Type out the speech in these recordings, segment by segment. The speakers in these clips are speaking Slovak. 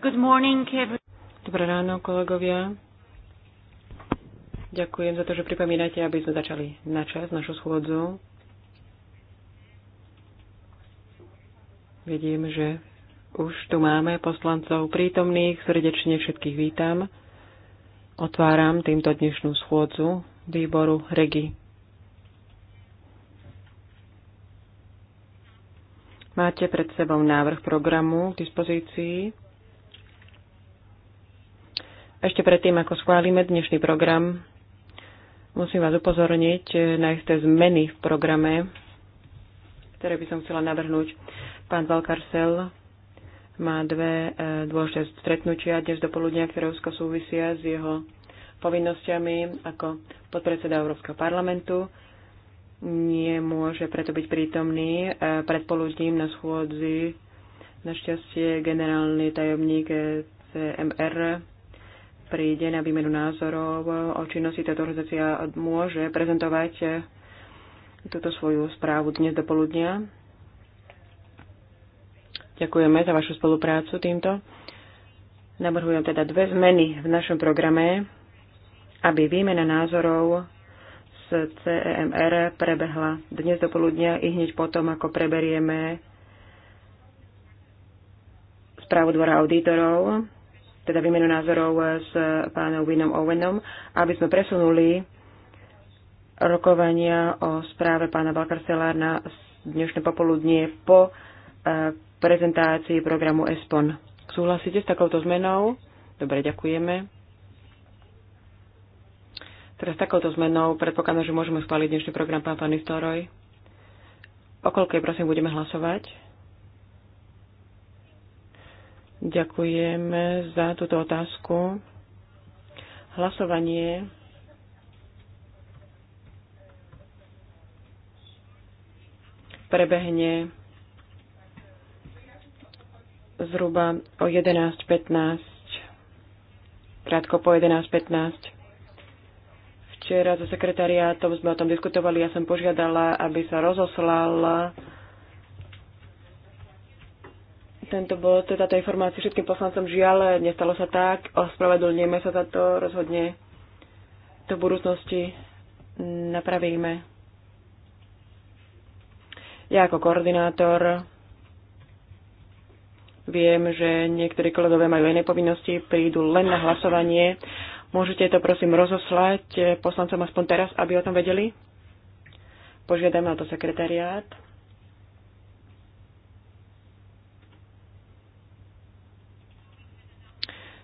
Good morning, Dobré ráno, kolegovia. Ďakujem za to, že pripomínate, aby sme začali na čas našu schôdzu. Vidím, že už tu máme poslancov prítomných. Srdečne všetkých vítam. Otváram týmto dnešnú schôdzu výboru REGI. Máte pred sebou návrh programu k dispozícii. Ešte predtým, ako schválime dnešný program, musím vás upozorniť na isté zmeny v programe, ktoré by som chcela navrhnúť. Pán Valkarsel má dve e, dôležité stretnutia dnes do poludnia, ktoré úzko súvisia s jeho povinnosťami ako podpredseda Európskeho parlamentu nemôže preto byť prítomný eh, predpoludním na schôdzi. Našťastie generálny tajomník eh, CMR príde na výmenu názorov o činnosti táto organizácia môže prezentovať eh, túto svoju správu dnes do poludnia. Ďakujeme za vašu spoluprácu týmto. Navrhujem teda dve zmeny v našom programe, aby výmena názorov z CEMR prebehla dnes do poludnia i hneď potom, ako preberieme správu dvora auditorov, teda výmenu názorov s pánom Winom Owenom, aby sme presunuli rokovania o správe pána Balkarcelár na dnešné popoludnie po e, prezentácii programu ESPON. Súhlasíte s takouto zmenou? Dobre, ďakujeme. Teraz takouto zmenou predpokladám, že môžeme schváliť dnešný program pán pani Storoj. O koľkej, prosím, budeme hlasovať? Ďakujem za túto otázku. Hlasovanie prebehne zhruba o 11.15, krátko po 11.15. Včera so sekretariátom sme o tom diskutovali. Ja som požiadala, aby sa rozoslal tento bod, táto informácia všetkým poslancom. Žiaľ, nestalo sa tak. Ospravedlňujeme sa za to. Rozhodne to v budúcnosti napravíme. Ja ako koordinátor Viem, že niektorí kolegovia majú iné povinnosti, prídu len na hlasovanie Môžete to prosím rozoslať eh, poslancom aspoň teraz, aby o tom vedeli? Požiadam na to sekretariát.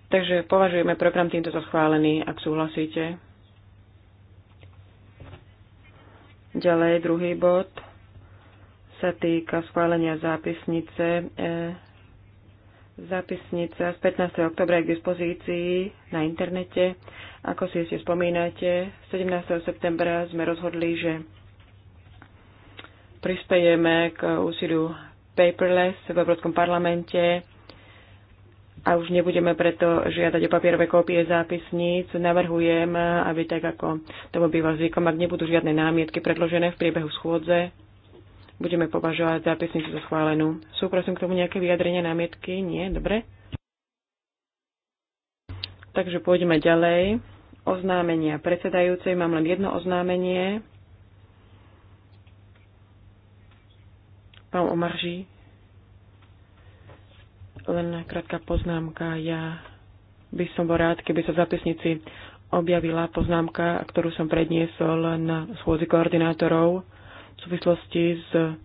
Takže považujeme program týmto za schválený, ak súhlasíte. Ďalej druhý bod sa týka schválenia zápisnice eh, Zápisnica z 15. oktobra je k dispozícii na internete. Ako si ešte spomínate, 17. septembra sme rozhodli, že prispejeme k úsiliu paperless v Európskom parlamente a už nebudeme preto žiadať o papierové kópie zápisníc. Navrhujem, aby tak ako tomu býva zvykom, ak nebudú žiadne námietky predložené v priebehu schôdze, budeme považovať pesnicu za schválenú. Sú prosím k tomu nejaké vyjadrenia, námietky? Nie? Dobre. Takže pôjdeme ďalej. Oznámenia predsedajúcej. Mám len jedno oznámenie. Pán Omarží. Len krátka poznámka. Ja by som bol rád, keby sa v zapisnici objavila poznámka, ktorú som predniesol na schôdzi koordinátorov súvislosti s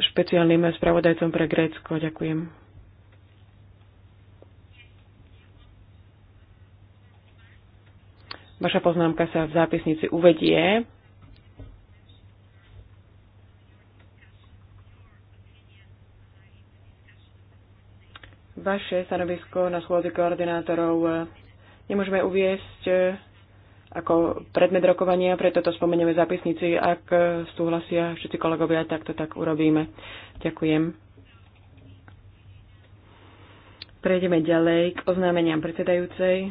špeciálnym spravodajcom pre Grécko. Ďakujem. Vaša poznámka sa v zápisnici uvedie. Vaše stanovisko na schôdzi koordinátorov nemôžeme uviesť ako predmet rokovania, preto to spomenieme zápisnici. Ak súhlasia všetci kolegovia, tak to tak urobíme. Ďakujem. Prejdeme ďalej k oznámeniam predsedajúcej.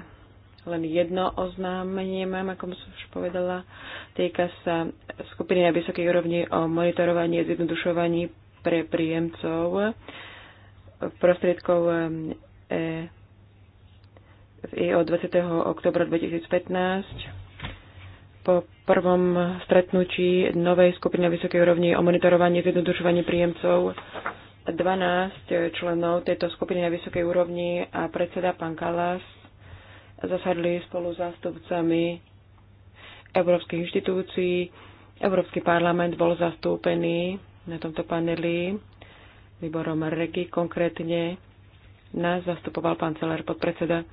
Len jedno oznámenie mám, ako som už povedala. Týka sa skupiny na vysokej úrovni o monitorovaní a zjednodušovaní pre príjemcov prostriedkov e je od 20. oktobra 2015 po prvom stretnutí novej skupiny na vysokej úrovni o monitorovaní a zjednodušovaní príjemcov 12 členov tejto skupiny na vysokej úrovni a predseda pán Kalas zasadli spolu zástupcami európskych inštitúcií. Európsky parlament bol zastúpený na tomto paneli výborom REGI konkrétne. Nás zastupoval pán Celer podpredseda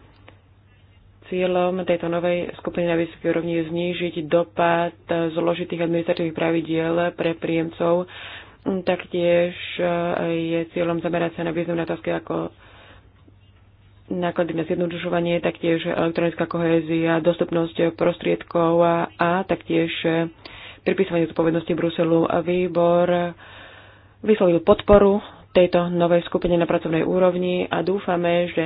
Cieľom tejto novej skupiny na vysokej úrovni je znížiť dopad zložitých administratívnych pravidiel pre príjemcov. Taktiež eh, je cieľom zamerať sa na významné otázky ako náklady na zjednodušovanie, taktiež elektronická kohézia, dostupnosť prostriedkov a, a taktiež eh, pripisovanie zodpovednosti Bruselu. A výbor eh, vyslovil podporu tejto novej skupine na pracovnej úrovni a dúfame, že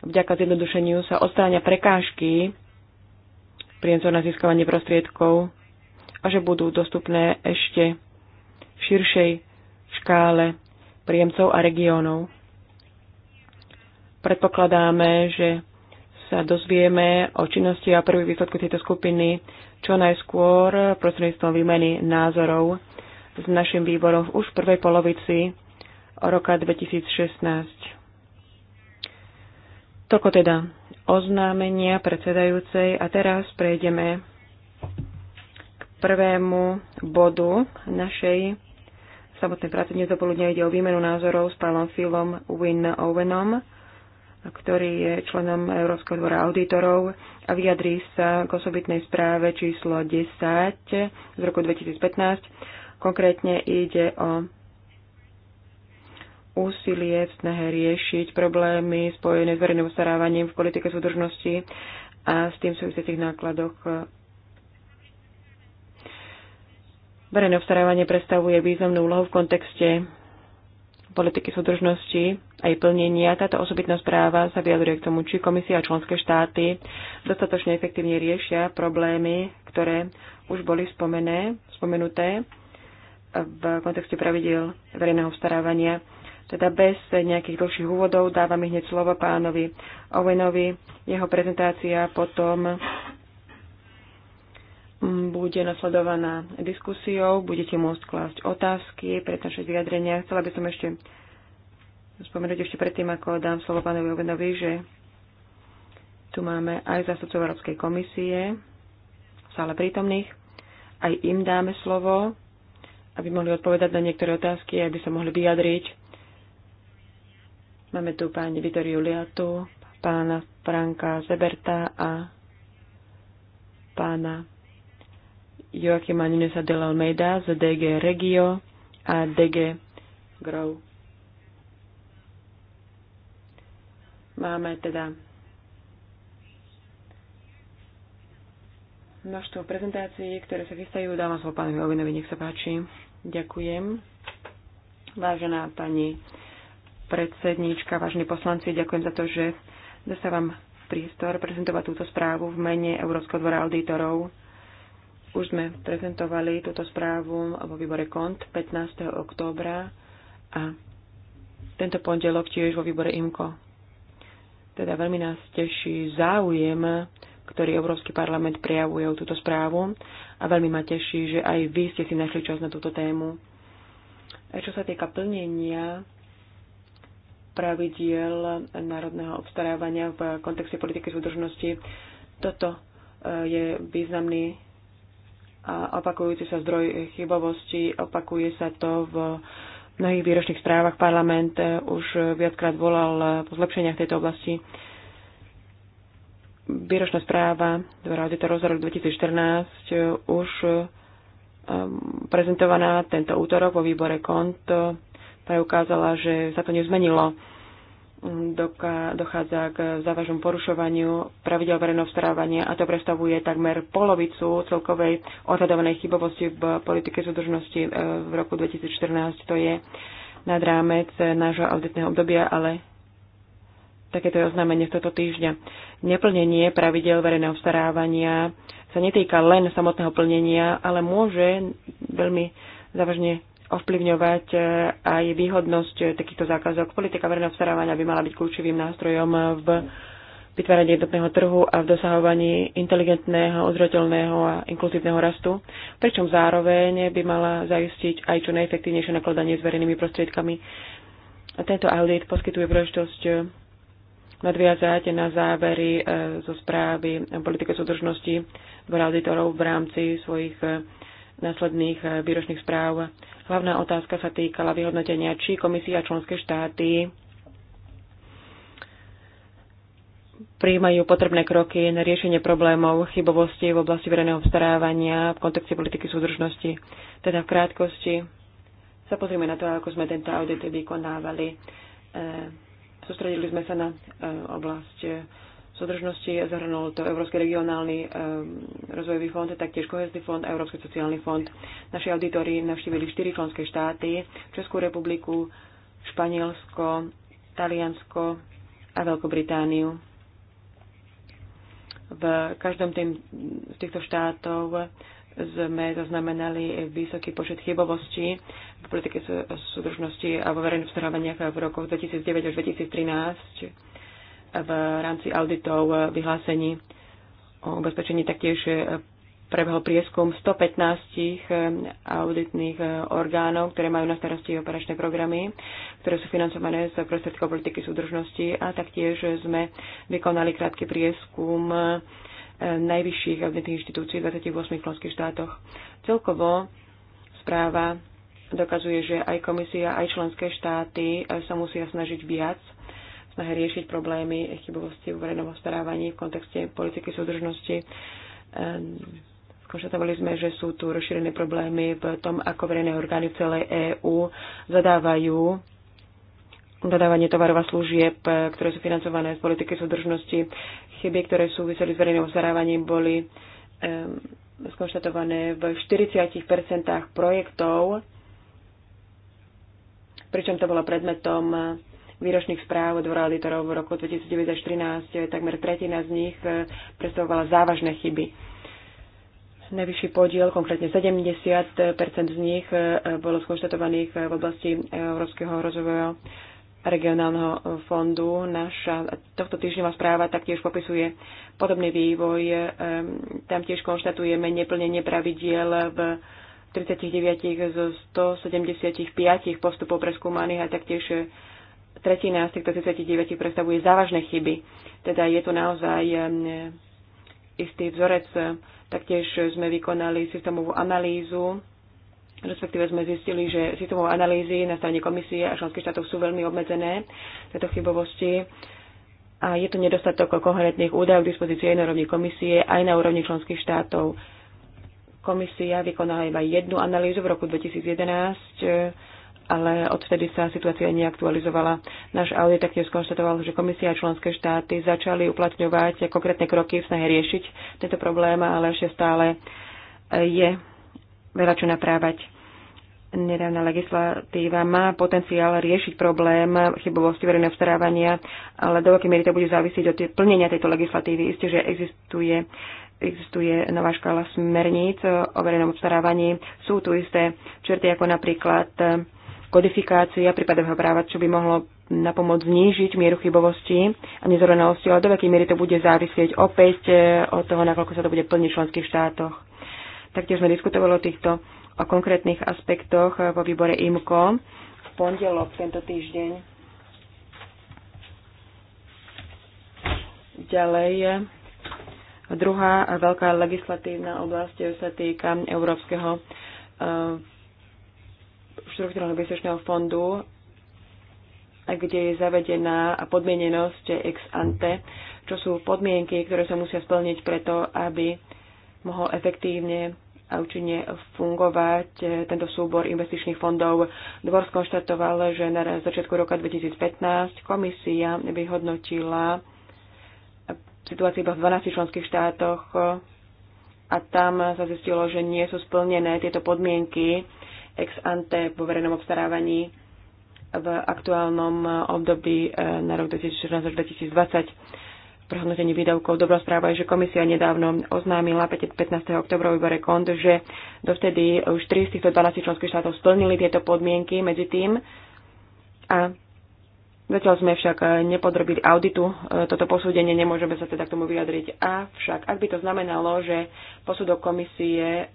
Vďaka zjednodušeniu sa odstráňa prekážky príjemcov na získavanie prostriedkov a že budú dostupné ešte v širšej škále príjemcov a regiónov. Predpokladáme, že sa dozvieme o činnosti a prvých výsledku tejto skupiny čo najskôr prostredníctvom výmeny názorov s našim výborom už v prvej polovici roka 2016. Toko teda oznámenia predsedajúcej a teraz prejdeme k prvému bodu našej samotnej práce. Dnes dopoludne ide o výmenu názorov s pánom Philom Win Owenom, ktorý je členom Európskeho dvora auditorov a vyjadrí sa k osobitnej správe číslo 10 z roku 2015. Konkrétne ide o úsilie v snahe riešiť problémy spojené s verejným starávaním v politike súdržnosti a s tým súvisiacich nákladoch. Verejné obstarávanie predstavuje významnú úlohu v kontexte politiky súdržnosti a jej plnenia. Táto osobitná správa sa vyjadruje k tomu, či komisia a členské štáty dostatočne efektívne riešia problémy, ktoré už boli spomené, spomenuté v kontexte pravidel verejného obstarávania. Teda bez nejakých dlhších úvodov dávam hneď slovo pánovi Owenovi. Jeho prezentácia potom mm, bude nasledovaná diskusiou, budete môcť klásť otázky, pretože vyjadrenia. Chcela by som ešte spomenúť ešte predtým, ako dám slovo pánovi Ovenovi, že tu máme aj zástupcov Európskej komisie v sále prítomných. Aj im dáme slovo, aby mohli odpovedať na niektoré otázky, aby sa mohli vyjadriť Máme tu pani Vitoriu Liatu, pána Franka Zeberta a pána Joachima Nunesa de Almeida z DG Regio a DG Grow. Máme teda množstvo prezentácií, ktoré sa chystajú. Dávam slovo pánovi Ovinovi, nech sa páči. Ďakujem. Vážená pani predsedníčka, vážni poslanci, ďakujem za to, že dostávam priestor prezentovať túto správu v mene Európskeho dvora auditorov. Už sme prezentovali túto správu vo výbore KONT 15. októbra a tento pondelok tiež vo výbore IMKO. Teda veľmi nás teší záujem, ktorý Európsky parlament prejavuje o túto správu a veľmi ma teší, že aj vy ste si našli čas na túto tému. A čo sa týka plnenia pravidiel národného obstarávania v kontexte politiky súdržnosti. Toto eh, je významný a opakujúci sa zdroj chybovosti. Opakuje sa to v mnohých výročných správach. Parlament eh, už viackrát volal po zlepšeniach tejto oblasti. Výročná správa Dvora auditorov za rok 2014 eh, už prezentovaná tento útorok vo výbore KONT preukázala, že sa to nezmenilo dochádza k závažnom porušovaniu pravidel verejného starávania a to predstavuje takmer polovicu celkovej odhadovanej chybovosti v politike súdržnosti e, v roku 2014. To je nad rámec nášho auditného obdobia, ale takéto je oznámenie z tohto týždňa. Neplnenie pravidel verejného starávania sa netýka len samotného plnenia, ale môže veľmi závažne ovplyvňovať e, aj výhodnosť e, takýchto zákazok. Politika verejného obstarávania by mala byť kľúčovým nástrojom v vytváraní jednotného trhu a v dosahovaní inteligentného, uzrateľného a inkluzívneho rastu, pričom zároveň by mala zaistiť aj čo najefektívnejšie nakladanie s verejnými prostriedkami. A tento audit poskytuje príležitosť e, nadviazať na závery zo správy politike súdržnosti dvora auditorov v rámci svojich následných eh, výročných správ. Hlavná otázka sa týkala vyhodnotenia, či komisia a členské štáty príjmajú potrebné kroky na riešenie problémov chybovosti v oblasti verejného obstarávania v kontexte politiky súdržnosti. Teda v krátkosti sa pozrieme na to, ako sme tento audit vykonávali. E, sústredili sme sa na e, e, súdržnosti, zahrnul to Európsky regionálny um, rozvojový fond, taktiež kohezný fond a Európsky sociálny fond. Naši auditori navštívili štyri členské štáty, Českú republiku, Španielsko, Taliansko a Veľkú Britániu. V každom tým, z týchto štátov sme zaznamenali vysoký počet chybovosti v politike súdržnosti a vo verejných v rokoch 2009 až 2013 v rámci auditov eh, vyhlásení o ubezpečení taktiež eh, prebehol prieskum 115 eh, auditných orgánov, ktoré majú na starosti operačné programy, ktoré sú financované z prostredkov politiky súdržnosti a taktiež sme vykonali krátky prieskum najvyšších auditných inštitúcií v 28 členských štátoch. Celkovo správa dokazuje, že aj komisia, aj členské štáty sa musia snažiť viac snahe riešiť problémy chybovosti v verejnom hospodávaní v kontexte politiky súdržnosti. Ehm, skonštatovali sme, že sú tu rozšírené problémy v tom, ako verejné orgány v celej EÚ zadávajú dodávanie tovarov a služieb, ktoré sú financované z politiky súdržnosti. Chyby, ktoré súviseli s verejným obstarávaním, boli um, skonštatované v 40 projektov, pričom to bolo predmetom výročných správ Dvora auditorov v roku 2009 2013 takmer tretina z nich e, predstavovala závažné chyby najvyšší podiel, konkrétne 70 z nich e, bolo skonštatovaných e, v oblasti Európskeho rozvojového regionálneho fondu. Naša tohto týždňová správa taktiež popisuje podobný vývoj. Tam tiež konštatujeme neplnenie pravidiel v 39 z 175 postupov preskúmaných a taktiež tretina z týchto 39 predstavuje závažné chyby. Teda je tu naozaj um, istý vzorec. Taktiež sme vykonali systémovú analýzu, respektíve sme zistili, že systémové analýzy na strane komisie a členských štátov sú veľmi obmedzené tejto chybovosti a je tu nedostatok koherentných údajov k dispozícii aj na úrovni komisie, aj na úrovni členských štátov. Komisia vykonala iba jednu analýzu v roku 2011 ale odvtedy sa situácia neaktualizovala. Náš audit taktiež skonštatoval, že komisia a členské štáty začali uplatňovať konkrétne kroky v snahe riešiť tento problém, ale ešte stále eh, je veľa čo naprávať. Nedávna legislatíva má potenciál riešiť problém chybovosti verejného vstarávania, ale do veľkej miery to bude závisiť od plnenia tejto legislatívy. Isté, že existuje existuje nová škála smerníc o verejnom obstarávaní. Sú tu isté črty, ako napríklad eh, kodifikácia prípadového práva, čo by mohlo na pomoc znížiť mieru chybovosti a nezrovnalosti, ale do veľkej miery to bude závisieť opäť e, od toho, nakoľko sa to bude plniť v členských štátoch. Taktiež sme diskutovali o týchto o konkrétnych aspektoch e, vo výbore IMCO v pondelok tento týždeň. Ďalej, e, druhá veľká legislatívna oblasť sa týka Európskeho štruktúrneho investičného fondu, kde je zavedená podmienenosť ex ante, čo sú podmienky, ktoré sa musia splniť preto, aby mohol efektívne a účinne fungovať eh, tento súbor investičných fondov. Dvor skonštatoval, že na začiatku roka 2015 komisia vyhodnotila situáciu iba v 12 členských štátoch eh, a tam sa zistilo, že nie sú splnené tieto podmienky ex ante vo verejnom obstarávaní v aktuálnom období eh, na rok 2014-2020 prehodnotení výdavkov. Dobrá správa je, že komisia nedávno oznámila 15. oktobra výbore kont, že dovtedy už 3 z týchto 12 členských štátov splnili tieto podmienky medzi tým a zatiaľ sme však eh, nepodrobili auditu eh, toto posúdenie, nemôžeme sa teda k tomu vyjadriť. Avšak, ak by to znamenalo, že posudok komisie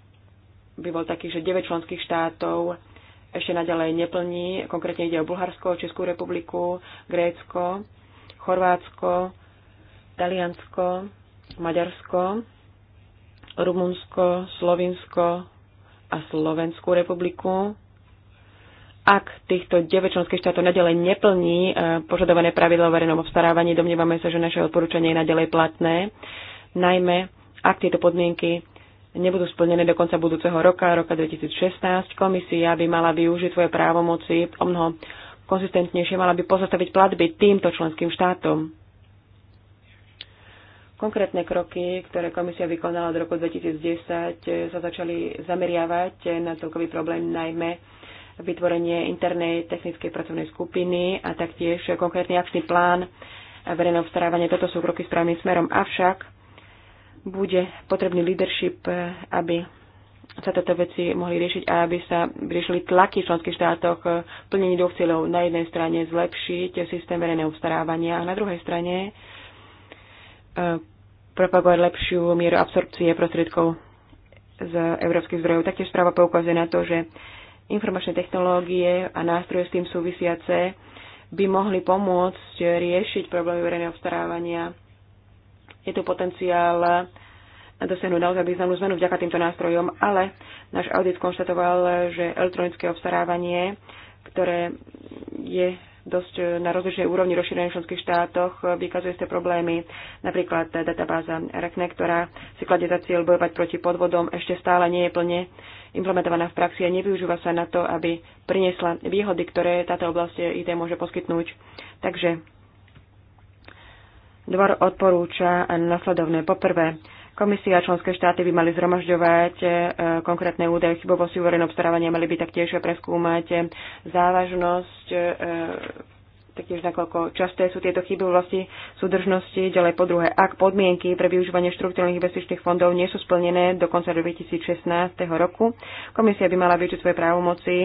by bol taký, že 9 členských štátov ešte naďalej neplní. Konkrétne ide o Bulharsko, Českú republiku, Grécko, Chorvátsko, Taliansko, Maďarsko, Rumunsko, Slovinsko a Slovenskú republiku. Ak týchto 9 členských štátov nadalej neplní e, požadované pravidlo o verejnom obstarávaní, domnievame sa, že naše odporúčanie je nadalej platné, najmä ak tieto podmienky nebudú splnené do konca budúceho roka, roka 2016. Komisia by mala využiť svoje právomoci o mnoho konsistentnejšie, mala by pozastaviť platby týmto členským štátom. Konkrétne kroky, ktoré komisia vykonala od roku 2010, sa začali zameriavať na celkový problém najmä vytvorenie internej technickej pracovnej skupiny a taktiež konkrétny akčný plán verejného obstarávania. Toto sú kroky správnym smerom. Avšak bude potrebný leadership, eh, aby sa tieto veci mohli riešiť a aby sa riešili tlaky v členských štátoch eh, plnení dvoch cieľov. Na jednej strane zlepšiť systém verejného obstarávania a na druhej strane eh, propagovať lepšiu mieru absorpcie prostriedkov z európskych zdrojov. Taktiež správa poukazuje na to, že informačné technológie a nástroje s tým súvisiace by mohli pomôcť riešiť problémy verejného obstarávania je tu potenciál dosiahnuť naozaj významnú zmenu vďaka týmto nástrojom, ale náš audit konštatoval, že elektronické obstarávanie, ktoré je dosť na rozličnej úrovni rozšírených členských štátoch vykazuje ste problémy. Napríklad databáza RECNE, e, ktorá si kladie za cieľ bojovať proti podvodom, ešte stále nie je plne implementovaná v praxi a nevyužíva sa na to, aby priniesla výhody, ktoré táto oblasť IT môže poskytnúť. Takže Dvor odporúča nasledovné. Poprvé, komisia a členské štáty by mali zhromažďovať e, konkrétne údaje chybovosti úverejného obstarávania, mali by taktiež preskúmať e, závažnosť e, taktiež nakoľko časté sú tieto chyby v vlasti súdržnosti. Ďalej po druhé, ak podmienky pre využívanie štruktúrnych investičných fondov nie sú splnené do konca 2016 roku, komisia by mala využiť svoje právomoci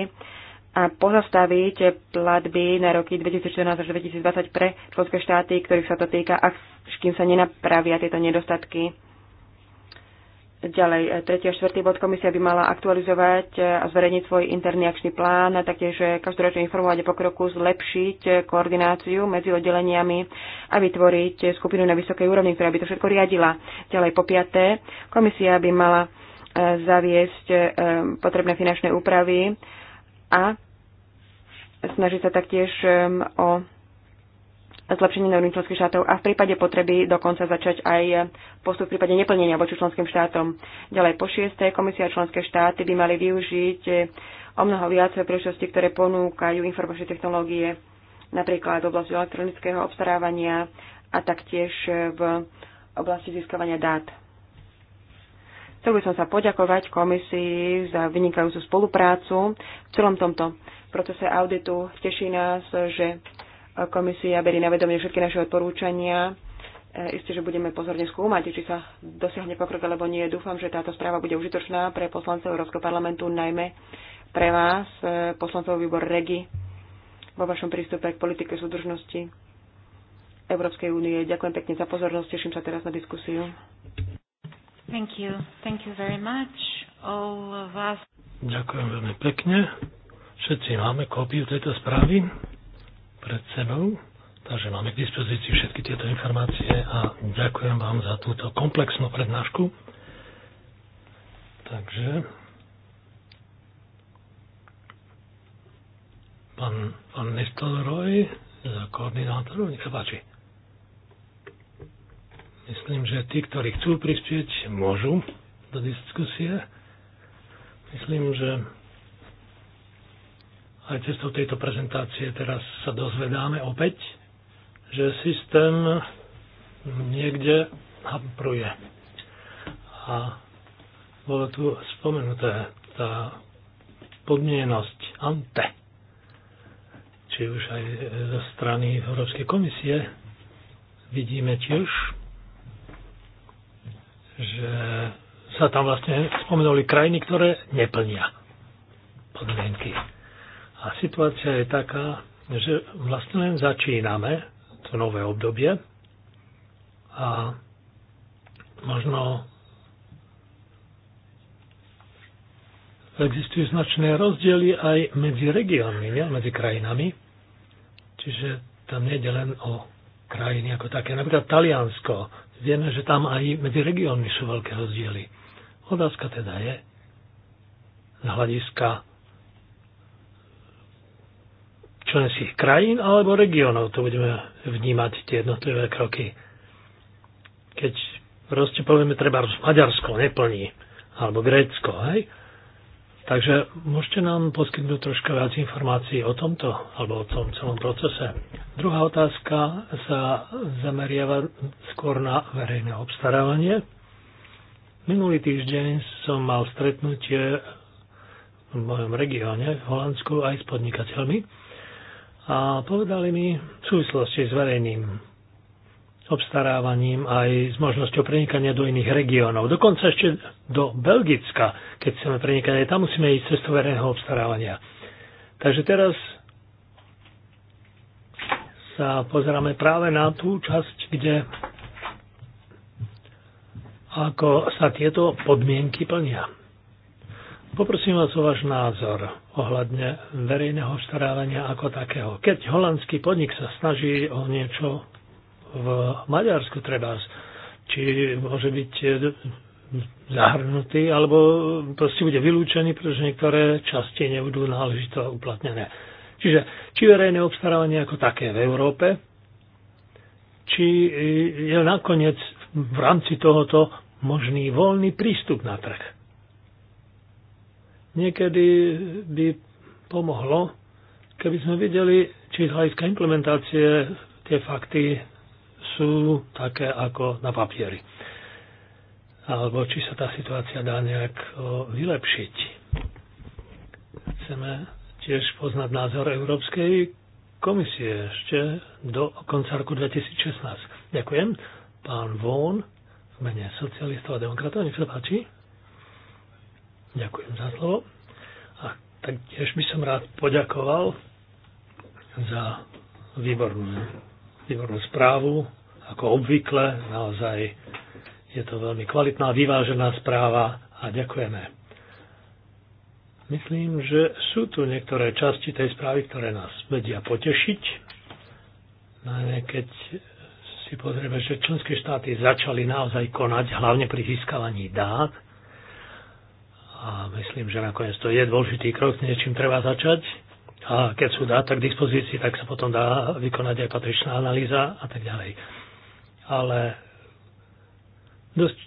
a pozastaviť platby na roky 2014 až 2020 pre členské štáty, ktorých sa to týka, a s kým sa nenapravia tieto nedostatky. Ďalej, tretí a štvrtý bod komisia by mala aktualizovať a zverejniť svoj interný akčný plán a taktiež každoročne informovať o pokroku, zlepšiť koordináciu medzi oddeleniami a vytvoriť skupinu na vysokej úrovni, ktorá by to všetko riadila. Ďalej, po piaté, komisia by mala e, zaviesť e, potrebné finančné úpravy a snaží sa taktiež um, o zlepšenie normy členských štátov a v prípade potreby dokonca začať aj postup v prípade neplnenia voči členským štátom. Ďalej po šiesté, komisia a členské štáty by mali využiť eh, o mnoho viac príležitosti, ktoré ponúkajú informačné technológie, napríklad v oblasti elektronického obstarávania a taktiež v oblasti získavania dát. Chcel by som sa poďakovať komisii za vynikajúcu spoluprácu v celom tomto procese auditu. Teší nás, že komisia berie na vedomie všetky naše odporúčania. E, isté, že budeme pozorne skúmať, či sa dosiahne pokrok alebo nie. Dúfam, že táto správa bude užitočná pre poslancov Európskeho parlamentu, najmä pre vás, e, poslancov výbor REGI, vo vašom prístupe k politike súdržnosti Európskej únie. Ďakujem pekne za pozornosť, teším sa teraz na diskusiu. Thank you. Thank you very much. All of us. Ďakujem veľmi pekne. Všetci máme kópiu tejto správy pred sebou, takže máme k dispozícii všetky tieto informácie a ďakujem vám za túto komplexnú prednášku. Takže pán, pán Nistelroj, koordinátor, nech sa páči. Myslím, že tí, ktorí chcú prispieť, môžu do diskusie. Myslím, že aj cestou tejto prezentácie teraz sa dozvedáme opäť, že systém niekde hapruje. A bolo tu spomenuté tá podmienosť ante, či už aj zo strany Európskej komisie vidíme tiež že sa tam vlastne spomenuli krajiny, ktoré neplnia podmienky. A situácia je taká, že vlastne len začíname to nové obdobie a možno existujú značné rozdiely aj medzi regiónmi, nie? medzi krajinami. Čiže tam nie je len o krajiny ako také. Napríklad Taliansko Vieme, že tam aj medzi regiónmi sú veľké rozdiely. Otázka teda je, z hľadiska členských krajín alebo regiónov, to budeme vnímať tie jednotlivé kroky. Keď proste povieme, treba Maďarsko neplní, alebo Grécko, hej? Takže môžete nám poskytnúť troška viac informácií o tomto alebo o tom celom procese. Druhá otázka sa zameriava skôr na verejné obstarávanie. Minulý týždeň som mal stretnutie v mojom regióne v Holandsku aj s podnikateľmi a povedali mi v súvislosti s verejným obstarávaním aj s možnosťou prenikania do iných regiónov. Dokonca ešte do Belgicka, keď chceme prenikať, aj tam musíme ísť cez verejného obstarávania. Takže teraz sa pozeráme práve na tú časť, kde ako sa tieto podmienky plnia. Poprosím vás o váš názor ohľadne verejného obstarávania ako takého. Keď holandský podnik sa snaží o niečo v Maďarsku treba, či môže byť eh, zahrnutý, alebo proste bude vylúčený, pretože niektoré časti nebudú náležito uplatnené. Čiže či verejné obstarávanie ako také v Európe, či eh, je nakoniec v rámci tohoto možný voľný prístup na trh. Niekedy by pomohlo, keby sme videli, či z hľadiska implementácie tie fakty sú také ako na papieri. Alebo či sa tá situácia dá nejak vylepšiť. Chceme tiež poznať názor Európskej komisie ešte do konca roku 2016. Ďakujem. Pán Vón v mene socialistov a demokratov, nech sa páči. Ďakujem za slovo. A tak tiež by som rád poďakoval za výbornú, výbornú správu ako obvykle. Naozaj je to veľmi kvalitná, vyvážená správa a ďakujeme. Myslím, že sú tu niektoré časti tej správy, ktoré nás vedia potešiť. Najmä no keď si pozrieme, že členské štáty začali naozaj konať, hlavne pri získavaní dát. A myslím, že nakoniec to je dôležitý krok, s niečím treba začať. A keď sú dáta k dispozícii, tak sa potom dá vykonať aj patričná analýza a tak ďalej ale dosť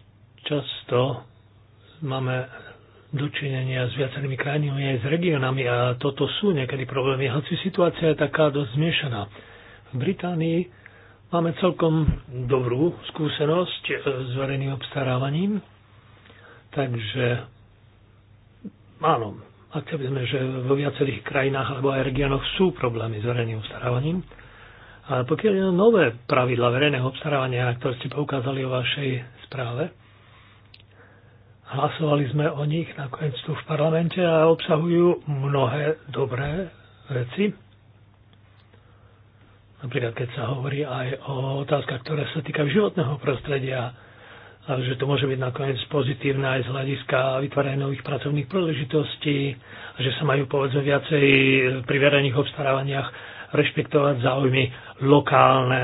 často máme dočinenia s viacerými krajinami aj s regionami a toto sú niekedy problémy, hoci situácia je taká dosť zmiešaná. V Británii máme celkom dobrú skúsenosť e, s verejným obstarávaním, takže áno, sme, že vo viacerých krajinách alebo aj regiónoch sú problémy s verejným obstarávaním, ale pokiaľ je nové pravidla verejného obstarávania, ktoré ste poukázali o vašej správe, hlasovali sme o nich nakoniec tu v parlamente a obsahujú mnohé dobré veci. Napríklad, keď sa hovorí aj o otázkach, ktoré sa týkajú životného prostredia, a že to môže byť nakoniec pozitívne aj z hľadiska vytvárania nových pracovných príležitostí, a že sa majú povedzme viacej pri verejných obstarávaniach rešpektovať záujmy lokálne,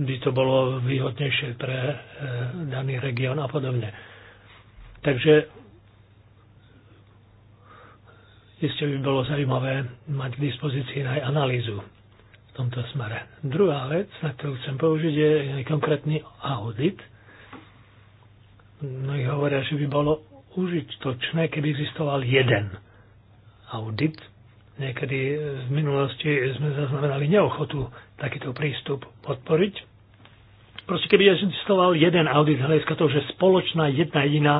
aby to bolo výhodnejšie pre e, daný región a podobne. Takže isté by bolo zaujímavé mať k dispozícii aj analýzu v tomto smere. Druhá vec, na ktorú chcem použiť, je konkrétny audit. Mnohí hovoria, že by bolo užitočné, keby existoval jeden audit Niekedy e, v minulosti sme zaznamenali neochotu takýto prístup podporiť. Proste keby existoval jeden audit hľadiska toho, že spoločná jedna jediná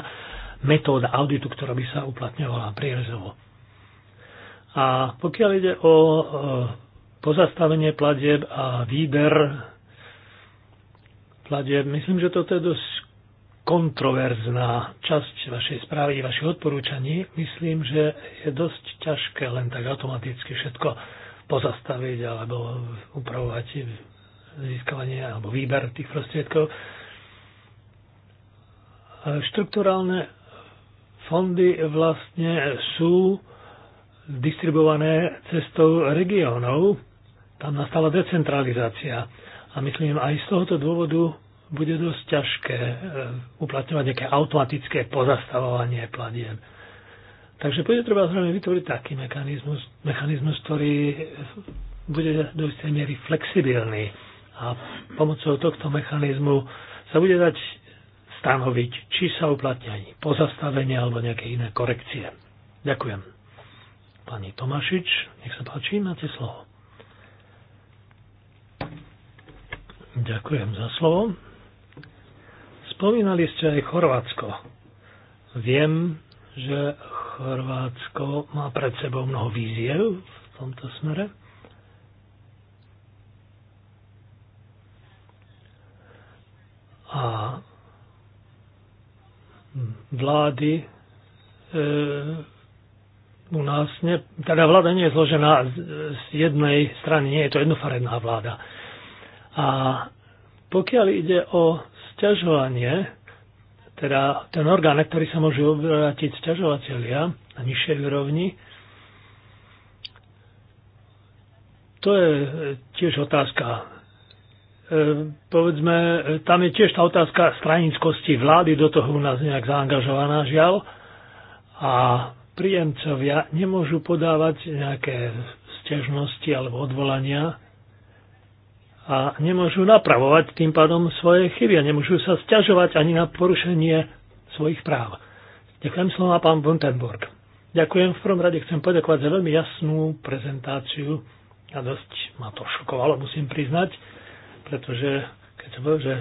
metóda auditu, ktorá by sa uplatňovala prierezovo. A pokiaľ ide o e, pozastavenie platieb a výber platieb, myslím, že toto je dosť kontroverzná časť vašej správy, vaše odporúčaní. Myslím, že je dosť ťažké len tak automaticky všetko pozastaviť alebo upravovať získavanie alebo výber tých prostriedkov. Štrukturálne fondy vlastne sú distribuované cestou regiónov. Tam nastala decentralizácia. A myslím, aj z tohoto dôvodu bude dosť ťažké e, uplatňovať nejaké automatické pozastavovanie platieb. Takže bude treba zrejme vytvoriť taký mechanizmus, mechanizmus, ktorý bude do istej miery flexibilný a pomocou tohto mechanizmu sa bude dať stanoviť, či sa uplatňa pozastavenie alebo nejaké iné korekcie. Ďakujem. Pani Tomašič, nech sa páči, máte slovo. Ďakujem za slovo. Spomínali ste aj Chorvátsko. Viem, že Chorvátsko má pred sebou mnoho víziev v tomto smere. A vlády e, u nás, ne, teda vláda nie je zložená z, z jednej strany, nie je to jednofarebná vláda. A pokiaľ ide o Sťažovanie, teda ten orgán, na ktorý sa môžu obrátiť sťažovateľia na nižšej úrovni, to je tiež otázka e, povedzme, tam je tiež tá otázka stranickosti vlády do toho u nás nejak zaangažovaná, žiaľ. A príjemcovia nemôžu podávať nejaké stiažnosti alebo odvolania a nemôžu napravovať tým pádom svoje chyby a nemôžu sa stiažovať ani na porušenie svojich práv. Ďakujem slova pán Buntenburg. Ďakujem v prvom rade, chcem poďakovať za veľmi jasnú prezentáciu a dosť ma to šokovalo, musím priznať, pretože keď sa povedal, že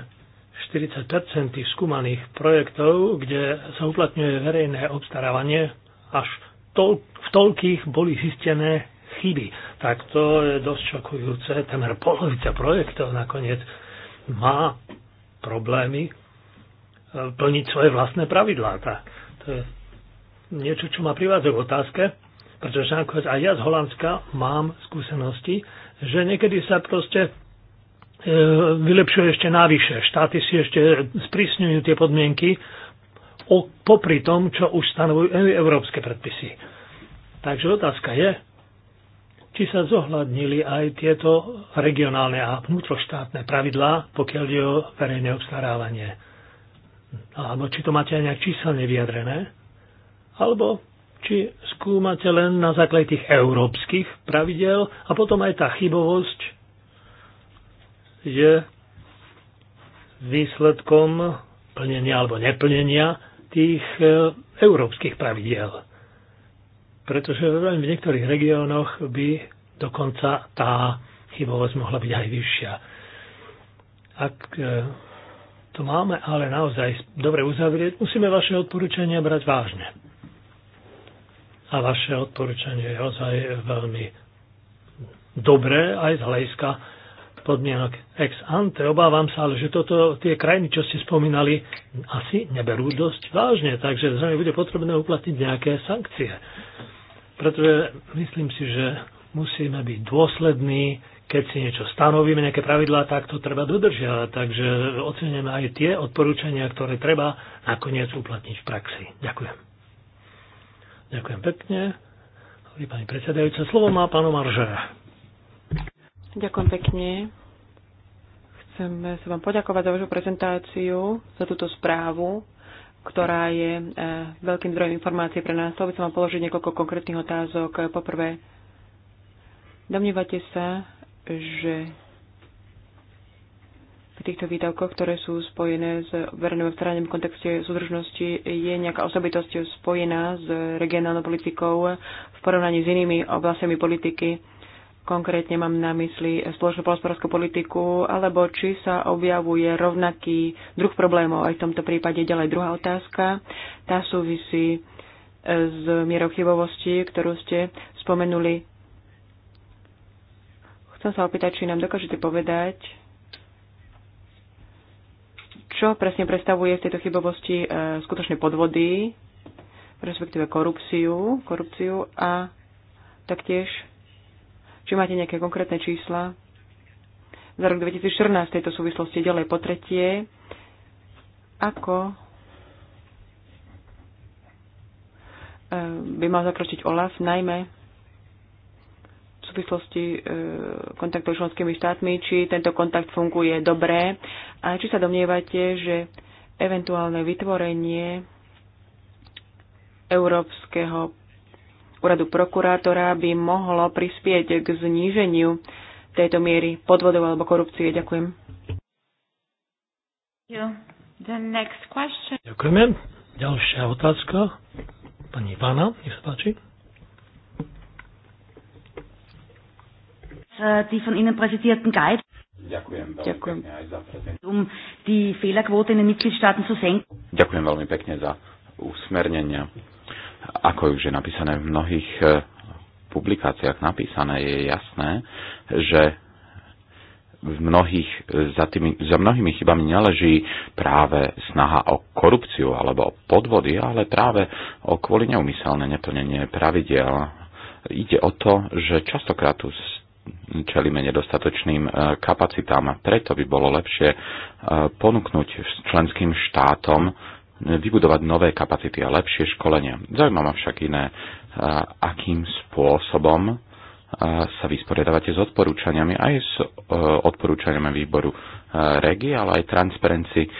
40 tých skúmaných projektov, kde sa uplatňuje verejné obstarávanie, až tol- v toľkých boli zistené chyby. Tak to je dosť šokujúce. Temer polovica projektov nakoniec má problémy e, plniť svoje vlastné pravidlá. to je niečo, čo ma privádza k otázke, pretože nakoniec aj ja z Holandska mám skúsenosti, že niekedy sa proste e, vylepšuje ešte navyše. Štáty si ešte sprísňujú tie podmienky o, popri tom, čo už stanovujú e, európske predpisy. Takže otázka je, či sa zohľadnili aj tieto regionálne a vnútroštátne pravidlá, pokiaľ ide o verejné obstarávanie. Alebo či to máte aj nejak číselne vyjadrené, alebo či skúmate len na základe tých európskych pravidel a potom aj tá chybovosť je výsledkom plnenia alebo neplnenia tých e, európskych pravidel pretože v niektorých regiónoch by dokonca tá chybovosť mohla byť aj vyššia. Ak e, to máme ale naozaj dobre uzavrieť, musíme vaše odporúčania brať vážne. A vaše odporúčanie je ozaj veľmi dobré aj z hľadiska podmienok ex ante. Obávam sa, ale že toto, tie krajiny, čo ste spomínali, asi neberú dosť vážne, takže zrejme bude potrebné uplatniť nejaké sankcie pretože myslím si, že musíme byť dôslední, keď si niečo stanovíme, nejaké pravidlá, tak to treba dodržiavať. Takže ocenujeme aj tie odporúčania, ktoré treba nakoniec uplatniť v praxi. Ďakujem. Ďakujem pekne. Dobrý pani predsedajúca. Slovo má pánu Maržera. Ďakujem pekne. Chcem sa vám poďakovať za vašu prezentáciu, za túto správu ktorá je e, veľkým zdrojom informácie pre nás. Chcel by som vám položiť niekoľko konkrétnych otázok. E, poprvé, domnívate sa, že v týchto výdavkoch, ktoré sú spojené s verejným obstarávaním v kontexte súdržnosti, je nejaká osobitosť spojená s regionálnou politikou v porovnaní s inými oblastiami politiky Konkrétne mám na mysli spoločnú polospodárskú politiku, alebo či sa objavuje rovnaký druh problémov aj v tomto prípade. Ďalej druhá otázka. Tá súvisí e, s mierou chybovosti, ktorú ste spomenuli. Chcem sa opýtať, či nám dokážete povedať, čo presne predstavuje v tejto chybovosti e, skutočné podvody, respektíve korupciu, korupciu a taktiež či máte nejaké konkrétne čísla za rok 2014 v tejto súvislosti ďalej po tretie, ako e, by mal zakročiť OLAF, najmä v súvislosti e, kontaktov s členskými štátmi, či tento kontakt funguje dobre a či sa domnievate, že eventuálne vytvorenie európskeho úradu prokurátora by mohlo prispieť k zníženiu tejto miery podvodov alebo korupcie. Ďakujem. Ďakujeme. Ďalšia otázka. Pani Ivana, nech sa páči. Äh, die von Ihnen präsentierten Guide. Ďakujem veľmi Ďakujem. pekne aj za prezentáciu. Um, Ďakujem veľmi pekne za usmernenia ako už je napísané v mnohých e, publikáciách napísané, je jasné, že v mnohých, za, tými, za mnohými chybami neleží práve snaha o korupciu alebo o podvody, ale práve o kvôli neumyselné neplnenie pravidel. Ide o to, že častokrát tu čelíme nedostatočným e, kapacitám. Preto by bolo lepšie e, ponúknuť členským štátom vybudovať nové kapacity a lepšie školenia. Zaujímavá ma však iné, akým spôsobom sa vysporiadavate s odporúčaniami, aj s e, odporúčaniami výboru e, REGI, ale aj Transparency e,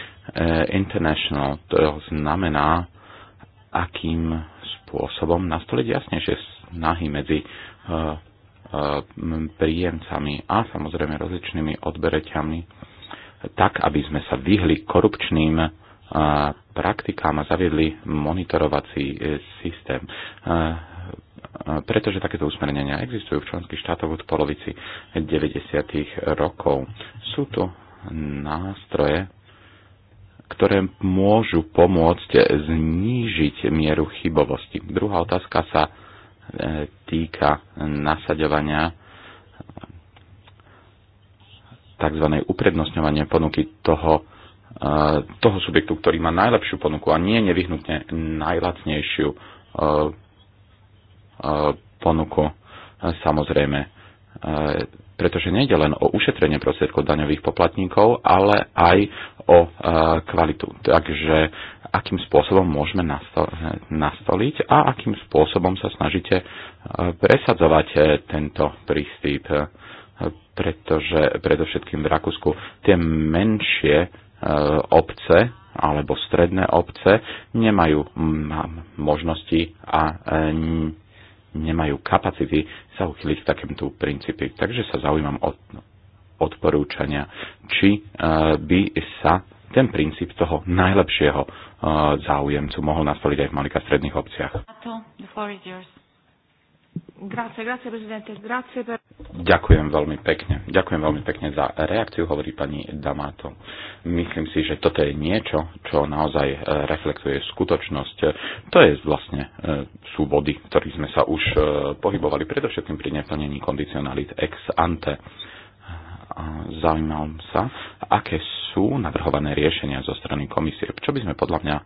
International. To znamená, akým spôsobom nastoliť jasnejšie snahy medzi príjemcami a samozrejme rozličnými odbereťami, tak, aby sme sa vyhli korupčným praktikám a zaviedli monitorovací e, systém e, e, pretože takéto usmernenia existujú v členských štátoch od polovici 90. rokov. Sú to nástroje, ktoré môžu pomôcť znížiť mieru chybovosti. Druhá otázka sa týka nasaďovania tzv. uprednostňovania ponuky toho, toho subjektu, ktorý má najlepšiu ponuku a nie nevyhnutne najlacnejšiu e, e, ponuku, e, samozrejme. Pretože nejde len o ušetrenie prostriedkov daňových poplatníkov, ale aj o kvalitu. Takže akým spôsobom môžeme nastoliť a akým spôsobom sa snažíte presadzovať tento prístup. Pretože predovšetkým v Rakúsku tie menšie E, obce alebo stredné obce nemajú možnosti a e, nemajú kapacity sa uchyliť v takémto princípy. Takže sa zaujímam o odporúčania, či e, by sa ten princíp toho najlepšieho záujemcu mohol nastaviť aj v malých a stredných obciach. Grazie, grazie, prezidente. Grazie per... Ďakujem veľmi pekne. Ďakujem veľmi pekne za reakciu, hovorí pani Damato. Myslím si, že toto je niečo, čo naozaj eh, reflektuje skutočnosť. To je vlastne eh, sú body, ktorých sme sa už eh, pohybovali, predovšetkým pri neplnení kondicionalit ex ante. Zaujímavom sa, aké sú navrhované riešenia zo strany komisie. Čo by sme podľa mňa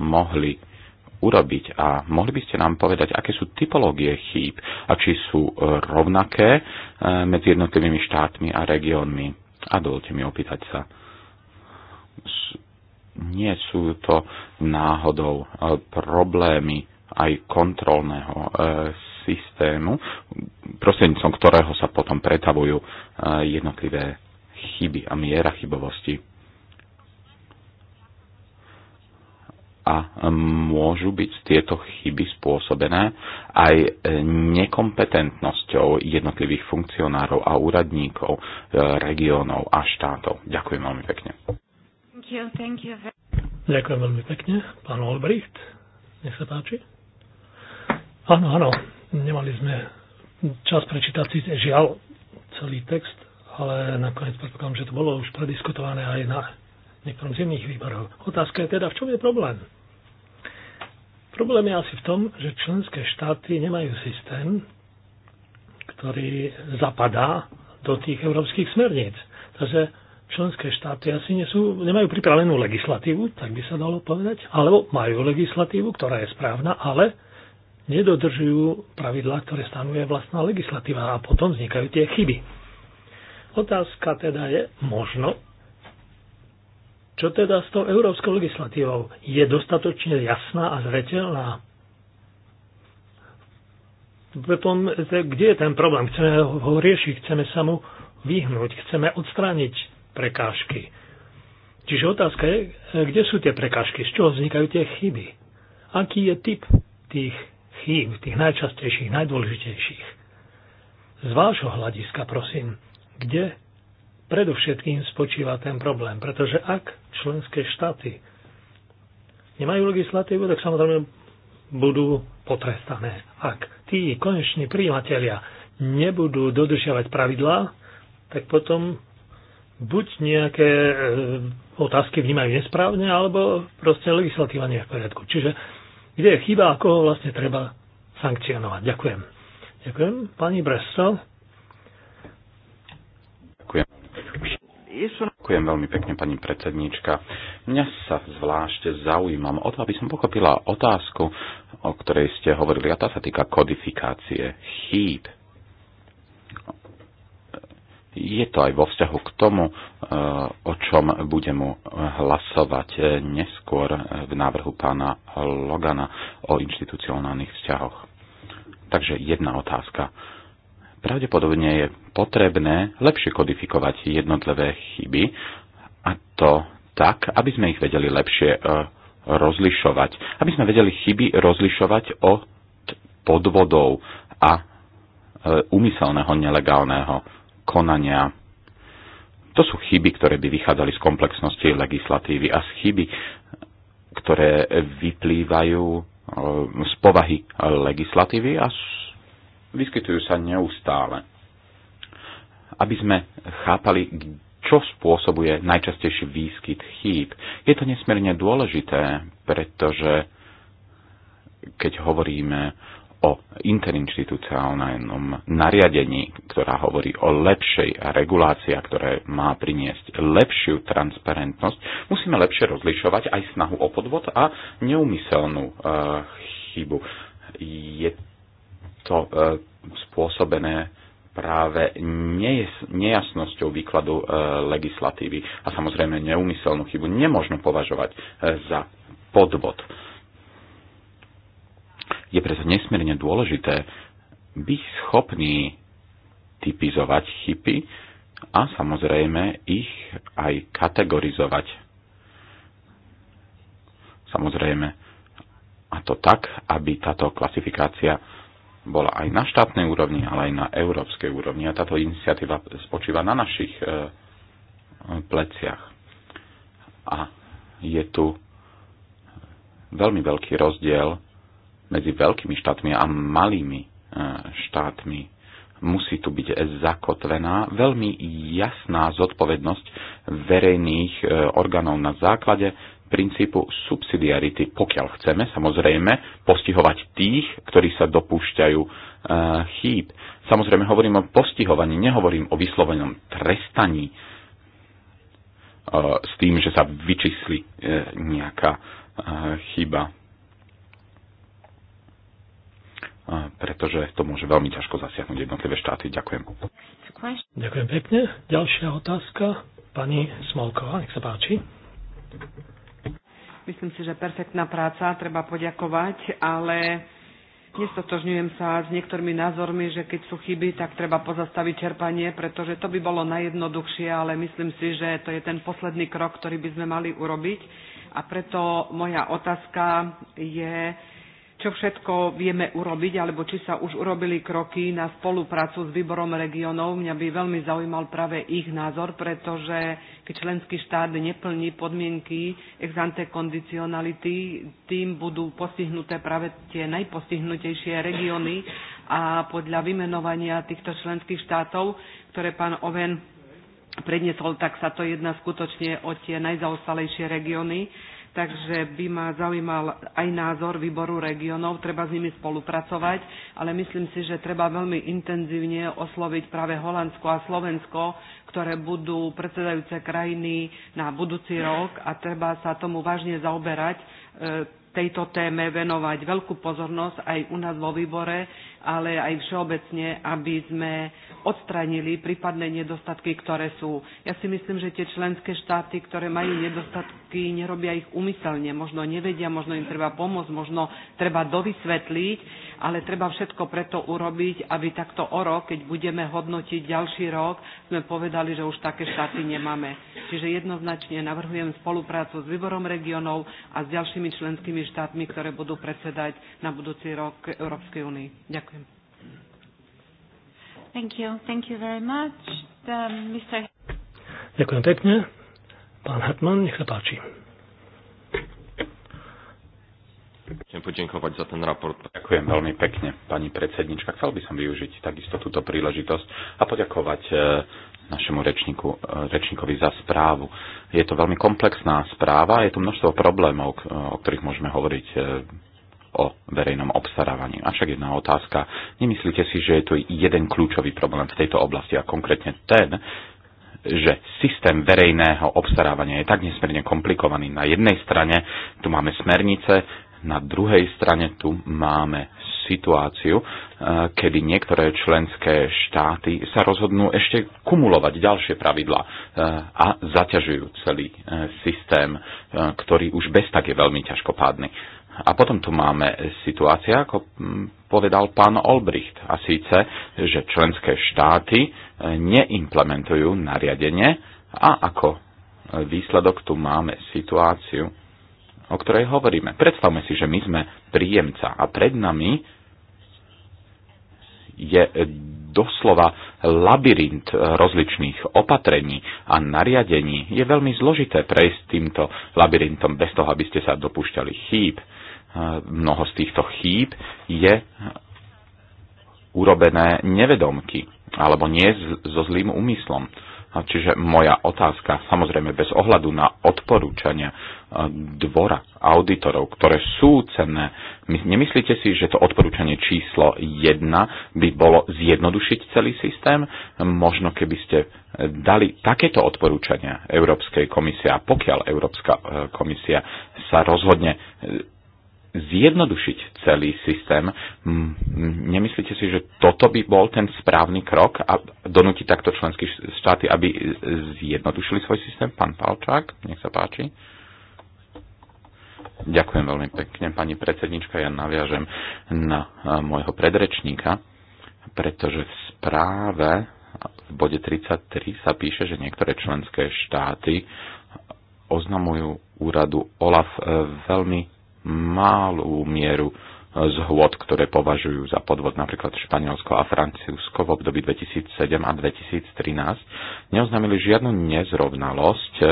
mohli urobiť a mohli by ste nám povedať, aké sú typológie chýb a či sú e, rovnaké e, medzi jednotlivými štátmi a regiónmi. A dovolte mi opýtať sa, nie sú to náhodou e, problémy aj kontrolného systému, prostredníctvom ktorého sa potom pretavujú jednotlivé chyby a miera chybovosti a môžu byť tieto chyby spôsobené aj e, nekompetentnosťou jednotlivých funkcionárov a úradníkov e, regiónov a štátov. Ďakujem veľmi pekne. Thank you, thank you. Ďakujem veľmi pekne. Pán Olbricht, nech sa páči. Áno, áno, nemali sme čas prečítať si žiaľ celý text, ale nakoniec predpokladám, že to bolo už prediskutované aj na niektorom z iných výborov. Otázka je teda, v čom je problém? Problém je asi v tom, že členské štáty nemajú systém, ktorý zapadá do tých európskych smerníc. Takže členské štáty asi nesú, nemajú pripravenú legislatívu, tak by sa dalo povedať, alebo majú legislatívu, ktorá je správna, ale nedodržujú pravidlá, ktoré stanuje vlastná legislatíva a potom vznikajú tie chyby. Otázka teda je, možno čo teda s tou európskou legislatívou? Je dostatočne jasná a zretelná? Potom, kde je ten problém? Chceme ho riešiť, chceme sa mu vyhnúť, chceme odstrániť prekážky. Čiže otázka je, kde sú tie prekážky, z čoho vznikajú tie chyby? Aký je typ tých chýb, tých najčastejších, najdôležitejších? Z vášho hľadiska, prosím, kde predovšetkým spočíva ten problém. Pretože ak členské štáty nemajú legislatívu, tak samozrejme budú potrestané. Ak tí koneční príjimatelia nebudú dodržiavať pravidlá, tak potom buď nejaké e, otázky vnímajú nesprávne, alebo proste legislatíva nie je v poriadku. Čiže kde je chyba a koho vlastne treba sankcionovať. Ďakujem. Ďakujem. Pani Bresto, Ďakujem veľmi pekne, pani predsedníčka. Mňa sa zvlášť zaujímam o to, aby som pochopila otázku, o ktorej ste hovorili, a tá sa týka kodifikácie chýb. Je to aj vo vzťahu k tomu, e, o čom budem hlasovať neskôr v návrhu pána Logana o inštitucionálnych vzťahoch. Takže jedna otázka pravdepodobne je potrebné lepšie kodifikovať jednotlivé chyby a to tak, aby sme ich vedeli lepšie e, rozlišovať. Aby sme vedeli chyby rozlišovať od podvodov a e, úmyselného nelegálneho konania. To sú chyby, ktoré by vychádzali z komplexnosti legislatívy a z chyby, ktoré vyplývajú e, z povahy legislatívy a vyskytujú sa neustále. Aby sme chápali, čo spôsobuje najčastejší výskyt chýb. Je to nesmierne dôležité, pretože keď hovoríme o interinstitucionálnom nariadení, ktorá hovorí o lepšej regulácii, ktoré má priniesť lepšiu transparentnosť, musíme lepšie rozlišovať aj snahu o podvod a neumyselnú e, chybu. Je to e, spôsobené práve nejasnosťou výkladu e, legislatívy a samozrejme neúmyselnú chybu nemôžno považovať e, za podvod. Je preto nesmierne dôležité byť schopný typizovať chyby a samozrejme ich aj kategorizovať. Samozrejme, a to tak, aby táto klasifikácia bola aj na štátnej úrovni, ale aj na európskej úrovni. A táto iniciatíva spočíva na našich e, pleciach. A je tu veľmi veľký rozdiel medzi veľkými štátmi a malými e, štátmi. Musí tu byť zakotvená veľmi jasná zodpovednosť verejných e, orgánov na základe princípu subsidiarity, pokiaľ chceme samozrejme postihovať tých, ktorí sa dopúšťajú uh, chýb. Samozrejme hovorím o postihovaní, nehovorím o vyslovenom trestaní uh, s tým, že sa vyčísli uh, nejaká uh, chyba. Uh, pretože to môže veľmi ťažko zasiahnuť jednotlivé štáty. Ďakujem. Ďakujem pekne. Ďalšia otázka. Pani Smolková, nech sa páči. Myslím si, že perfektná práca, treba poďakovať, ale nestotožňujem sa s niektorými názormi, že keď sú chyby, tak treba pozastaviť čerpanie, pretože to by bolo najjednoduchšie, ale myslím si, že to je ten posledný krok, ktorý by sme mali urobiť. A preto moja otázka je, čo všetko vieme urobiť, alebo či sa už urobili kroky na spoluprácu s výborom regionov. Mňa by veľmi zaujímal práve ich názor, pretože keď členský štát neplní podmienky ex ante kondicionality, tým budú postihnuté práve tie najpostihnutejšie regióny a podľa vymenovania týchto členských štátov, ktoré pán Oven predniesol, tak sa to jedná skutočne o tie najzaostalejšie regióny takže by ma zaujímal aj názor výboru regionov, treba s nimi spolupracovať, ale myslím si, že treba veľmi intenzívne osloviť práve Holandsko a Slovensko, ktoré budú predsedajúce krajiny na budúci rok a treba sa tomu vážne zaoberať, e, tejto téme venovať veľkú pozornosť aj u nás vo výbore, ale aj všeobecne, aby sme odstranili prípadné nedostatky, ktoré sú. Ja si myslím, že tie členské štáty, ktoré majú nedostatky, chybky, nerobia ich umyselne, možno nevedia, možno im treba pomôcť, možno treba dovysvetliť, ale treba všetko preto urobiť, aby takto o rok, keď budeme hodnotiť ďalší rok, sme povedali, že už také štáty nemáme. Čiže jednoznačne navrhujem spoluprácu s výborom regionov a s ďalšími členskými štátmi, ktoré budú predsedať na budúci rok Európskej únii. Ďakujem. Thank you. Thank you very much. The, Mr. Ďakujem pekne. Pán Hartmann, nech sa páči. Chcem poďakovať za ten raport. Ďakujem veľmi pekne, pani predsednička. Chcel by som využiť takisto túto príležitosť a poďakovať e, našemu rečníku, e, rečníkovi za správu. Je to veľmi komplexná správa, je tu množstvo problémov, e, o ktorých môžeme hovoriť o verejnom obstarávaní. Avšak jedna otázka. Nemyslíte si, že je tu jeden kľúčový problém v tejto oblasti a konkrétne ten, že systém verejného obstarávania je tak nesmierne komplikovaný. Na jednej strane tu máme smernice, na druhej strane tu máme situáciu, e, kedy niektoré členské štáty sa rozhodnú ešte kumulovať ďalšie pravidlá e, a zaťažujú celý e, systém, ktorý už bez tak je veľmi ťažkopádny a potom tu máme situácia, ako mm, povedal pán Olbricht, a síce, že členské štáty e, neimplementujú nariadenie a ako e, výsledok tu máme situáciu, o ktorej hovoríme. Predstavme si, že my sme príjemca a pred nami je doslova labyrint rozličných opatrení a nariadení. Je veľmi zložité prejsť týmto labyrintom bez toho, aby ste sa dopúšťali chýb mnoho z týchto chýb je urobené nevedomky alebo nie so zlým úmyslom. Čiže moja otázka, samozrejme bez ohľadu na odporúčania e, dvora auditorov, ktoré sú cenné, nemyslíte si, že to odporúčanie číslo 1 by bolo zjednodušiť celý systém? Možno keby ste e, dali takéto odporúčania Európskej komisie a pokiaľ Európska e, komisia sa rozhodne zjednodušiť celý systém. Nemyslíte si, že toto by bol ten správny krok a donúti takto členské štáty, aby zjednodušili svoj systém? Pán Palčák, nech sa páči. Ďakujem veľmi pekne, pani predsednička. Ja naviažem na e, môjho predrečníka, pretože v správe v bode 33 sa píše, že niektoré členské štáty oznamujú úradu OLAF e, veľmi malú mieru e, zhôd, ktoré považujú za podvod napríklad Španielsko a Francúzsko v období 2007 a 2013, neoznámili žiadnu nezrovnalosť e,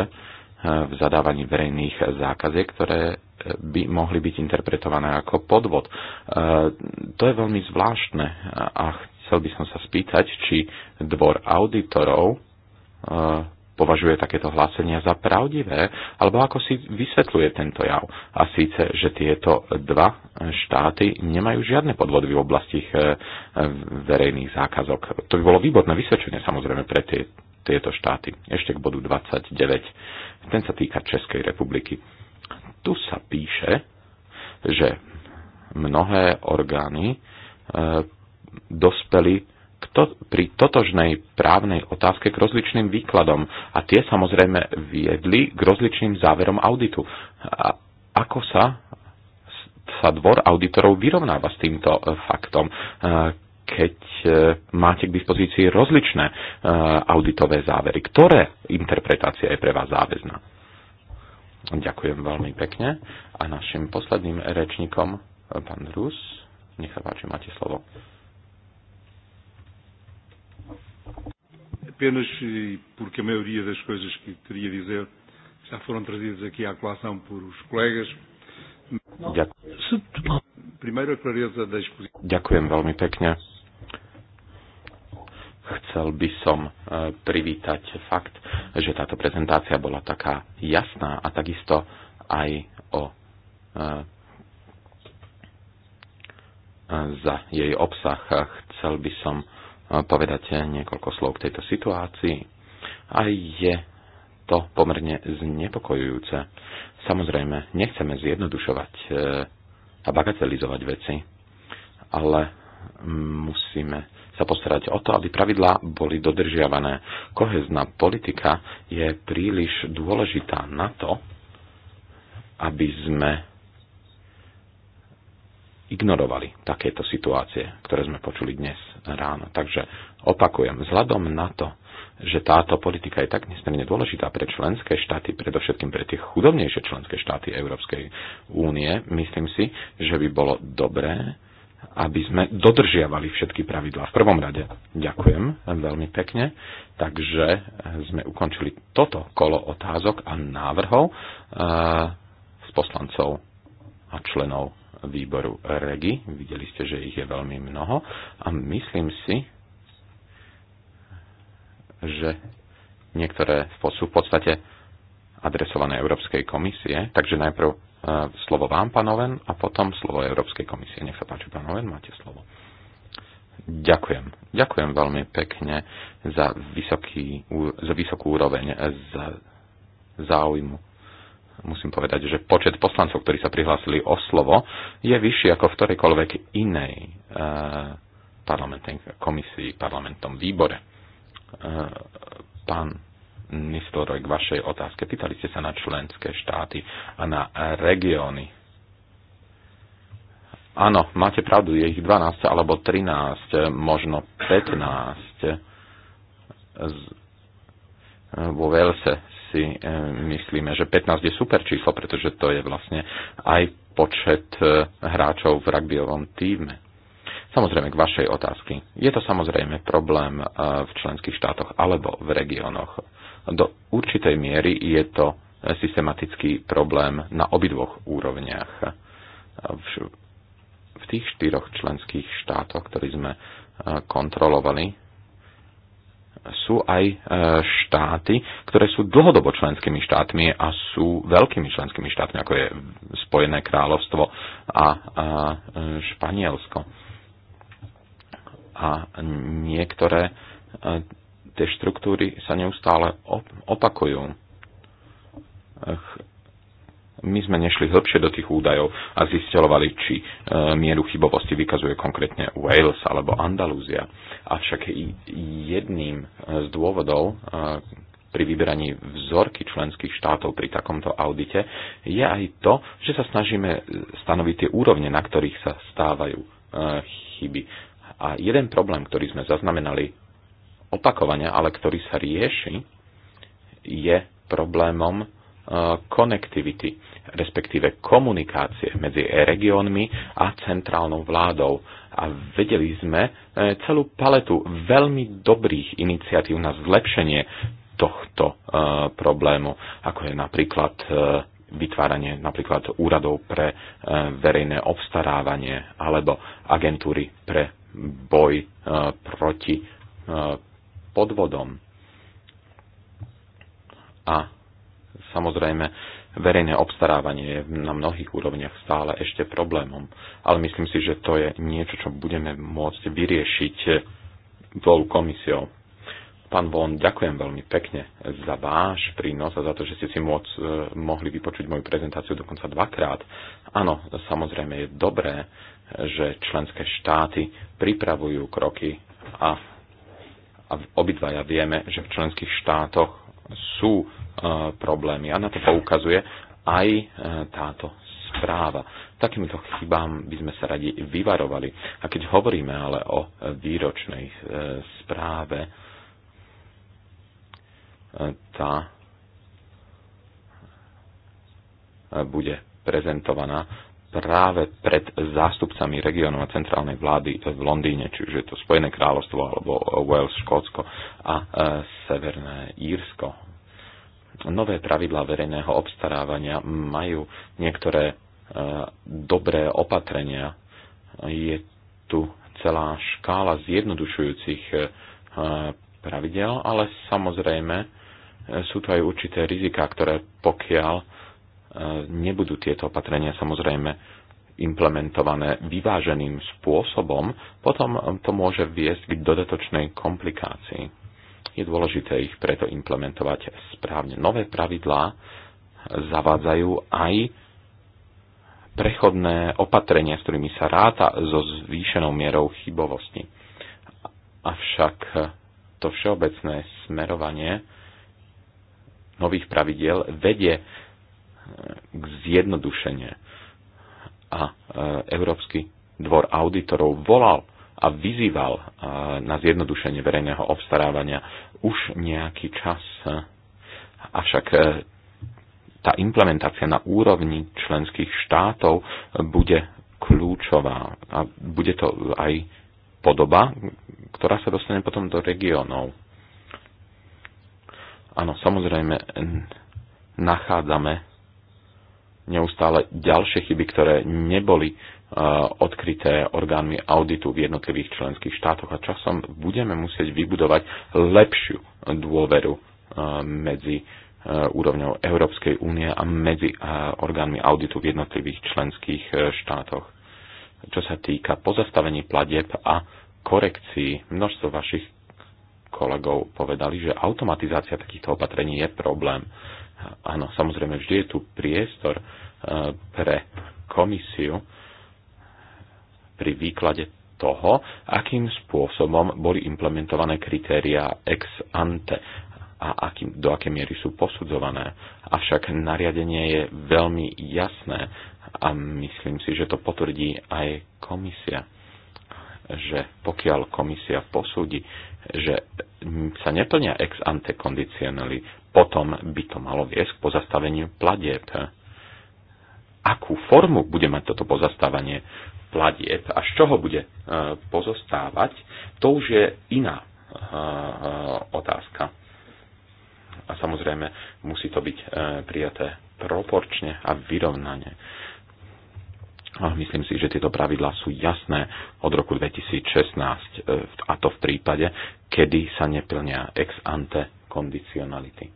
v zadávaní verejných zákaziek, ktoré e, by mohli byť interpretované ako podvod. To je veľmi zvláštne a chcel by som sa spýtať, či dvor auditorov považuje takéto hlásenia za pravdivé, alebo ako si vysvetľuje tento jav. A síce, že tieto dva štáty nemajú žiadne podvody v oblasti eh, verejných zákazok. To by bolo výborné vysvedčenie samozrejme pre tie, tieto štáty. Ešte k bodu 29. Ten sa týka Českej republiky. Tu sa píše, že mnohé orgány e, dospeli to, pri totožnej právnej otázke k rozličným výkladom a tie samozrejme viedli k rozličným záverom auditu. A ako sa, sa dvor auditorov vyrovnáva s týmto e, faktom, e, keď e, máte k dispozícii rozličné auditové závery? Ktoré interpretácia je pre vás záväzná? Ďakujem veľmi pekne. A našim posledným rečníkom, pán Rus, nech sa páči, máte slovo. apenas e porque a maioria das coisas que queria dizer já foram trazidas aqui à colação por os colegas. Primeiro a clareza da exposição. Ďakujem veľmi pekne. Chcel by som e, privítať fakt, že táto prezentácia bola taká jasná a takisto aj o e, za jej obsah. Chcel by som povedať niekoľko slov k tejto situácii a je to pomerne znepokojujúce. Samozrejme, nechceme zjednodušovať eh, a bagatelizovať veci, ale musíme sa postarať o to, aby pravidlá boli dodržiavané. Kohezná politika je príliš dôležitá na to, aby sme ignorovali takéto situácie, ktoré sme počuli dnes ráno. Takže opakujem, vzhľadom na to, že táto politika je tak nesmierne dôležitá pre členské štáty, predovšetkým pre tie chudobnejšie členské štáty Európskej únie, myslím si, že by bolo dobré, aby sme dodržiavali všetky pravidlá. V prvom rade ďakujem veľmi pekne, takže eh, sme ukončili toto kolo otázok a návrhov z eh, poslancov a členov výboru REGI. Videli ste, že ich je veľmi mnoho a myslím si, že niektoré sú v podstate adresované Európskej komisie. Takže najprv e, slovo vám, pán Oven, a potom slovo Európskej komisie. Nech sa páči, pán Oven, máte slovo. Ďakujem. Ďakujem veľmi pekne za, vysoký, za vysokú úroveň e, za záujmu musím povedať, že počet poslancov, ktorí sa prihlásili o slovo, je vyšší ako v ktorejkoľvek inej e, parlamentnej komisii, parlamentom výbore. E, pán Nistelroj, k vašej otázke. Pýtali ste sa na členské štáty a na regióny. Áno, máte pravdu, je ich 12 alebo 13, e, možno 15. Vo Velse si e, myslíme, že 15 je super číslo, pretože to je vlastne aj počet e, hráčov v rugbyovom týme. Samozrejme, k vašej otázky. Je to samozrejme problém e, v členských štátoch alebo v regiónoch. Do určitej miery je to systematický problém na obidvoch úrovniach. V tých štyroch členských štátoch, ktorí sme kontrolovali, sú aj e, štáty, ktoré sú dlhodobo členskými štátmi a sú veľkými členskými štátmi, ako je Spojené kráľovstvo a e, Španielsko. A niektoré e, tie štruktúry sa neustále opakujú my sme nešli hĺbšie do tých údajov a zistelovali, či e, mieru chybovosti vykazuje konkrétne Wales alebo Andalúzia. Avšak jedným e, z dôvodov e, pri vyberaní vzorky členských štátov pri takomto audite je aj to, že sa snažíme stanoviť tie úrovne, na ktorých sa stávajú e, chyby. A jeden problém, ktorý sme zaznamenali opakovane, ale ktorý sa rieši, je problémom konektivity, respektíve komunikácie medzi regiónmi a centrálnou vládou. A vedeli sme e, celú paletu veľmi dobrých iniciatív na zlepšenie tohto e, problému, ako je napríklad e, vytváranie napríklad úradov pre verejné obstarávanie alebo agentúry pre boj proti podvodom. A Samozrejme, verejné obstarávanie je na mnohých úrovniach stále ešte problémom, ale myslím si, že to je niečo, čo budeme môcť vyriešiť dvou komisiou. Pán Von, ďakujem veľmi pekne za váš prínos a za to, že ste si môc, e, mohli vypočuť moju prezentáciu dokonca dvakrát. Áno, samozrejme je dobré, že členské štáty pripravujú kroky a, a obidvaja vieme, že v členských štátoch sú E, problémy. A na to poukazuje aj e, táto správa. Takýmto chybám by sme sa radi vyvarovali. A keď hovoríme ale o výročnej e, správe, tá bude prezentovaná práve pred zástupcami regionov a centrálnej vlády v Londýne, čiže je to Spojené kráľovstvo alebo Wales, Škótsko a Severné Írsko nové pravidlá verejného obstarávania majú niektoré e, dobré opatrenia. Je tu celá škála zjednodušujúcich e, pravidel, ale samozrejme e, sú tu aj určité riziká, ktoré pokiaľ nebudú tieto opatrenia samozrejme implementované vyváženým spôsobom, potom to môže viesť k dodatočnej komplikácii. Je dôležité ich preto implementovať správne. Nové pravidlá zavádzajú aj prechodné opatrenia, s ktorými sa ráta so zvýšenou mierou chybovosti. Avšak to všeobecné smerovanie nových pravidiel vedie k zjednodušenie. A e, Európsky dvor auditorov volal a vyzýval na zjednodušenie verejného obstarávania už nejaký čas. Avšak e, tá implementácia na úrovni členských štátov bude kľúčová a bude to aj podoba, ktorá sa dostane potom do regiónov. Áno, samozrejme, nachádzame neustále ďalšie chyby, ktoré neboli odkryté orgánmi auditu v jednotlivých členských štátoch a časom budeme musieť vybudovať lepšiu dôveru medzi úrovňou Európskej únie a medzi orgánmi auditu v jednotlivých členských e, štátoch. Čo sa týka pozastavení pladeb a korekcií, množstvo vašich kolegov povedali, že automatizácia takýchto opatrení je problém. Áno, samozrejme, vždy je tu priestor e, pre komisiu, pri výklade toho, akým spôsobom boli implementované kritériá ex ante a akým, do aké miery sú posudzované. Avšak nariadenie je veľmi jasné a myslím si, že to potvrdí aj komisia, že pokiaľ komisia posúdi, že sa neplnia ex ante kondicionely, potom by to malo viesť k pozastaveniu platieb. Akú formu bude mať toto pozastavenie? platieb a z čoho bude e, pozostávať, to už je iná e, e, otázka. A samozrejme, musí to byť prijaté proporčne a vyrovnane. myslím si, že tieto pravidlá sú jasné od roku 2016, a to v prípade, kedy sa neplnia ex ante kondicionality.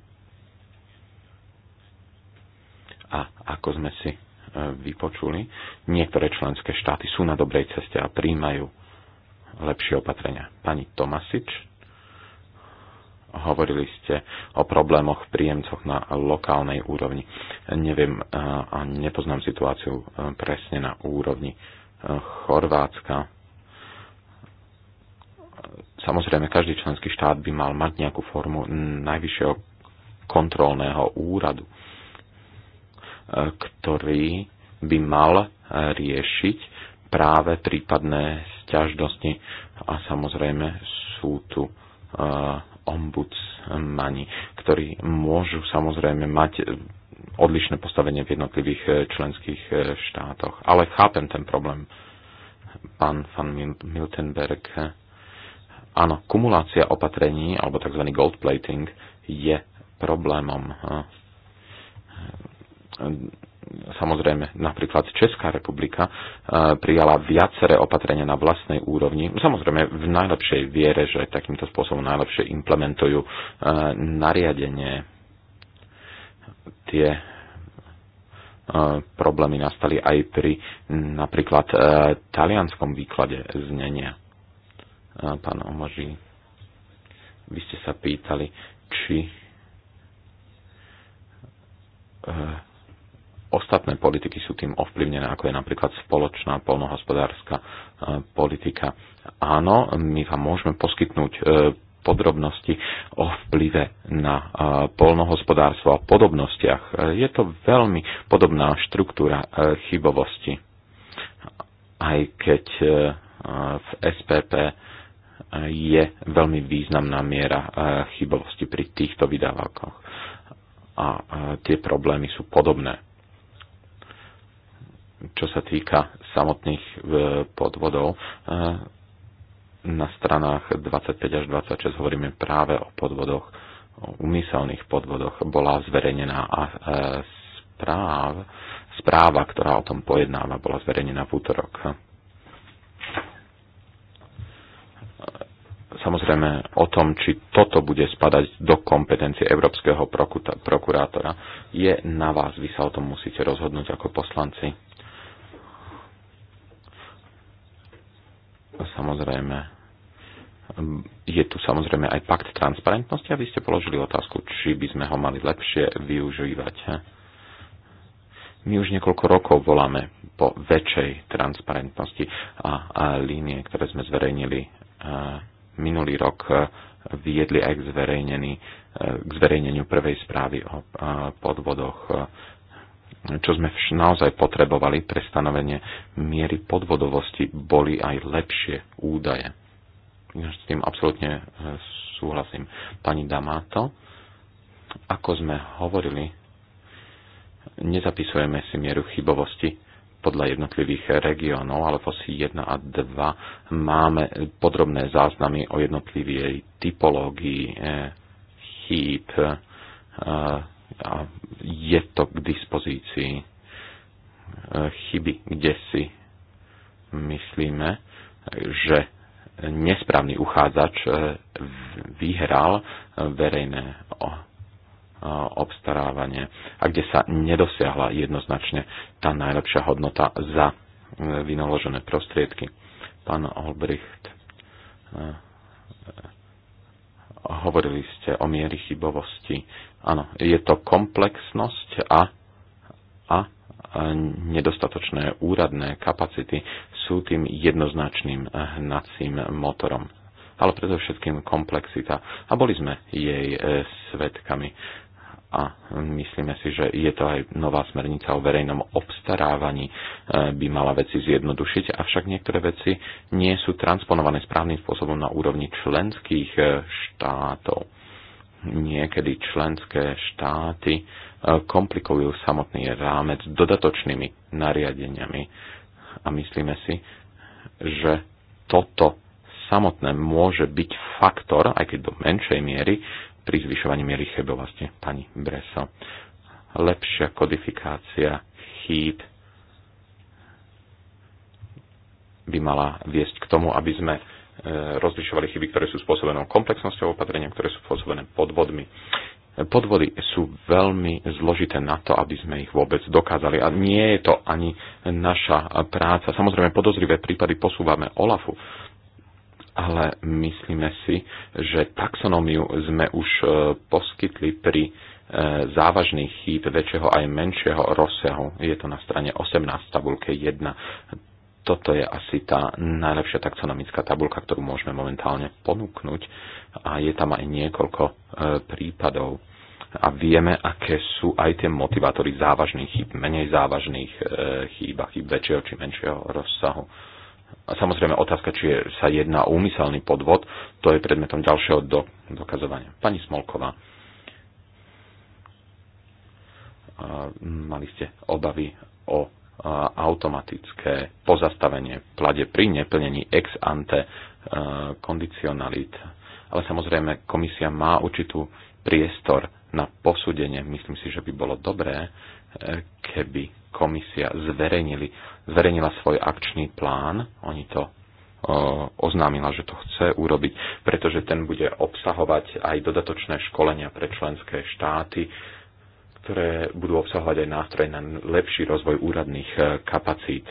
A ako sme si vypočuli, niektoré členské štáty sú na dobrej ceste a príjmajú lepšie opatrenia. Pani Tomasič, hovorili ste o problémoch príjemcoch na lokálnej úrovni. Neviem a nepoznám situáciu e, presne na úrovni e, Chorvátska. Samozrejme, každý členský štát by mal mať nejakú formu najvyššieho kontrolného úradu ktorý by mal e, riešiť práve prípadné sťažnosti a samozrejme sú tu e, ombudsmani, ktorí môžu samozrejme mať e, odlišné postavenie v jednotlivých členských štátoch. Ale chápem ten problém, pán van Miltenberg. Áno, kumulácia opatrení, alebo tzv. gold plating, je problémom Ehm, samozrejme napríklad Česká republika ehm, prijala viaceré opatrenia na vlastnej úrovni, samozrejme v najlepšej viere, že takýmto spôsobom najlepšie implementujú ehm, nariadenie tie problémy nastali aj pri napríklad talianskom výklade znenia. Pán Omaží, vy ste sa pýtali, či ostatné politiky sú tým ovplyvnené, ako je napríklad spoločná polnohospodárska e, politika. Áno, my vám môžeme poskytnúť e, podrobnosti o vplyve na e, polnohospodárstvo a podobnostiach. Je to veľmi podobná štruktúra chybovosti. Aj keď v SPP je veľmi významná miera chybovosti pri týchto vydávkoch. A tie problémy sú podobné čo sa týka samotných e, podvodov, e, na stranách 25 až 26 hovoríme práve o podvodoch, o umyselných podvodoch. Bola zverejnená a e, správ, správa, ktorá o tom pojednáva, bola zverejnená v útorok. Samozrejme o tom, či toto bude spadať do kompetencie Európskeho prokurátora, je na vás. Vy sa o tom musíte rozhodnúť ako poslanci samozrejme je tu samozrejme aj pakt transparentnosti aby ste položili otázku, či by sme ho mali lepšie využívať. My už niekoľko rokov voláme po väčšej transparentnosti a, a línie, ktoré sme zverejnili e, minulý rok, e, viedli aj k, e, k zverejneniu prvej správy o podvodoch čo sme naozaj potrebovali pre stanovenie miery podvodovosti, boli aj lepšie údaje. S tým absolútne e, súhlasím. Pani Damato, ako sme hovorili, nezapisujeme si mieru chybovosti podľa jednotlivých regiónov, ale v osi 1 a 2 máme podrobné záznamy o jednotlivej typológii e, chýb, e, a je to k dispozícii e, chyby, kde si myslíme, že nesprávny uchádzač e, vyhral verejné e, obstarávanie a kde sa nedosiahla jednoznačne tá najlepšia hodnota za vynaložené prostriedky. Pán Olbricht, hovorili ste o miery chybovosti Áno, je to komplexnosť a, a nedostatočné úradné kapacity sú tým jednoznačným hnacím motorom. Ale predovšetkým komplexita. A boli sme jej e, svetkami. A myslíme si, že je to aj nová smernica o verejnom obstarávaní, e, by mala veci zjednodušiť, avšak niektoré veci nie sú transponované správnym spôsobom na úrovni členských e, štátov niekedy členské štáty e, komplikujú samotný rámec dodatočnými nariadeniami. A myslíme si, že toto samotné môže byť faktor, aj keď do menšej miery, pri zvyšovaní miery chybovosti pani Breso. Lepšia kodifikácia chýb by mala viesť k tomu, aby sme E, rozlišovali chyby, ktoré sú spôsobené komplexnosťou opatrenia, ktoré sú spôsobené podvodmi. E, podvody sú veľmi zložité na to, aby sme ich vôbec dokázali. A nie je to ani naša práca. Samozrejme, podozrivé prípady posúvame OLAFu, ale myslíme si, že taxonómiu sme už e, poskytli pri závažných chýb väčšieho aj menšieho rozsahu. Je to na strane 18 tabulke 1 toto je asi tá najlepšia taxonomická tabulka, ktorú môžeme momentálne ponúknuť a je tam aj niekoľko e, prípadov a vieme, aké sú aj tie motivátory závažných chýb, menej závažných e, chýb a chýb väčšieho či menšieho rozsahu. A samozrejme otázka, či je, sa jedná úmyselný podvod, to je predmetom ďalšieho do, dokazovania. Pani Smolková, mali ste obavy o automatické pozastavenie plade pri neplnení ex ante e, kondicionalit. Ale samozrejme, komisia má určitú priestor na posúdenie. Myslím si, že by bolo dobré, e, keby komisia zverejnili, zverejnila svoj akčný plán. Oni to e, oznámila, že to chce urobiť, pretože ten bude obsahovať aj dodatočné školenia pre členské štáty, ktoré budú obsahovať aj nástroje na lepší rozvoj úradných e, kapacít.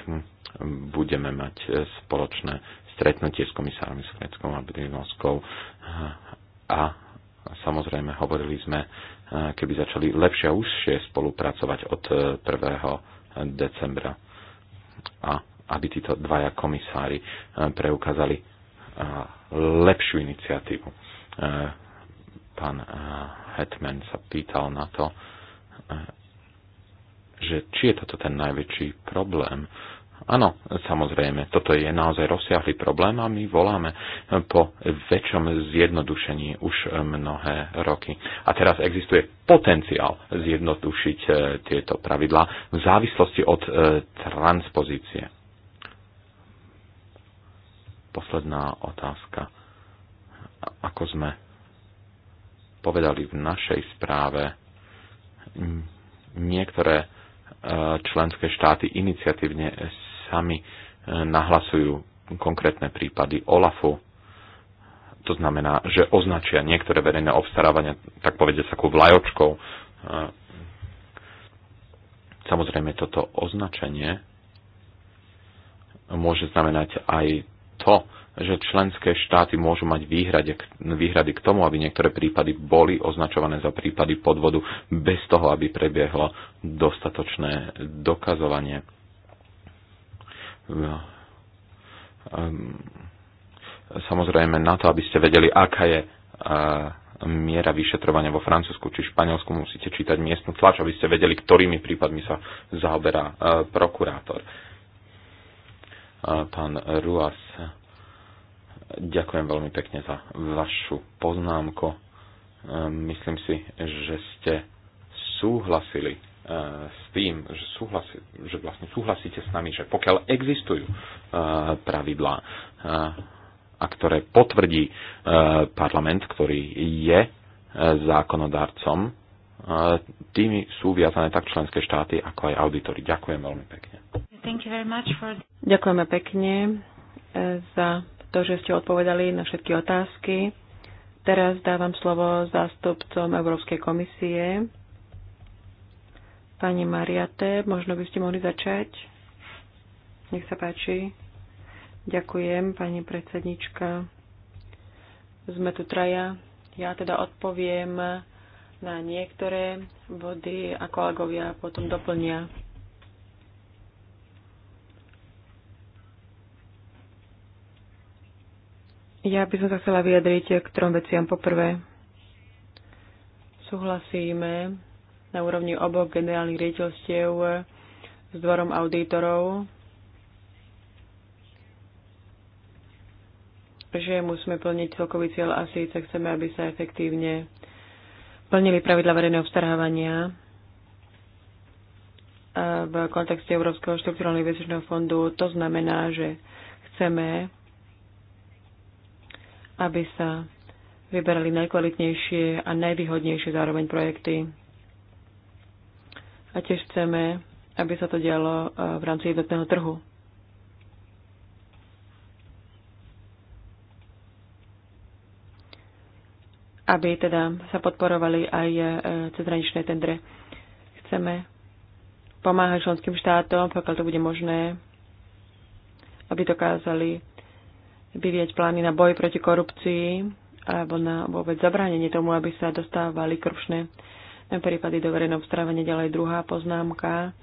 Budeme mať e, spoločné stretnutie s komisármi Svetskou a Brinovskou a samozrejme hovorili sme, e, keby začali lepšie a užšie spolupracovať od 1. decembra a aby títo dvaja komisári preukázali lepšiu iniciatívu. Pán Hetman sa pýtal na to, že či je toto ten najväčší problém. Áno, samozrejme, toto je naozaj rozsiahly problém a my voláme po väčšom zjednodušení už mnohé roky. A teraz existuje potenciál zjednodušiť e, tieto pravidlá v závislosti od e, transpozície. Posledná otázka. Ako sme povedali v našej správe, niektoré e, členské štáty iniciatívne sami e, nahlasujú konkrétne prípady OLAFu. To znamená, že označia niektoré verejné obstarávania, tak povedia sa, vlajočkou. E, samozrejme, toto označenie môže znamenať aj to, že členské štáty môžu mať výhrade, výhrady k tomu, aby niektoré prípady boli označované za prípady podvodu bez toho, aby prebiehlo dostatočné dokazovanie. No. Ehm, samozrejme, na to, aby ste vedeli, aká je ehm, miera vyšetrovania vo Francúzsku či Španielsku, musíte čítať miestnu tlač, aby ste vedeli, ktorými prípadmi sa zaoberá ehm, prokurátor. Pán Ruas Ďakujem veľmi pekne za vašu poznámku. Ehm, myslím si, že ste súhlasili eh, s tým, že, súhlasi, že vlastne súhlasíte s nami, že pokiaľ existujú eh, pravidlá, eh, a ktoré potvrdí parlament, ktorý je zákonodarcom, tými sú viazané tak členské štáty, ako aj auditory. Ďakujem veľmi pekne. Ďakujeme pekne za to, že ste odpovedali na všetky otázky. Teraz dávam slovo zástupcom Európskej komisie. Pani Mariate, možno by ste mohli začať. Nech sa páči. Ďakujem, pani predsednička. Sme tu traja. Ja teda odpoviem na niektoré body a kolegovia potom doplnia. Ja by som sa chcela vyjadriť k trom veciam. Poprvé, súhlasíme na úrovni oboch generálnych riaditeľstiev s dvorom auditorov, že musíme plniť celkový cieľ a síce chceme, aby sa efektívne plnili pravidla verejného vstarávania v kontexte Európskeho štruktúrneho investičného fondu. To znamená, že chceme aby sa vyberali najkvalitnejšie a najvýhodnejšie zároveň projekty. A tiež chceme, aby sa to dialo e, v rámci jednotného trhu. aby teda sa podporovali aj e, cezhraničné tendre. Chceme pomáhať členským štátom, pokiaľ to bude možné, aby dokázali vyvieť plány na boj proti korupcii alebo na vôbec zabránenie tomu, aby sa dostávali korupčné prípady do verejného obstarávania. Ďalej druhá poznámka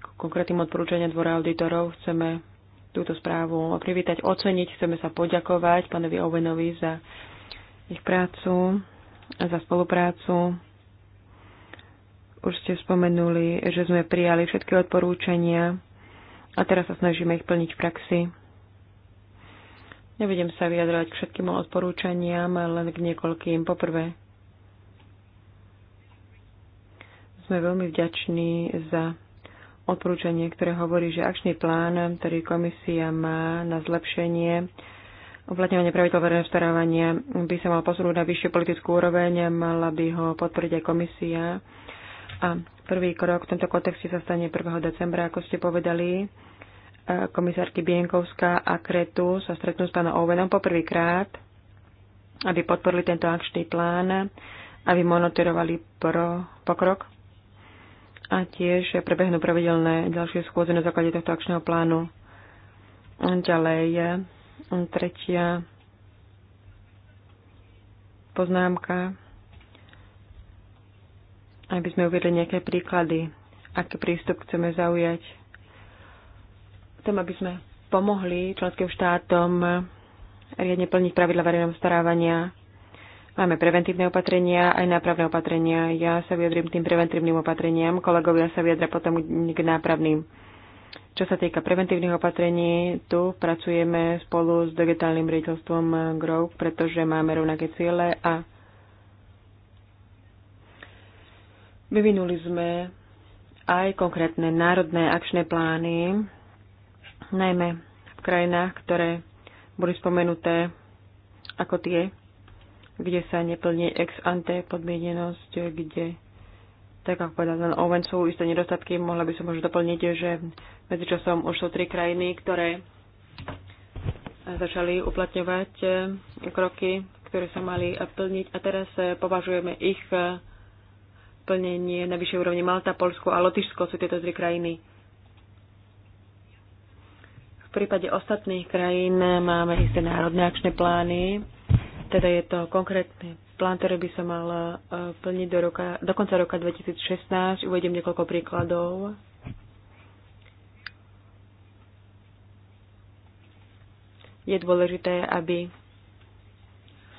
k konkrétnym odporúčania dvora auditorov. Chceme túto správu privítať, oceniť. Chceme sa poďakovať pánovi Ovenovi za ich prácu, za spoluprácu. Už ste spomenuli, že sme prijali všetky odporúčania a teraz sa snažíme ich plniť v praxi. Nebudem sa vyjadrovať k všetkým odporúčaniam, len k niekoľkým. Poprvé, sme veľmi vďační za odporúčanie, ktoré hovorí, že akčný plán, ktorý komisia má na zlepšenie uplatňovania pravidel verejného starávania, by sa mal posunúť na vyššiu politickú úroveň, mala by ho podporiť aj komisia. A prvý krok v tomto kontexte sa stane 1. decembra, ako ste povedali komisárky Bienkovská a Kretu sa stretnú s pánom Owenom poprvýkrát, aby podporili tento akčný plán, aby monitorovali pro pokrok a tiež prebehnú pravidelné ďalšie schôdze na základe tohto akčného plánu. Ďalej, tretia poznámka, aby sme uvedli nejaké príklady, aký prístup chceme zaujať tom, aby sme pomohli členským štátom riadne plniť pravidla verejného starávania. Máme preventívne opatrenia, aj nápravné opatrenia. Ja sa vyjadrím tým preventívnym opatreniam, kolegovia sa vyjadra potom k nápravným. Čo sa týka preventívnych opatrení, tu pracujeme spolu s digitálnym riaditeľstvom GROW, pretože máme rovnaké ciele a vyvinuli sme aj konkrétne národné akčné plány najmä v krajinách, ktoré boli spomenuté ako tie, kde sa neplní ex ante podmienenosť, kde, tak ako povedal ten Owen, sú isté nedostatky. Mohla by som možno doplniť, že medzičasom už sú tri krajiny, ktoré začali uplatňovať eh, kroky, ktoré sa mali plniť a teraz eh, považujeme ich eh, plnenie na vyššej úrovni Malta, Polsko a Lotyšsko sú tieto tri krajiny. V prípade ostatných krajín máme isté národné akčné plány, teda je to konkrétny plán, ktorý by sa mal e, plniť do, roka, do konca roka 2016. Uvediem niekoľko príkladov. Je dôležité, aby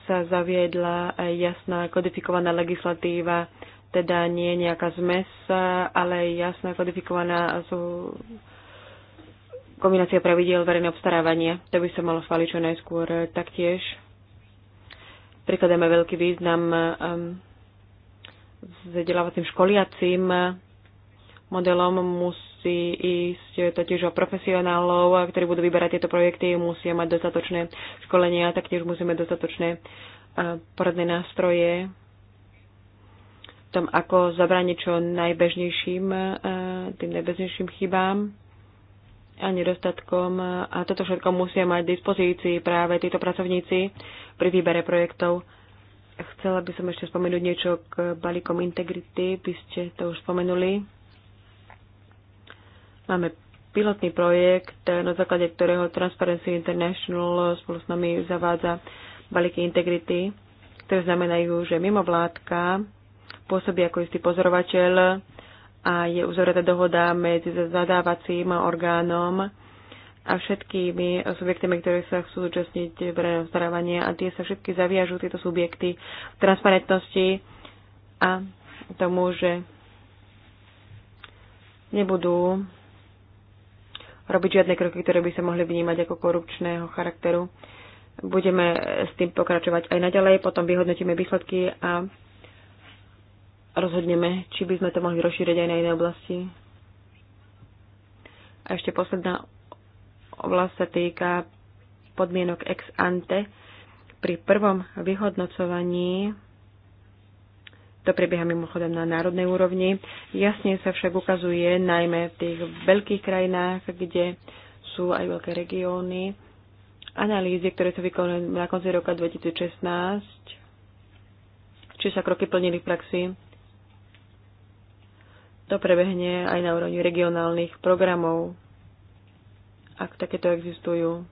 sa zaviedla jasná kodifikovaná legislatíva, teda nie nejaká zmes, ale jasná kodifikovaná sú kombinácia pravidiel verejného obstarávania. To by sa malo schváliť čo najskôr taktiež. Prikladáme veľký význam um, vzdelávacím školiacím modelom. Musí ísť totiž o profesionálov, ktorí budú vyberať tieto projekty, musia mať dostatočné školenia, taktiež musíme dostatočné uh, poradné nástroje v tom, ako zabrániť čo najbežnejším, uh, tým najbežnejším chybám a nedostatkom a toto všetko musia mať v dispozícii práve títo pracovníci pri výbere projektov. Chcela by som ešte spomenúť niečo k balíkom integrity, by ste to už spomenuli. Máme pilotný projekt, na základe ktorého Transparency International spolu s nami zavádza balíky integrity, ktoré znamenajú, že mimo vládka pôsobí ako istý pozorovateľ a je uzoretá dohoda medzi zadávacím orgánom a všetkými subjektami, ktoré sa chcú zúčastniť verejného starávania a tie sa všetky zaviažú, tieto subjekty, v transparentnosti a tomu, že nebudú robiť žiadne kroky, ktoré by sa mohli vnímať ako korupčného charakteru. Budeme s tým pokračovať aj naďalej, potom vyhodnotíme výsledky a rozhodneme, či by sme to mohli rozšíriť aj na iné oblasti. A ešte posledná oblasť sa týka podmienok ex ante. Pri prvom vyhodnocovaní to prebieha mimochodom na národnej úrovni. Jasne sa však ukazuje, najmä v tých veľkých krajinách, kde sú aj veľké regióny, analýzy, ktoré sa vykonali na konci roka 2016, či sa kroky plnili v praxi. To prebehne aj na úrovni regionálnych programov, ak takéto existujú.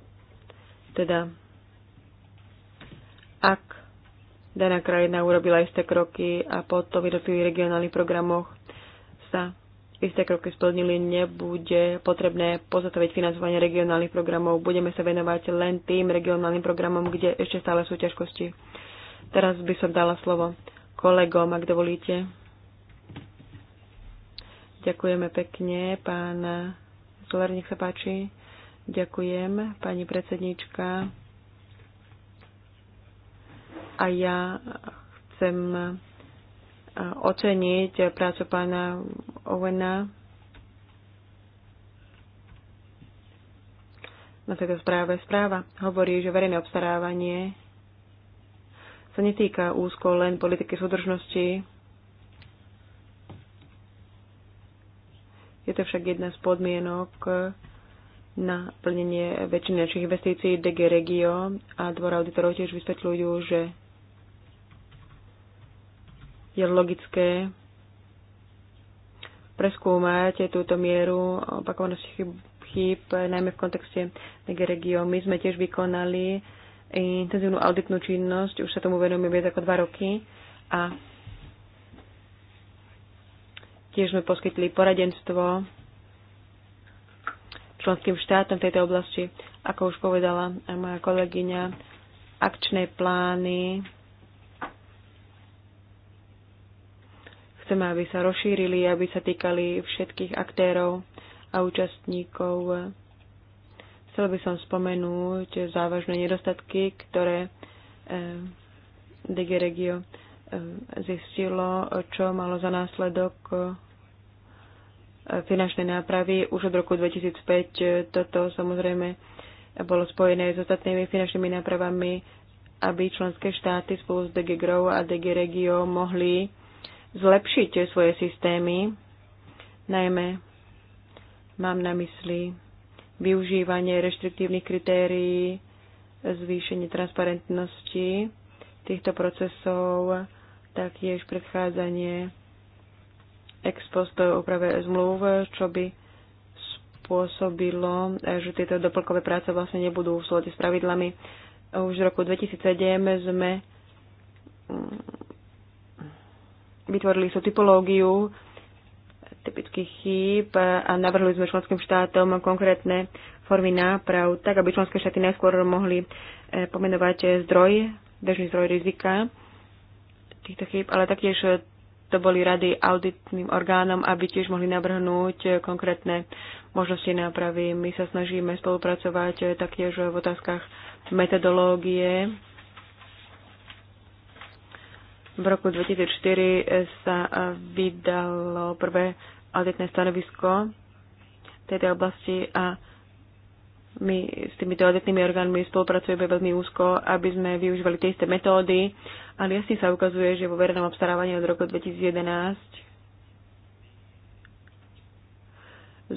Teda, ak daná krajina urobila isté kroky a potom v jednotlivých regionálnych programoch sa isté kroky splnili, nebude potrebné pozastaviť financovanie regionálnych programov. Budeme sa venovať len tým regionálnym programom, kde ešte stále sú ťažkosti. Teraz by som dala slovo kolegom, ak dovolíte. Ďakujeme pekne, pán Zoler, nech sa páči. Ďakujem, pani predsedníčka. A ja chcem oceniť prácu pána Owena na tejto správe. Správa hovorí, že verejné obstarávanie sa netýka úzko len politiky súdržnosti, Je to však jedna z podmienok e, na plnenie väčšiny našich investícií DG Regio a dvor auditorov tiež vysvetľujú, že je logické preskúmať túto mieru opakovanosti chyb, chýb, najmä v kontexte DG Regio. My sme tiež vykonali intenzívnu auditnú činnosť, už sa tomu venujeme viac ako dva roky a Tiež sme poskytli poradenstvo členským štátom v tejto oblasti. Ako už povedala moja kolegyňa, akčné plány chceme, aby sa rozšírili, aby sa týkali všetkých aktérov a účastníkov. Chcel by som spomenúť závažné nedostatky, ktoré eh, DG Regio eh, zistilo, čo malo za následok finančnej nápravy už od roku 2005. Toto samozrejme bolo spojené s ostatnými finančnými nápravami, aby členské štáty spolu s DG Grow a DG Regio mohli zlepšiť svoje systémy. Najmä mám na mysli využívanie reštriktívnych kritérií, zvýšenie transparentnosti týchto procesov, taktiež predchádzanie ex post úprave zmluv, čo by spôsobilo, eh, že tieto doplkové práce vlastne nebudú v súlade s pravidlami. Už v roku 2007 sme mm, vytvorili sú typológiu typických chýb a navrhli sme členským štátom konkrétne formy náprav, tak aby členské štáty najskôr mohli eh, pomenovať zdroj, bežný zdroj rizika týchto chýb, ale taktiež to boli rady auditným orgánom, aby tiež mohli navrhnúť konkrétne možnosti nápravy. My sa snažíme spolupracovať taktiež v otázkach metodológie. V roku 2004 sa vydalo prvé auditné stanovisko tejto oblasti a my s týmito auditnými orgánmi spolupracujeme veľmi úzko, aby sme využívali tie isté metódy, ale jasne sa ukazuje, že vo verejnom obstarávaní od roku 2011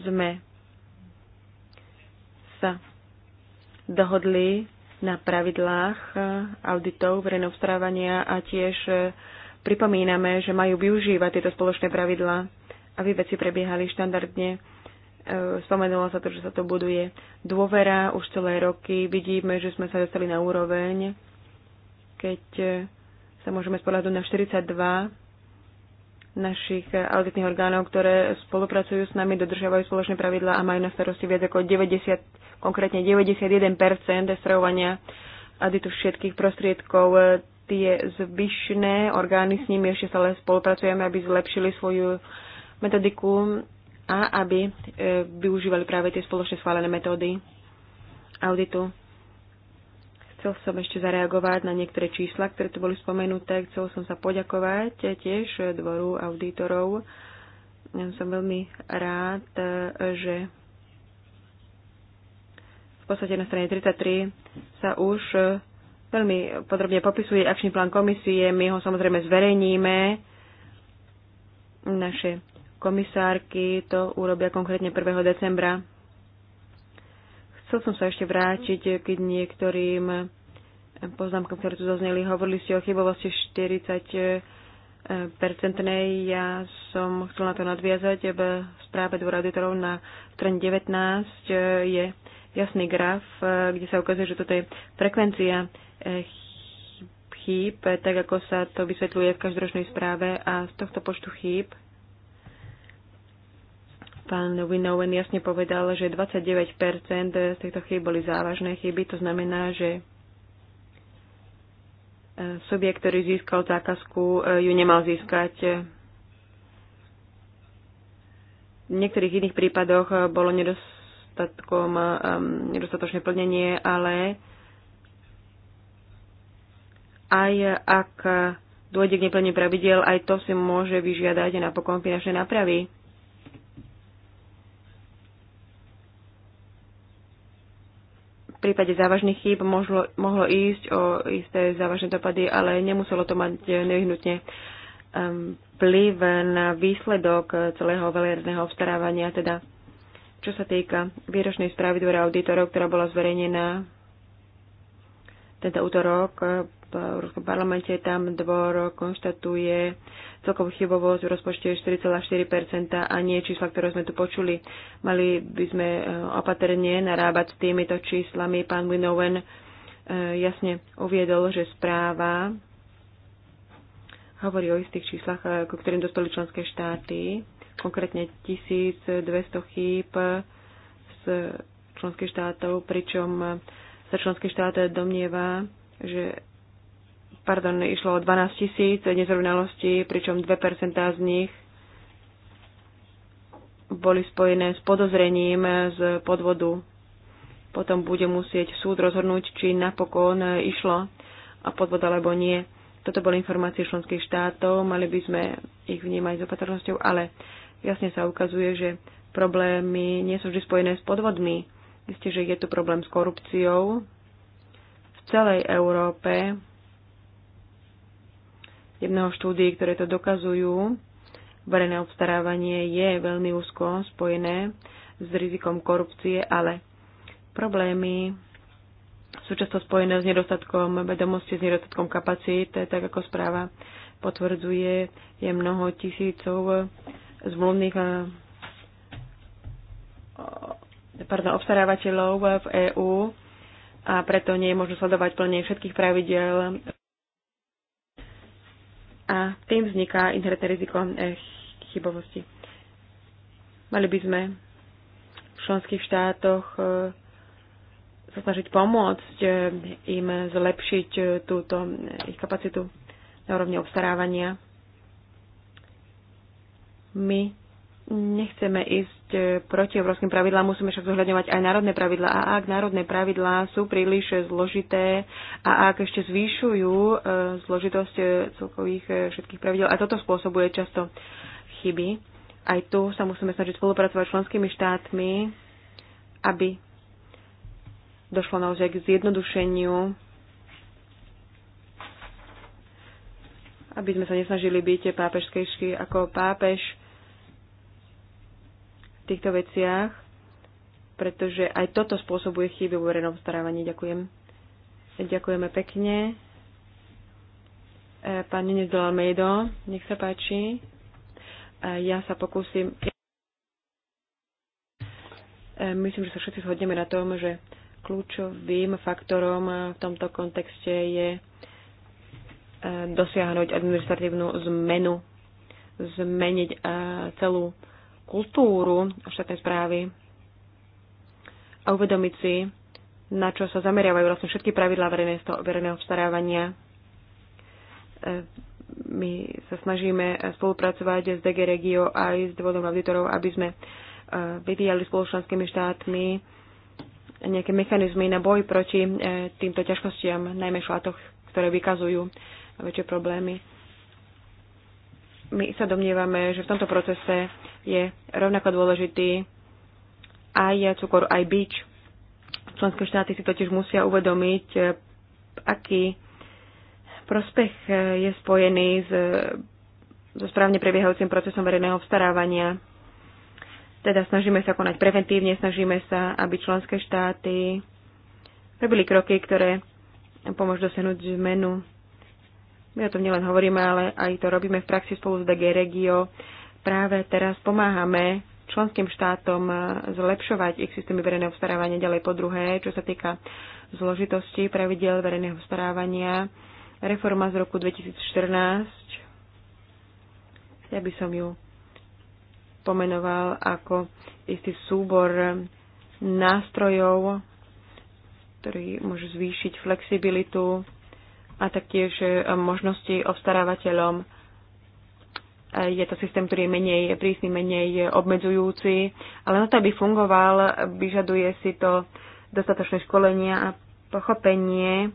sme sa dohodli na pravidlách auditov verejného obstarávania a tiež pripomíname, že majú využívať tieto spoločné pravidlá, aby veci prebiehali štandardne. E, spomenulo sa to, že sa to buduje dôvera už celé roky. Vidíme, že sme sa dostali na úroveň, keď e, sa môžeme spoľadnúť na 42 našich auditných orgánov, ktoré spolupracujú s nami, dodržiavajú spoločné pravidlá a majú na starosti viac ako 90, konkrétne 91 stravovania auditu všetkých prostriedkov. E, tie zvyšné orgány s nimi ešte stále spolupracujeme, aby zlepšili svoju metodiku a aby e, využívali práve tie spoločne schválené metódy auditu. Chcel som ešte zareagovať na niektoré čísla, ktoré tu boli spomenuté. Chcel som sa poďakovať tiež dvoru auditorov. Ja som veľmi rád, e, že v podstate na strane 33 sa už e, veľmi podrobne popisuje akčný plán komisie. My ho samozrejme zverejníme. Naše komisárky to urobia konkrétne 1. decembra. Chcel som sa ešte vrátiť k niektorým poznámkam, ktoré tu zazneli. Hovorili ste o chybovosti 40 percentnej. Ja som chcel na to nadviazať. V správe dvora auditorov na strane 19 je jasný graf, kde sa ukazuje, že toto je frekvencia chýb, tak ako sa to vysvetľuje v každoročnej správe a z tohto počtu chýb Pán Winowen jasne povedal, že 29 z týchto chýb boli závažné chyby, to znamená, že e, subjekt, ktorý získal zákazku, e, ju nemal získať. V niektorých iných prípadoch e, bolo nedostatkom, nedostatočné plnenie, ale aj ak dôjde k neplneniu pravidel, aj to si môže vyžiadať napokon finančné nápravy. V prípade závažných chýb mohlo, mohlo ísť o isté závažné dopady, ale nemuselo to mať nevyhnutne um, vplyv na výsledok celého veľerného obstarávania, teda čo sa týka výročnej správy dvora auditorov, ktorá bola zverejnená tento útorok v Európskom parlamente, tam dvor konštatuje Celkovú chybovosť v rozpočte je 4,4% a nie čísla, ktoré sme tu počuli. Mali by sme e, opatrne narábať s týmito číslami. Pán Winowen e, jasne uviedol, že správa hovorí o istých číslach, e, ku ktorým dostali členské štáty, konkrétne 1200 chýb z členských štátov, pričom sa členské štáty domnieva, že pardon, išlo o 12 tisíc nezrovnalostí, pričom 2% z nich boli spojené s podozrením z podvodu. Potom bude musieť súd rozhodnúť, či napokon išlo a podvod alebo nie. Toto boli informácie členských štátov, mali by sme ich vnímať s opatrnosťou, ale jasne sa ukazuje, že problémy nie sú vždy spojené s podvodmi. Isté, že je tu problém s korupciou v celej Európe, jedného mnoho štúdií, ktoré to dokazujú. Verejné obstarávanie je veľmi úzko spojené s rizikom korupcie, ale problémy sú často spojené s nedostatkom vedomosti, s nedostatkom kapacít, tak ako správa potvrdzuje, je mnoho tisícov zmluvných eh, pardon, obstarávateľov v EÚ a preto nie je možno sledovať plne všetkých pravidel a tým vzniká inherentné riziko eh, chybovosti. Mali by sme v členských štátoch eh, sa snažiť pomôcť eh, im zlepšiť túto ich kapacitu na úrovni obstarávania. My Nechceme ísť e, proti európskym pravidlám, musíme však zohľadňovať aj národné pravidlá. A ak národné pravidlá sú príliš zložité a ak ešte zvýšujú e, zložitosť e, celkových všetkých pravidel, a toto spôsobuje často chyby, aj tu sa musíme snažiť spolupracovať s členskými štátmi, aby došlo naozaj k zjednodušeniu aby sme sa nesnažili byť pápežskejší ako pápež týchto veciach, pretože aj toto spôsobuje chyby v verejnom starávaní. Ďakujem. Ďakujeme pekne. E, pán Nenez Almeido, nech sa páči. E, ja sa pokúsim. E, myslím, že sa všetci zhodneme na tom, že kľúčovým faktorom v tomto kontexte je dosiahnuť administratívnu zmenu, zmeniť celú kultúru štátnej správy a uvedomiť si, na čo sa zameriavajú vlastne všetky pravidlá verejného obstarávania. E, my sa snažíme spolupracovať s DG Regio aj s dôvodom auditorov, aby sme e, vyvíjali spoločenskými štátmi nejaké mechanizmy na boj proti e, týmto ťažkostiam, najmä šlátoch, ktoré vykazujú väčšie problémy my sa domnievame, že v tomto procese je rovnako dôležitý aj cukor, aj bič. Členské štáty si totiž musia uvedomiť, aký prospech je spojený s, so správne prebiehajúcim procesom verejného obstarávania. Teda snažíme sa konať preventívne, snažíme sa, aby členské štáty robili kroky, ktoré pomôžu dosiahnuť zmenu my o tom nielen hovoríme, ale aj to robíme v praxi spolu s DG Regio. Práve teraz pomáhame členským štátom eh, zlepšovať ich systémy verejného starávania ďalej po druhé, čo sa týka zložitosti pravidel verejného starávania. Reforma z roku 2014, ja by som ju pomenoval ako istý súbor nástrojov, ktorý môže zvýšiť flexibilitu a taktiež e, možnosti obstarávateľom. E, je to systém, ktorý je menej prísny, menej obmedzujúci, ale na to, aby fungoval, vyžaduje si to dostatočné školenia a pochopenie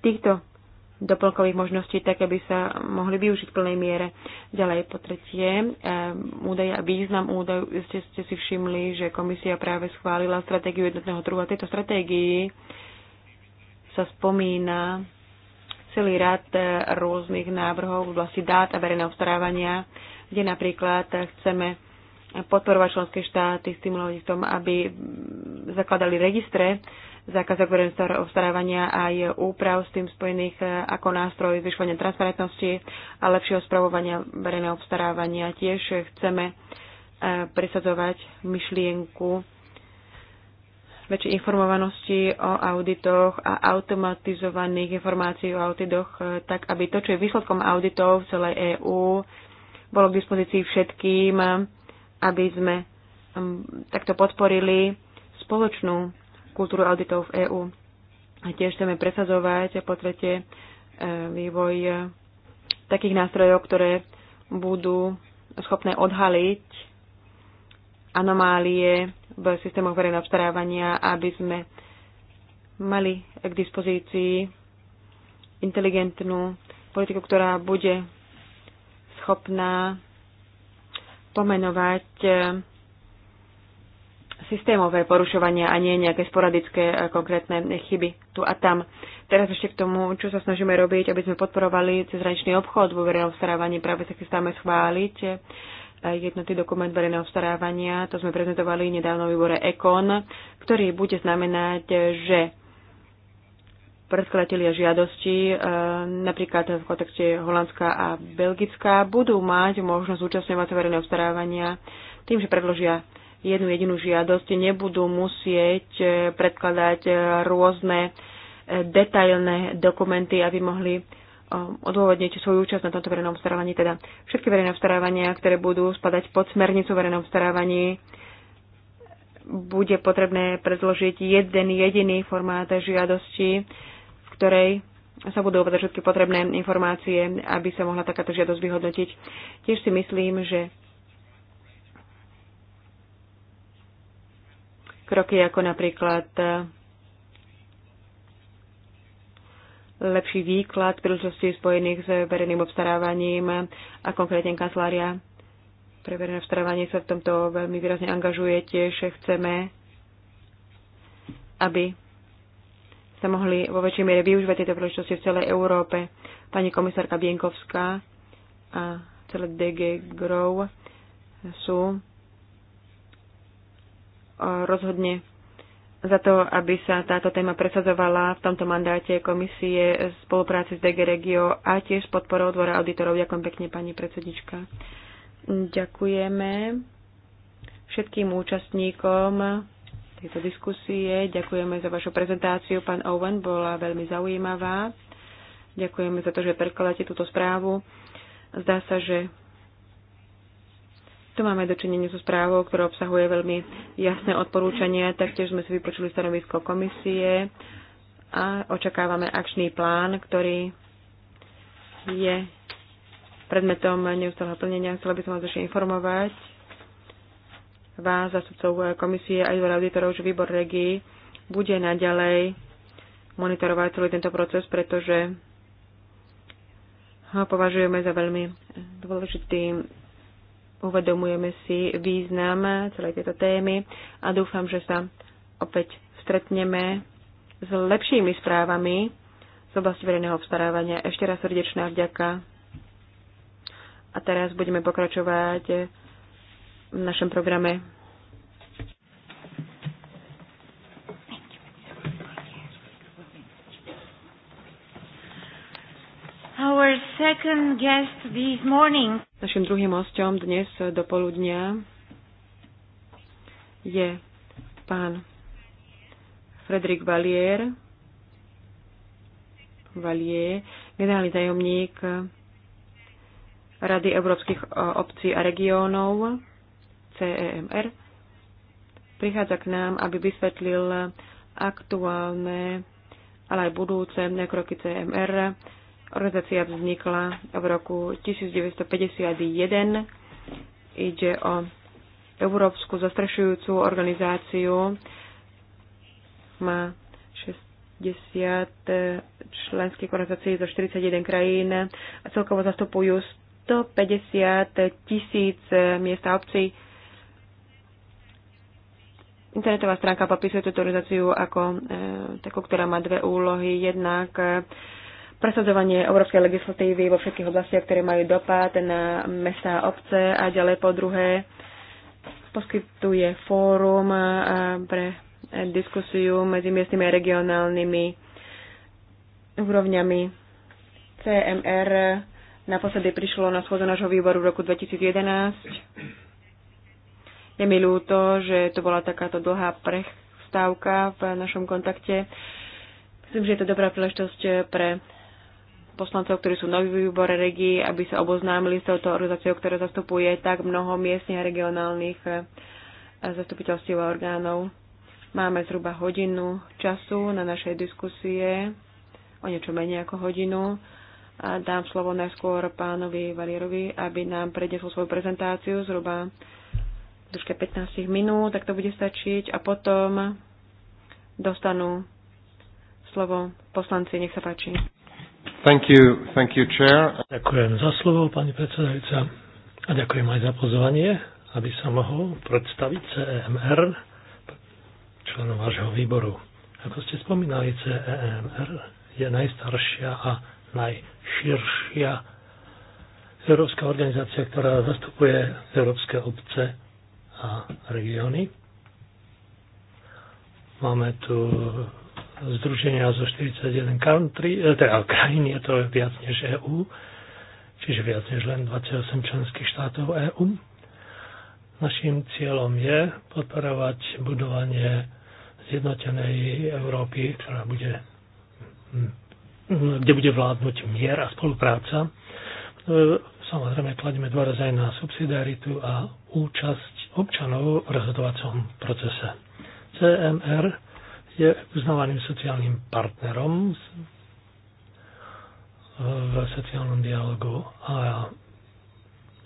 týchto doplnkových možností, tak aby sa mohli využiť v plnej miere. Ďalej po tretie, e, údaje a význam údajov, ste, ste si všimli, že komisia práve schválila stratégiu jednotného trhu a tejto stratégii sa spomína celý rad e, rôznych návrhov v oblasti dát a verejného obstarávania, kde napríklad chceme podporovať členské štáty, stimulovať v tom, aby zakladali registre zákazok verejného obstarávania aj úprav s tým spojených e, ako nástroj zvyšovania transparentnosti a lepšieho spravovania verejného obstarávania. Tiež chceme e, presadzovať myšlienku väčšej informovanosti o auditoch a automatizovaných informácií o auditoch, e, tak aby to, čo je výsledkom auditov v celej EÚ, bolo k dispozícii všetkým, aby sme takto podporili spoločnú kultúru auditov v EÚ. A tiež chceme presazovať po tretie e, vývoj e, takých nástrojov, ktoré budú schopné odhaliť anomálie v systémoch verejného obstarávania, aby sme mali k dispozícii inteligentnú politiku, ktorá bude schopná pomenovať eh, systémové porušovania a nie nejaké sporadické eh, konkrétne chyby tu a tam. Teraz ešte k tomu, čo sa snažíme robiť, aby sme podporovali cezhraničný obchod vo verejnom starávaní. Práve sa chystáme schváliť eh, jednotný dokument verejného starávania. To sme prezentovali nedávno v výbore EKON, ktorý bude znamenať, že predkladatelia žiadosti, e, napríklad v kontexte Holandska a Belgická, budú mať možnosť zúčastňovať sa verejného starávania tým, že predložia jednu jedinú žiadosť, nebudú musieť e, predkladať e, rôzne detailné dokumenty, aby mohli Um, odôvodnite svoju účasť na tomto verejnom obstarávaní, teda všetky verejné obstarávania, ktoré budú spadať pod smernicu verejnom obstarávaní, bude potrebné predložiť jeden jediný formát žiadosti, v ktorej sa budú uvedať všetky potrebné informácie, aby sa mohla takáto žiadosť vyhodnotiť. Tiež si myslím, že kroky ako napríklad lepší výklad príležitostí spojených s verejným obstarávaním a konkrétne kancelária pre verejné obstarávanie sa v tomto veľmi výrazne angažuje. Tiež chceme, aby sa mohli vo väčšej miere využívať tieto príležitosti v celej Európe. Pani komisárka Bienkovská a celé DG Grow sú eh, rozhodne za to, aby sa táto téma presadzovala v tomto mandáte komisie spolupráci s DG Regio a tiež podporou Dvora auditorov. Ďakujem pekne, pani predsednička. Ďakujeme všetkým účastníkom tejto diskusie. Ďakujeme za vašu prezentáciu. Pán Owen bola veľmi zaujímavá. Ďakujeme za to, že prekladáte túto správu. Zdá sa, že tu máme dočinenie so správou, ktorá obsahuje veľmi jasné odporúčania. Taktiež sme si vypočuli stanovisko komisie a očakávame akčný plán, ktorý je predmetom neustáleho plnenia. Chcela by som vás ešte informovať, vás, zastupcov komisie aj dvora auditorov, že výbor regii bude naďalej monitorovať celý tento proces, pretože ho považujeme za veľmi dôležitý Uvedomujeme si význam celej tejto témy a dúfam, že sa opäť stretneme s lepšími správami z oblasti verejného obstarávania. Ešte raz srdečná vďaka. A teraz budeme pokračovať v našom programe. Our second guest this morning. Našim druhým hostom dnes do poludnia je pán Fredrik Valier, Valier, generálny tajomník Rady európskych e, obcí a regiónov CEMR. Prichádza k nám, aby vysvetlil aktuálne, ale aj budúce kroky CMR e Organizácia vznikla v roku 1951. Ide o európsku zastrešujúcu organizáciu. Má 60 členských organizácií zo 41 krajín a celkovo zastupujú 150 tisíc miest a obcí. Internetová stránka popisuje túto organizáciu ako e, takú, ktorá má dve úlohy. Jednak e, presadzovanie európskej legislatívy vo všetkých oblastiach, ktoré majú dopad na mesta a obce a ďalej po druhé poskytuje fórum pre diskusiu medzi miestnymi a regionálnymi úrovňami. CMR naposledy prišlo na schôdzu nášho výboru v roku 2011. Je mi ľúto, že to bola takáto dlhá prestávka v našom kontakte. Myslím, že je to dobrá príležitosť pre poslancov, ktorí sú noví v výbore regii, aby sa oboznámili s touto organizáciou, ktorá zastupuje tak mnoho miestnych a regionálnych eh, zastupiteľstiev a orgánov. Máme zhruba hodinu času na našej diskusie, o niečo menej ako hodinu. A dám slovo najskôr pánovi Valierovi, aby nám prednesol svoju prezentáciu zhruba dĺžke 15 minút, tak to bude stačiť. A potom dostanú slovo poslanci. Nech sa páči. Thank you, thank you, chair. Ďakujem za slovo, pani predsedajúca. A ďakujem aj za pozvanie, aby sa mohol predstaviť CEMR členom vášho výboru. Ako ste spomínali, CEMR je najstaršia a najširšia európska organizácia, ktorá zastupuje európske obce a regióny. Máme tu združenia zo 41 country, eh, teda krajín je to viac než EU, čiže viac než len 28 členských štátov EU. Naším cieľom je podporovať budovanie zjednotenej Európy, ktorá bude, kde bude vládnuť mier a spolupráca. Eh, samozrejme, kladieme dôraz aj na subsidiaritu a účasť občanov v rozhodovacom procese. CMR je uznávaným sociálnym partnerom v sociálnom dialogu a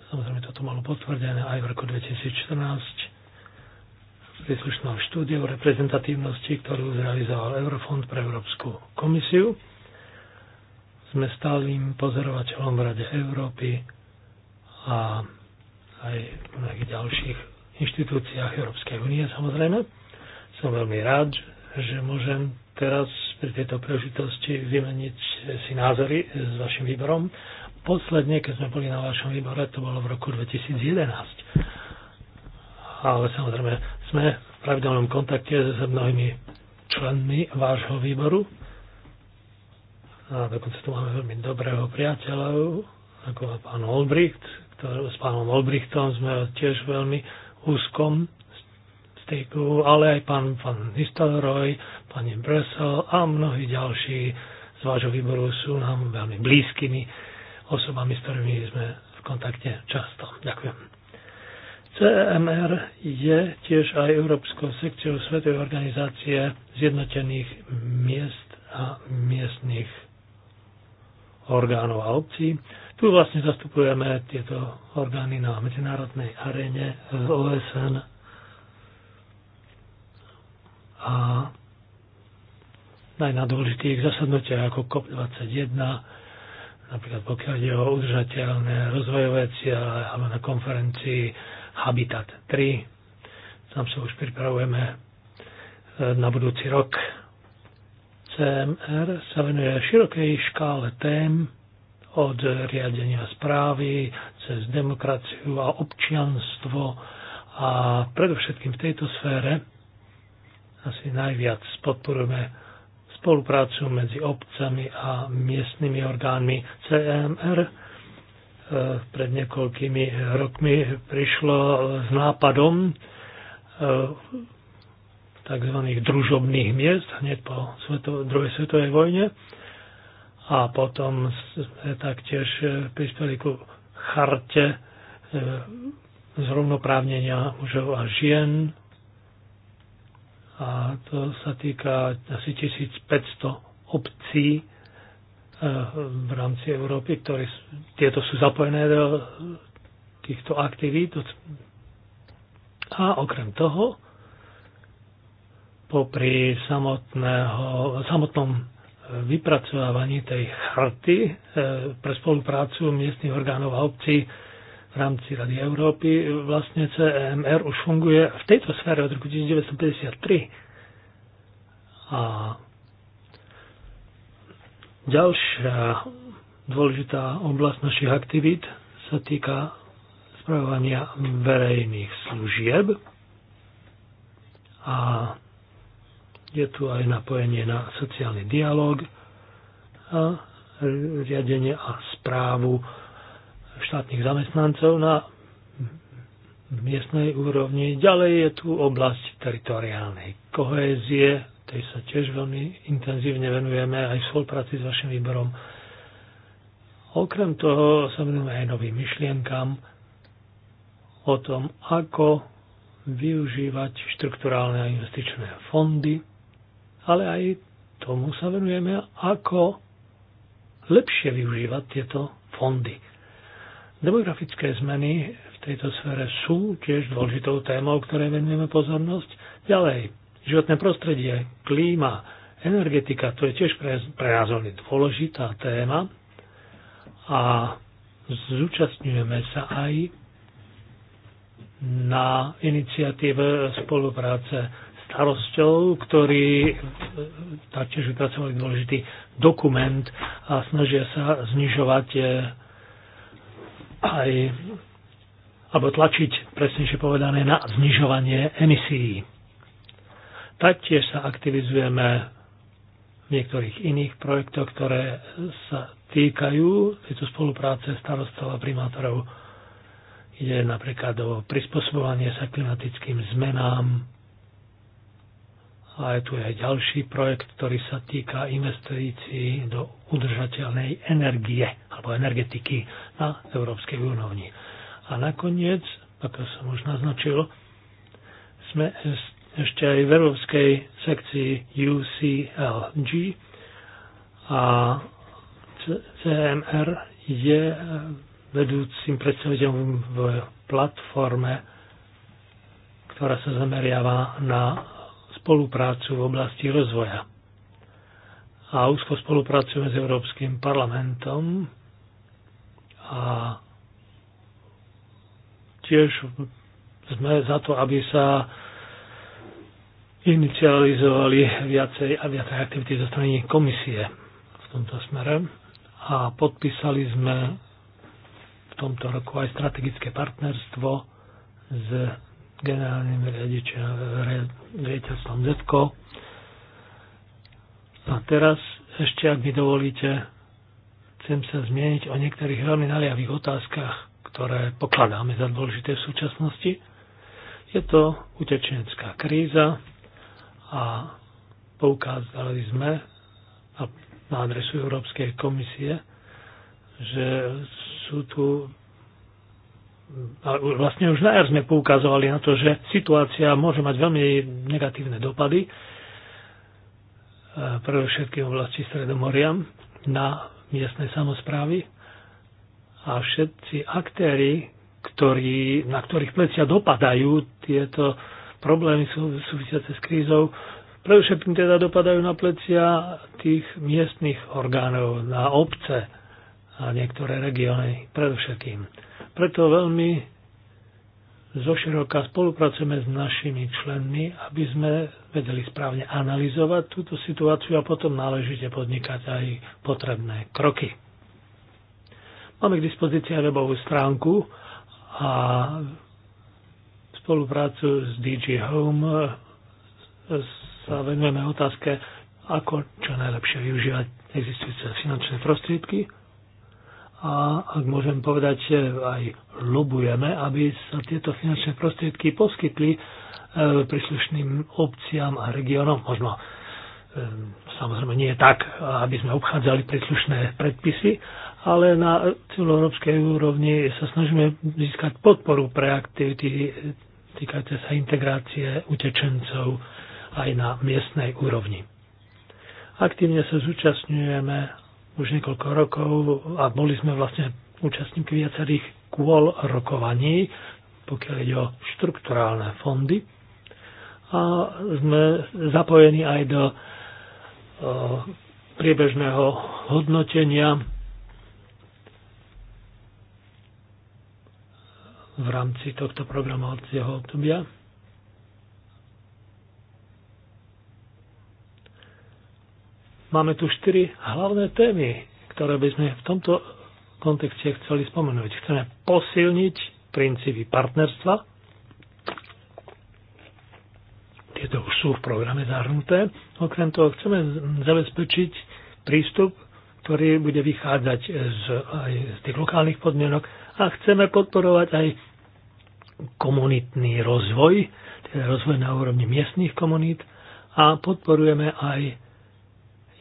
samozrejme toto malo potvrdené aj v roku 2014 príslušnou štúdiou reprezentatívnosti, ktorú zrealizoval Eurofond pre Európsku komisiu. Sme stálým pozorovateľom v Rade Európy a aj v mnohých ďalších inštitúciách Európskej únie samozrejme. Som veľmi rád, že že môžem teraz pri tejto príležitosti vymeniť si názory s vašim výborom. Posledne, keď sme boli na vašom výbore, to bolo v roku 2011. Ale samozrejme, sme v pravidelnom kontakte s mnohými členmi vášho výboru. A dokonca tu máme veľmi dobrého priateľa, ako pán Olbricht, ktorý, s pánom Olbrichtom sme tiež veľmi úzkom problematiku, ale aj pán, pán Nistelroj, pani Bresel a mnohí ďalší z vášho výboru sú nám veľmi blízkymi osobami, s ktorými sme v kontakte často. Ďakujem. CMR je tiež aj Európskou sekciou Svetovej organizácie zjednotených miest a miestných orgánov a obcí. Tu vlastne zastupujeme tieto orgány na medzinárodnej aréne v OSN a aj na dôležitých ako COP21, napríklad pokiaľ ide o udržateľné rozvojové ciele alebo na konferencii Habitat 3. Tam sa už pripravujeme e, na budúci rok. CMR sa venuje širokej škále tém od riadenia správy cez demokraciu a občianstvo a predovšetkým v tejto sfére asi najviac podporujeme spoluprácu medzi obcami a miestnymi orgánmi CMR. E, pred niekoľkými rokmi prišlo s nápadom e, tzv. družobných miest hneď po druhej svetovej vojne a potom sme taktiež e, prispeli ku charte zrovnoprávnenia mužov a žien a to sa týka asi 1500 obcí eh, v rámci Európy, ktoré tieto sú zapojené do týchto aktivít. A okrem toho, popri samotného, samotnom eh, vypracovávaní tej charty eh, pre spoluprácu miestnych orgánov a obcí v rámci Rady Európy. E, vlastne CEMR už funguje v tejto sfére od roku 1953. A ďalšia dôležitá oblasť našich aktivít sa týka spravovania verejných služieb. A je tu aj napojenie na sociálny dialog a riadenie a správu štátnych zamestnancov na miestnej úrovni. Ďalej je tu oblasť teritoriálnej kohézie, tej sa tiež veľmi intenzívne venujeme aj v spolupráci s vašim výborom. Okrem toho sa venujeme aj novým myšlienkam o tom, ako využívať štrukturálne a investičné fondy, ale aj tomu sa venujeme, ako lepšie využívať tieto fondy Demografické zmeny v tejto sfére sú tiež dôležitou témou, ktoré venujeme pozornosť. Ďalej, životné prostredie, klíma, energetika, to je tiež pre, pre nás veľmi dôležitá téma a zúčastňujeme sa aj na iniciatíve spolupráce starosťou, ktorí taktiež vypracovali dôležitý dokument a snažia sa znižovať eh, aj alebo tlačiť, presnejšie povedané, na znižovanie emisí. Taktiež sa aktivizujeme v niektorých iných projektoch, ktoré sa týkajú tejto spolupráce starostov a primátorov. Ide napríklad o prispôsobovanie sa klimatickým zmenám, a je tu aj ďalší projekt, ktorý sa týka investícií do udržateľnej energie alebo energetiky na európskej úrovni. A nakoniec, ako som už naznačil, sme ešte aj v európskej sekcii UCLG a CMR je vedúcim predstaviteľom v platforme, ktorá sa zameriava na spoluprácu v oblasti rozvoja. A úzko spolupracujeme s Európskym parlamentom a tiež sme za to, aby sa inicializovali viacej a viacej aktivity zo strany komisie v tomto smere a podpísali sme v tomto roku aj strategické partnerstvo s generálnym eh, riaditeľstvom ZETKO. A teraz ešte, ak mi dovolíte, chcem sa zmieniť o niektorých veľmi naliavých otázkach, ktoré pokladáme za dôležité v súčasnosti. Je to utečenecká kríza a poukázali sme na adresu Európskej komisie, že sú tu ale vlastne už najar sme poukazovali na to, že situácia môže mať veľmi negatívne dopady, e, pre všetky oblasti Stredomoria na miestnej samozprávy a všetci aktéry, ktorí, na ktorých plecia dopadajú tieto problémy sú, súvisiace s krízou, pre všetkým teda dopadajú na plecia tých miestnych orgánov, na obce a niektoré regióny predovšetkým. Preto veľmi zoširoka spolupracujeme s našimi členmi, aby sme vedeli správne analyzovať túto situáciu a potom náležite podnikať aj potrebné kroky. Máme k dispozícii webovú stránku a spoluprácu s DG Home sa venujeme otázke, ako čo najlepšie využívať existujúce finančné prostriedky a ak môžem povedať, aj lobujeme, aby sa tieto finančné prostriedky poskytli e, príslušným obciam a regiónom. Možno e, samozrejme nie tak, aby sme obchádzali príslušné predpisy, ale na celoeurópskej úrovni sa snažíme získať podporu pre aktivity týkajúce sa integrácie utečencov aj na miestnej úrovni. Aktívne sa zúčastňujeme už niekoľko rokov a boli sme vlastne účastníkmi viacerých kôl rokovaní, pokiaľ ide o štrukturálne fondy. A sme zapojení aj do o, priebežného hodnotenia v rámci tohto programovacieho obdobia. Máme tu štyri hlavné témy, ktoré by sme v tomto kontexte chceli spomenúť. Chceme posilniť princípy partnerstva. Tieto už sú v programe zahrnuté. Okrem toho chceme zabezpečiť prístup, ktorý bude vychádzať z, aj z tých lokálnych podmienok a chceme podporovať aj komunitný rozvoj, teda rozvoj na úrovni miestných komunít a podporujeme aj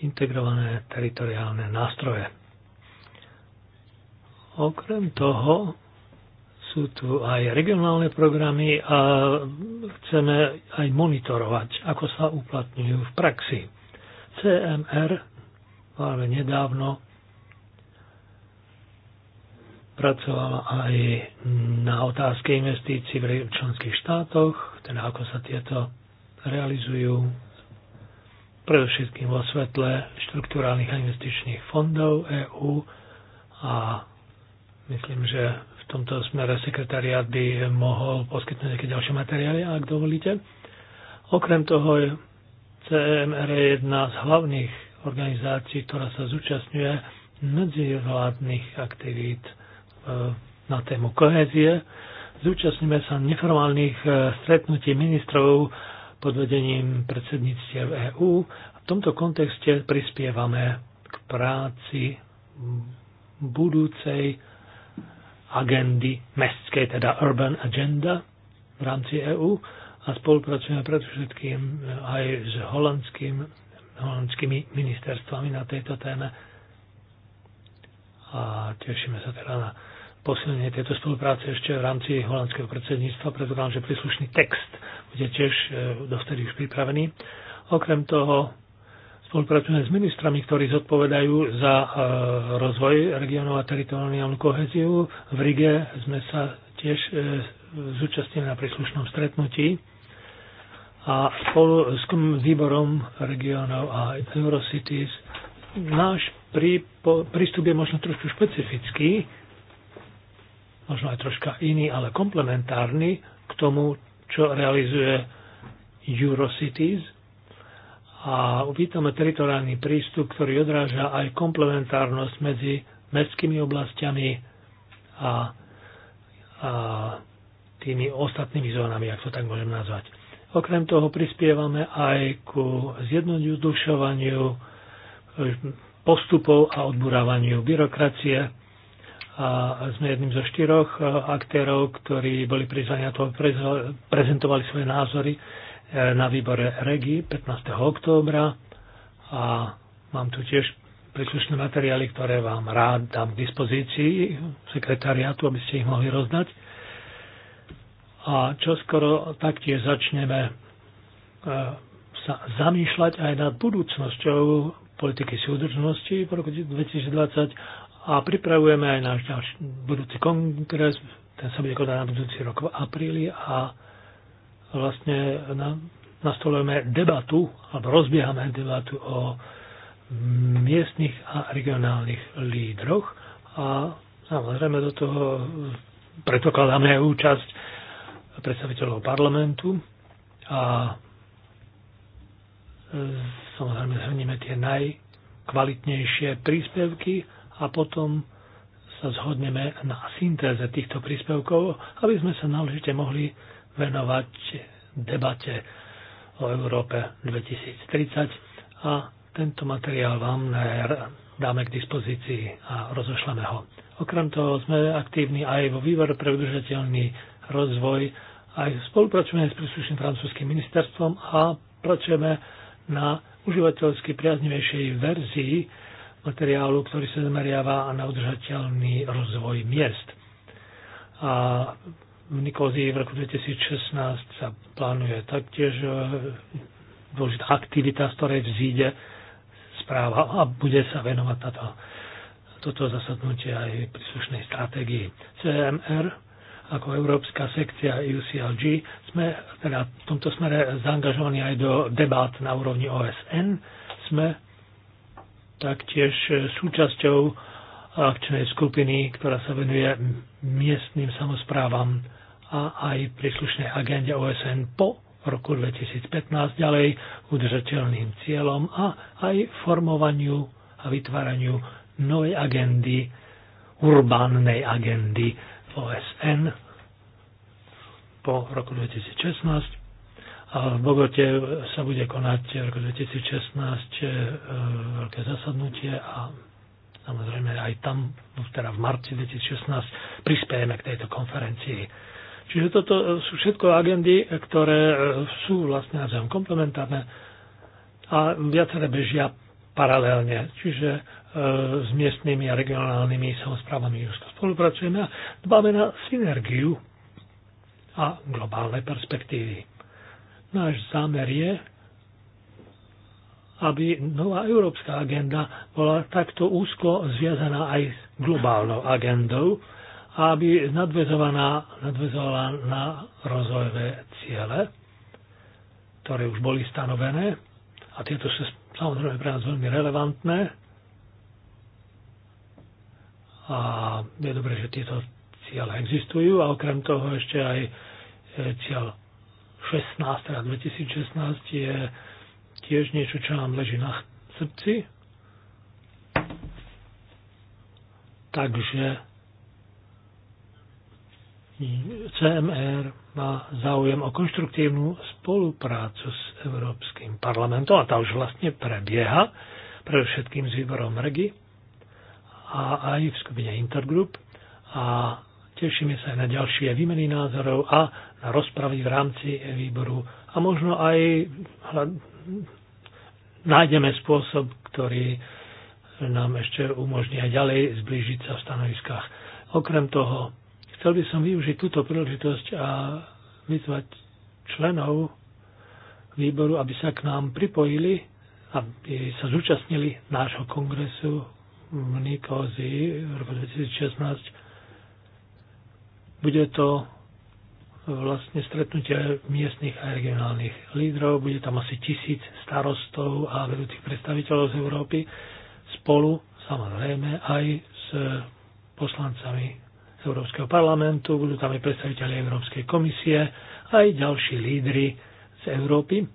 integrované teritoriálne nástroje. Okrem toho sú tu aj regionálne programy a chceme aj monitorovať, ako sa uplatňujú v praxi. CMR ale nedávno pracovala aj na otázke investícií v členských štátoch, teda ako sa tieto realizujú predovšetkým vo svetle štruktúrálnych a investičných fondov EÚ a myslím, že v tomto smere sekretariát by mohol poskytnúť nejaké ďalšie materiály, ak dovolíte. Okrem toho CMR je jedna z hlavných organizácií, ktorá sa zúčastňuje medzivládnych aktivít eh, na tému kohézie. Zúčastňujeme sa neformálnych eh, stretnutí ministrov pod vedením predsedníctiev EÚ. V tomto kontexte prispievame k práci budúcej agendy mestskej, teda Urban Agenda v rámci EÚ a spolupracujeme predovšetkým eh, aj s holandským, holandskými ministerstvami na tejto téme a tešíme sa teda na posilnenie tejto spolupráce ešte v rámci holandského predsedníctva. pretože že príslušný text bude tiež e, dovtedy už pripravený. Okrem toho spolupracujeme s ministrami, ktorí zodpovedajú za e, rozvoj regionov a teritoriálnu koheziu. V Rige sme sa tiež e, zúčastnili na príslušnom stretnutí a spolu s výborom regionov a Eurocities náš prí, po, prístup je možno trošku špecifický, možno aj troška iný, ale komplementárny k tomu, čo realizuje Eurocities. A uvítame teritoriálny prístup, ktorý odráža aj komplementárnosť medzi mestskými oblastiami a, a tými ostatnými zónami, ak to tak môžem nazvať. Okrem toho prispievame aj ku zjednodušovaniu eh, postupov a odburávaniu byrokracie a sme jedným zo štyroch e, aktérov, ktorí boli prizvaní a to, prezentovali svoje názory e, na výbore REGI 15. októbra a mám tu tiež príslušné materiály, ktoré vám rád dám k dispozícii sekretariátu, aby ste ich mohli rozdať. A čoskoro taktiež začneme e, sa zamýšľať aj nad budúcnosťou politiky súdržnosti v roku 2020 a pripravujeme aj náš ďalší budúci kongres, ten sa bude konať na budúci rok v apríli a vlastne nastolujeme debatu, alebo rozbiehame debatu o miestnych a regionálnych lídroch a samozrejme do toho predpokladáme aj účasť predstaviteľov parlamentu a e, samozrejme zhrnieme tie najkvalitnejšie príspevky a potom sa zhodneme na syntéze týchto príspevkov, aby sme sa náležite mohli venovať debate o Európe 2030 a tento materiál vám dáme k dispozícii a rozošleme ho. Okrem toho sme aktívni aj vo výbore pre udržateľný rozvoj, aj spolupracujeme s príslušným francúzským ministerstvom a pracujeme na užívateľsky priaznivejšej verzii materiálu, ktorý sa zameriava na udržateľný rozvoj miest. A v Nikozii v roku 2016 sa plánuje taktiež e, dôležitá aktivita, z ktorej vzíde správa a bude sa venovať táto, toto zasadnutie aj príslušnej stratégii. CMR ako Európska sekcia UCLG sme teda v tomto smere zaangažovaní aj do debát na úrovni OSN. Sme taktiež e, súčasťou akčnej skupiny, ktorá sa venuje miestnym samozprávam a aj príslušnej agende OSN po roku 2015 ďalej udržateľným cieľom a aj formovaniu a vytváraniu novej agendy, urbánnej agendy OSN po roku 2016 a v Bogote sa bude konať v roku 2016 e, veľké zasadnutie a samozrejme aj tam, no teda v marci 2016, prispiejeme k tejto konferencii. Čiže toto sú všetko agendy, ktoré e, sú vlastne navzájom komplementárne a viaceré bežia paralelne, čiže e, s miestnymi a regionálnymi samozprávami úzko spolupracujeme a dbáme na synergiu a globálne perspektívy. Náš zámer je, aby nová európska agenda bola takto úzko zviazaná aj s globálnou agendou a aby nadvezovaná, nadvezovala na rozvojové ciele, ktoré už boli stanovené a tieto sú samozrejme pre nás veľmi relevantné a je dobré, že tieto ciele existujú a okrem toho ešte aj e, cieľ 2016, teda 2016 je tiež niečo, čo nám leží na srdci. Takže CMR má záujem o konštruktívnu spoluprácu s Európskym parlamentom a tá už vlastne prebieha, všetkým s výborom REGI a aj v skupine Intergroup a Tešíme sa aj na ďalšie výmeny názorov a na rozpravy v rámci výboru. A možno aj nájdeme spôsob, ktorý nám ešte umožní aj ďalej zblížiť sa v stanoviskách. Okrem toho, chcel by som využiť túto príležitosť a vyzvať členov výboru, aby sa k nám pripojili, aby sa zúčastnili nášho kongresu v Nikózii v roku 2016 bude to e, vlastne stretnutie miestnych a regionálnych lídrov, bude tam asi tisíc starostov a vedúcich predstaviteľov z Európy spolu samozrejme aj s poslancami z Európskeho parlamentu, budú tam aj predstaviteľi Európskej komisie, aj ďalší lídry z Európy.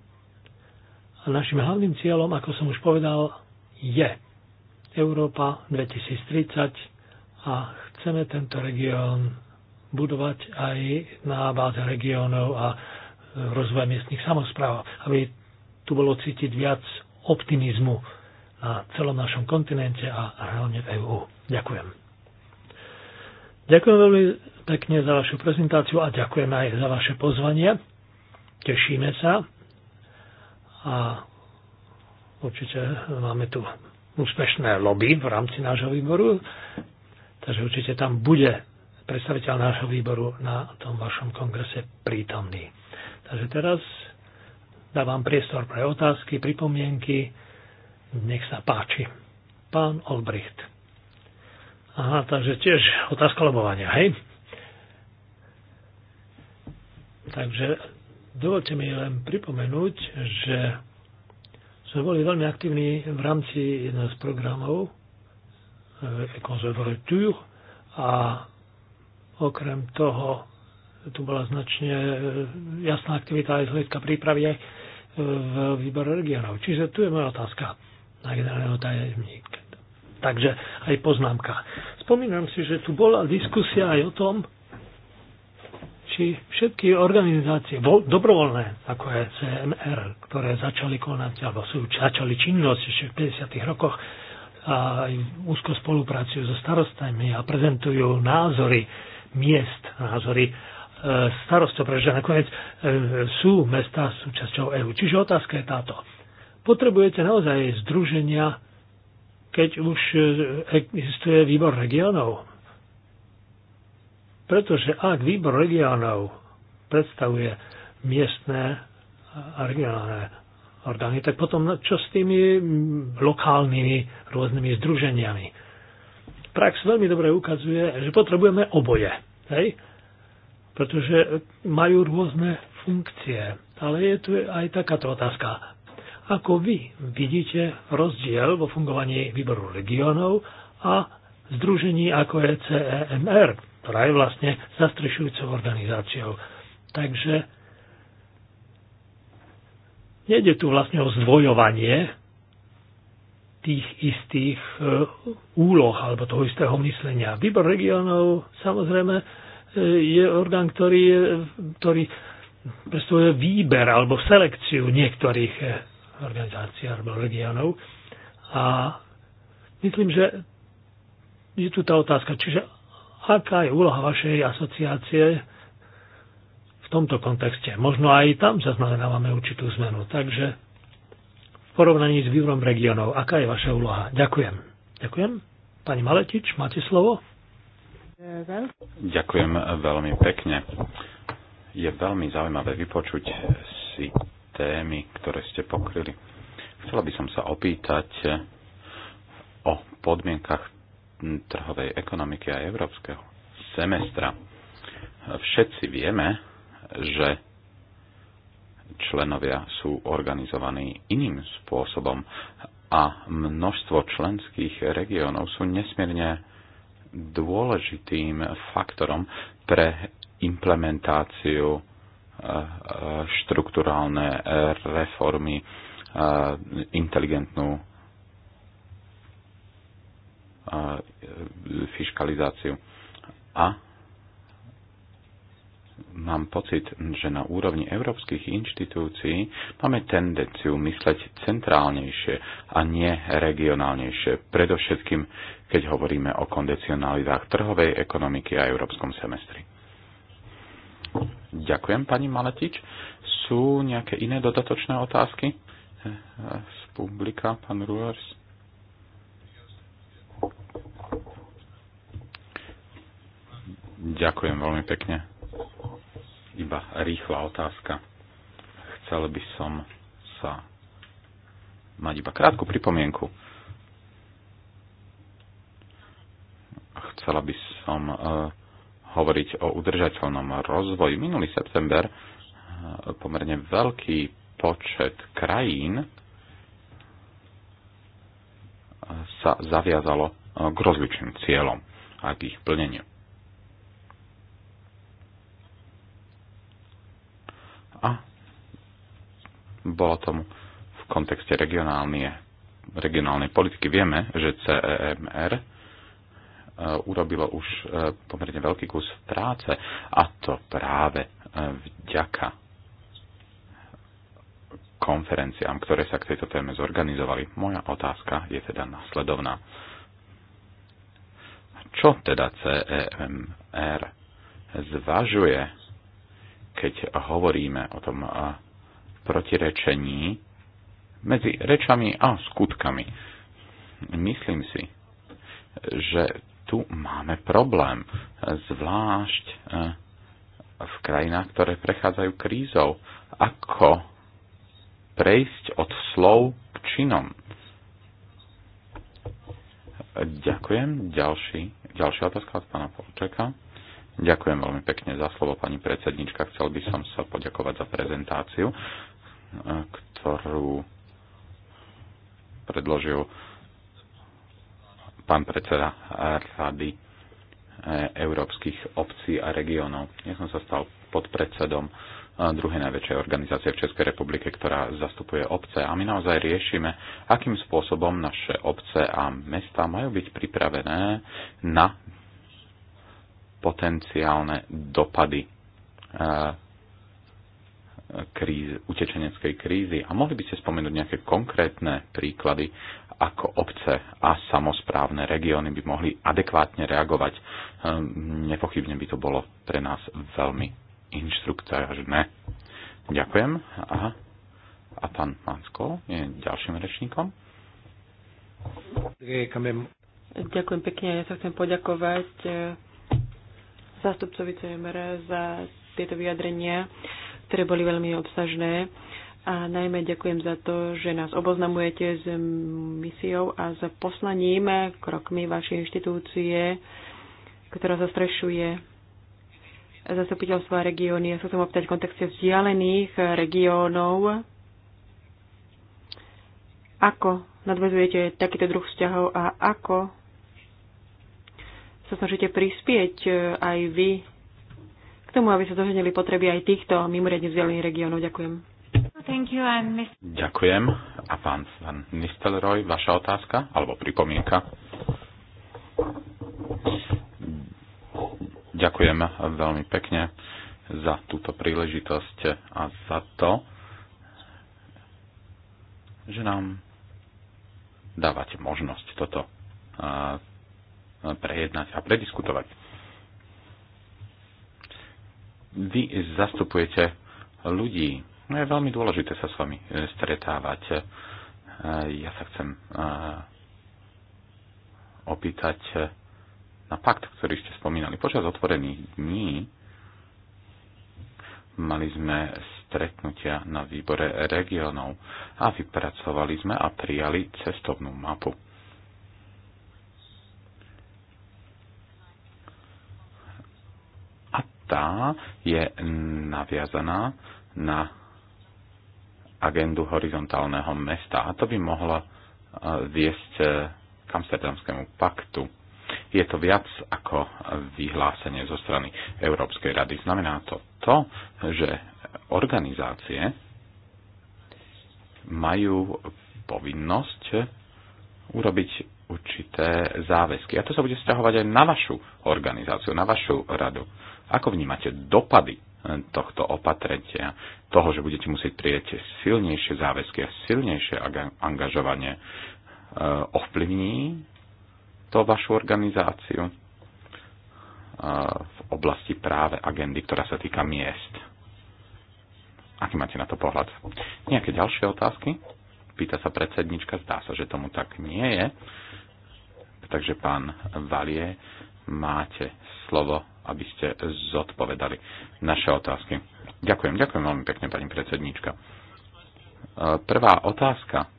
A našim hlavným cieľom, ako som už povedal, je Európa 2030 a chceme tento región budovať aj na báze regiónov a e, rozvoj miestnych samozpráv, aby tu bolo cítiť viac optimizmu na celom našom kontinente a hlavne v EÚ. Ďakujem. Ďakujem veľmi pekne za vašu prezentáciu a ďakujem aj za vaše pozvanie. Tešíme sa a určite máme tu úspešné lobby v rámci nášho výboru, takže určite tam bude predstaviteľ nášho výboru na tom vašom kongrese prítomný. Takže teraz dávam priestor pre otázky, pripomienky. Nech sa páči. Pán Olbricht. Aha, takže tiež otázka lobovania, hej? Takže dovolte mi len pripomenúť, že sme boli veľmi aktívni v rámci jedného z programov eh, Conservature a Okrem toho, tu bola značne e, jasná aktivita aj z hľadiska prípravy e, v výbore regionov. Čiže tu je moja otázka na generálneho tajemníka. Takže aj poznámka. Spomínam si, že tu bola diskusia aj o tom, či všetky organizácie dobrovoľné, ako je CMR, ktoré začali konať, alebo sú začali činnosť ešte v 50. rokoch, a aj úzko spolupracujú so starostami a prezentujú názory miest na Hazory e, starosťou, pretože nakoniec e, sú mesta súčasťou EÚ. Čiže otázka je táto. Potrebujete naozaj združenia, keď už e, existuje výbor regionov? Pretože ak výbor regionov predstavuje miestne a regionálne orgány, tak potom čo s tými lokálnymi rôznymi združeniami? prax veľmi dobre ukazuje, že potrebujeme oboje. Hej? Pretože majú rôzne funkcie. Ale je tu aj takáto otázka. Ako vy vidíte rozdiel vo fungovaní výboru regionov a združení ako je CEMR, ktorá je vlastne zastrešujúcou organizáciou. Takže nejde tu vlastne o zdvojovanie tých istých e, úloh alebo toho istého myslenia. Výbor regionov samozrejme e, je orgán, ktorý, ktorý predstavuje výber alebo selekciu niektorých e, organizácií alebo regionov. A myslím, že je tu tá otázka, čiže aká je úloha vašej asociácie v tomto kontexte. Možno aj tam zaznamenávame určitú zmenu. Takže porovnaní s vývojom regiónov. Aká je vaša úloha? Ďakujem. Ďakujem. Pani Maletič, máte slovo? Ďakujem veľmi pekne. Je veľmi zaujímavé vypočuť si témy, ktoré ste pokryli. Chcela by som sa opýtať o podmienkach trhovej ekonomiky a európskeho semestra. Všetci vieme, že členovia sú organizovaní iným spôsobom a množstvo členských regiónov sú nesmierne dôležitým faktorom pre implementáciu e, e, štruktúrálne reformy, e, inteligentnú fiskalizáciu. A mám pocit, že na úrovni európskych inštitúcií máme tendenciu mysleť centrálnejšie a nie regionálnejšie, predovšetkým keď hovoríme o kondicionalitách trhovej ekonomiky a európskom semestri. Ďakujem, pani Maletič. Sú nejaké iné dodatočné otázky z publika, pán Ruers? Ďakujem veľmi pekne iba rýchla otázka. Chcel by som sa mať iba krátku pripomienku. Chcela by som uh, hovoriť o udržateľnom rozvoji. Minulý september uh, pomerne veľký počet krajín eh, sa zaviazalo k rozličným cieľom a k ich plneniu a bolo tomu v kontexte regionálnej politiky. Vieme, že CEMR e, urobilo už e, pomerne veľký kus práce a to práve e, vďaka konferenciám, ktoré sa k tejto téme zorganizovali. Moja otázka je teda nasledovná. Čo teda CEMR zvažuje keď hovoríme o tom protirečení medzi rečami a skutkami. Myslím si, že tu máme problém, zvlášť e, v krajinách, ktoré prechádzajú krízou. Ako prejsť od slov k činom? Ďakujem. Ďalší, ďalšia otázka od pána Polčeka. Ďakujem veľmi pekne za slovo, pani predsednička. Chcel by som sa poďakovať za prezentáciu, ktorú predložil pán predseda Rady eh, európskych obcí a regiónov. Ja som sa stal podpredsedom eh, druhej najväčšej organizácie v Českej republike, ktorá zastupuje obce. A my naozaj riešime, akým spôsobom naše obce a mesta majú byť pripravené na potenciálne dopady eh, kríz, utečeneckej krízy. A mohli by ste spomenúť nejaké konkrétne príklady, ako obce a samozprávne regióny by mohli adekvátne reagovať. Ehm, nepochybne by to bolo pre nás veľmi inštruktážne. Ďakujem. Aha. A pán Mansko je ďalším rečníkom. Ďakujem pekne. Ja sa chcem poďakovať eh, zástupcovi CMR za tieto vyjadrenia, ktoré boli veľmi obsažné. A najmä ďakujem za to, že nás oboznamujete s misiou a s poslaním krokmi vašej inštitúcie, ktorá zastrešuje zastupiteľstva regióny. Ja sa chcem opýtať v kontexte vzdialených regiónov. Ako nadvezujete takýto druh vzťahov a ako sa snažíte prispieť e, aj vy k tomu, aby sa doženili potreby aj týchto mimoriadne vzdialených regiónov. Ďakujem. Ďakujem. A pán Van Nistelrooy, vaša otázka alebo pripomienka? Ďakujem veľmi pekne za túto príležitosť a za to, že nám dávate možnosť toto prejednať a prediskutovať. Vy zastupujete ľudí. No je veľmi dôležité sa s vami e, stretávať. E, ja sa chcem e, opýtať na fakt, ktorý ste spomínali. Počas otvorených dní mali sme stretnutia na výbore regionov a vypracovali sme a prijali cestovnú mapu. tá je naviazaná na agendu horizontálneho mesta a to by mohlo e, viesť e, k Amsterdamskému paktu. Je to viac ako vyhlásenie zo strany Európskej rady. Znamená to to, že organizácie majú povinnosť urobiť určité záväzky. A to sa bude vzťahovať aj na vašu organizáciu, na vašu radu. Ako vnímate dopady eh, tohto opatrenia, toho, že budete musieť prijeť silnejšie záväzky a silnejšie angažovanie, eh, ovplyvní to vašu organizáciu eh, v oblasti práve agendy, ktorá sa týka miest? Aký máte na to pohľad? Nejaké ďalšie otázky? Pýta sa predsednička, zdá sa, že tomu tak nie je. Takže pán Valie, máte slovo, aby ste zodpovedali naše otázky. Ďakujem, ďakujem veľmi pekne, pani predsednička. E, prvá otázka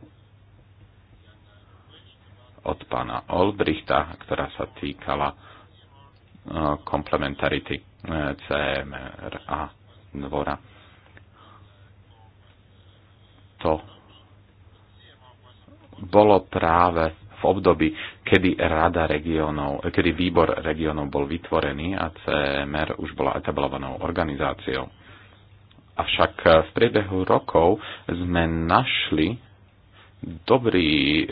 od pána Olbrichta, ktorá sa týkala e, komplementarity e, CMR a dvora. To bolo práve v období, kedy Rada regionov, kedy výbor regionov bol vytvorený a CMR už bola etablovanou organizáciou. Avšak v priebehu rokov sme našli dobrý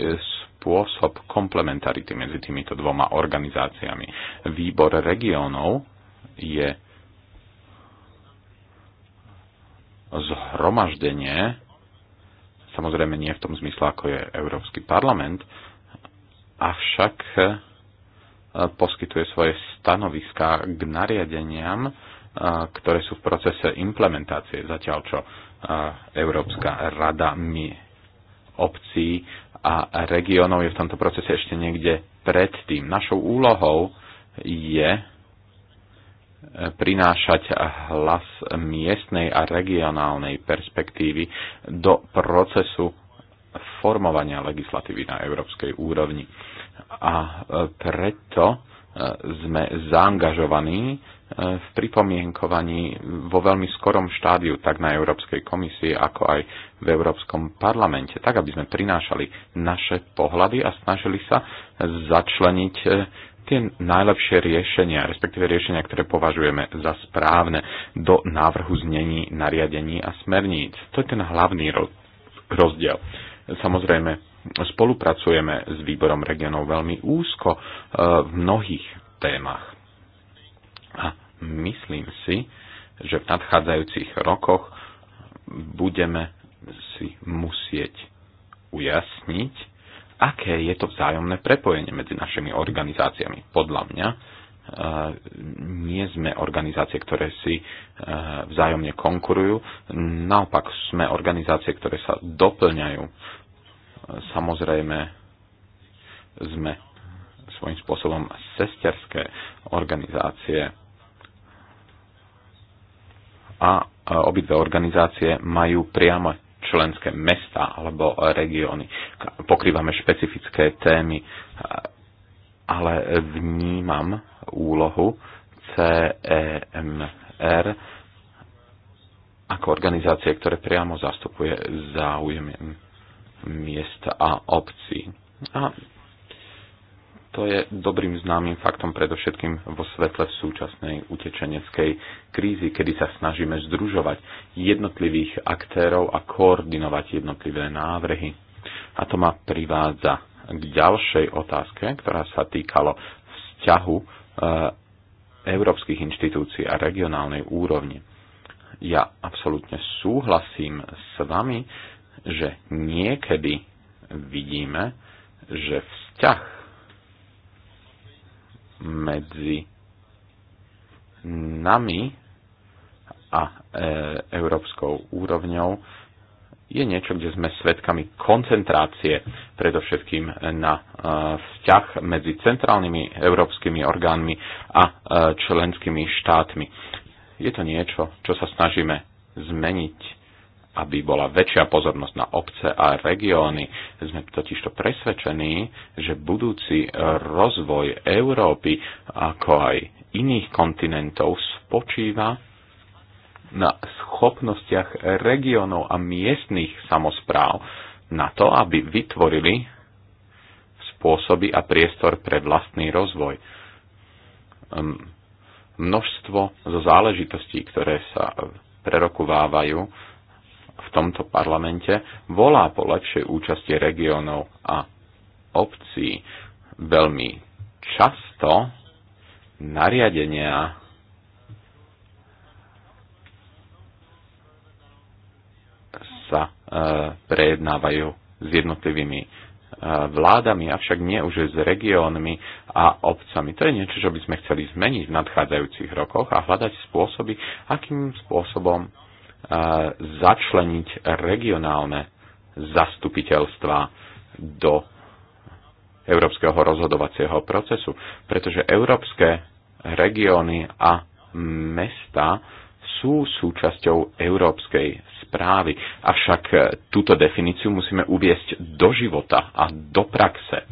spôsob komplementarity medzi týmito dvoma organizáciami. Výbor regionov je zhromaždenie Samozrejme nie v tom zmysle, ako je Európsky parlament, avšak eh, poskytuje svoje stanoviská k nariadeniam, eh, ktoré sú v procese implementácie, zatiaľ čo eh, Európska rada mi obcí a regiónov je v tomto procese ešte niekde predtým. Našou úlohou je prinášať hlas miestnej a regionálnej perspektívy do procesu formovania legislatívy na európskej úrovni. A preto e, sme zaangažovaní e, v pripomienkovaní vo veľmi skorom štádiu tak na Európskej komisii, ako aj v Európskom parlamente, tak aby sme prinášali naše pohľady a snažili sa začleniť e, tie najlepšie riešenia, respektíve riešenia, ktoré považujeme za správne do návrhu znení, nariadení a smerníc. To je ten hlavný rozdiel. Samozrejme, spolupracujeme s výborom regionov veľmi úzko e, v mnohých témach. A myslím si, že v nadchádzajúcich rokoch budeme si musieť ujasniť, aké je to vzájomné prepojenie medzi našimi organizáciami. Podľa mňa e, nie sme organizácie, ktoré si e, vzájomne konkurujú, naopak sme organizácie, ktoré sa doplňajú. E, samozrejme sme svojím spôsobom sesterské organizácie a obidve organizácie majú priame členské mesta alebo regióny. Pokrývame špecifické témy, ale vnímam úlohu CEMR ako organizácie, ktoré priamo zastupuje záujem miest a obcí. A to je dobrým známym faktom predovšetkým vo svetle v súčasnej utečeneckej krízy, kedy sa snažíme združovať jednotlivých aktérov a koordinovať jednotlivé návrhy. A to ma privádza k ďalšej otázke, ktorá sa týkalo vzťahu e, európskych inštitúcií a regionálnej úrovni. Ja absolútne súhlasím s vami, že niekedy vidíme, že vzťah medzi nami a e, európskou úrovňou je niečo, kde sme svedkami koncentrácie predovšetkým na e, vzťah medzi centrálnymi európskymi orgánmi a e, členskými štátmi. Je to niečo, čo sa snažíme zmeniť aby bola väčšia pozornosť na obce a regióny. Sme totižto presvedčení, že budúci rozvoj Európy, ako aj iných kontinentov, spočíva na schopnostiach regiónov a miestnych samozpráv na to, aby vytvorili spôsoby a priestor pre vlastný rozvoj. Ehm, množstvo zo záležitostí, ktoré sa prerokovávajú, v tomto parlamente volá po lepšej účasti regiónov a obcí. Veľmi často nariadenia sa e, prejednávajú s jednotlivými e, vládami, avšak nie už s regiónmi a obcami. To je niečo, čo by sme chceli zmeniť v nadchádzajúcich rokoch a hľadať spôsoby, akým spôsobom začleniť regionálne zastupiteľstva do európskeho rozhodovacieho procesu, pretože európske regióny a mesta sú súčasťou európskej správy. Avšak túto definíciu musíme uviesť do života a do praxe.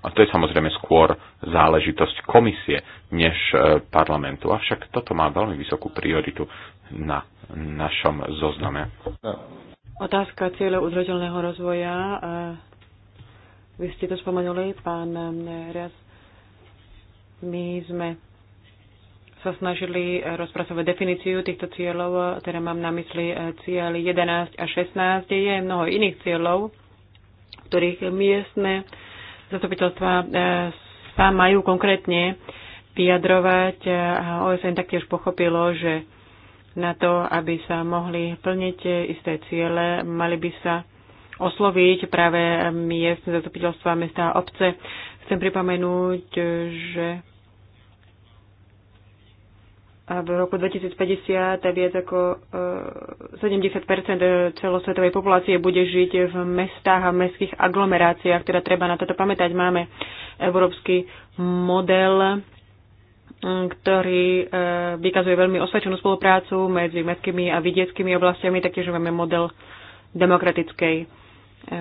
A to je samozrejme skôr záležitosť komisie než e, parlamentu. Avšak toto má veľmi vysokú prioritu na našom zozname. Otázka cieľa udržateľného rozvoja. Vy ste to spomenuli, pán Rias. My sme sa snažili rozpracovať definíciu týchto cieľov, teda mám na mysli e, cieľ 11 a 16. Je mnoho iných cieľov, ktorých miestne zastupiteľstva e, sa majú konkrétne vyjadrovať. OSN taktiež pochopilo, že na to, aby sa mohli plniť isté ciele, mali by sa osloviť práve miestne zastupiteľstva mesta a obce. Chcem pripomenúť, že v roku 2050 viac ako 70 eh, celosvetovej populácie bude žiť v mestách a v mestských aglomeráciách, teda treba na toto pamätať. Máme európsky model ktorý e, vykazuje veľmi osvedčenú spoluprácu medzi mestskými a vidieckými oblastiami, taktiež máme model demokratickej e,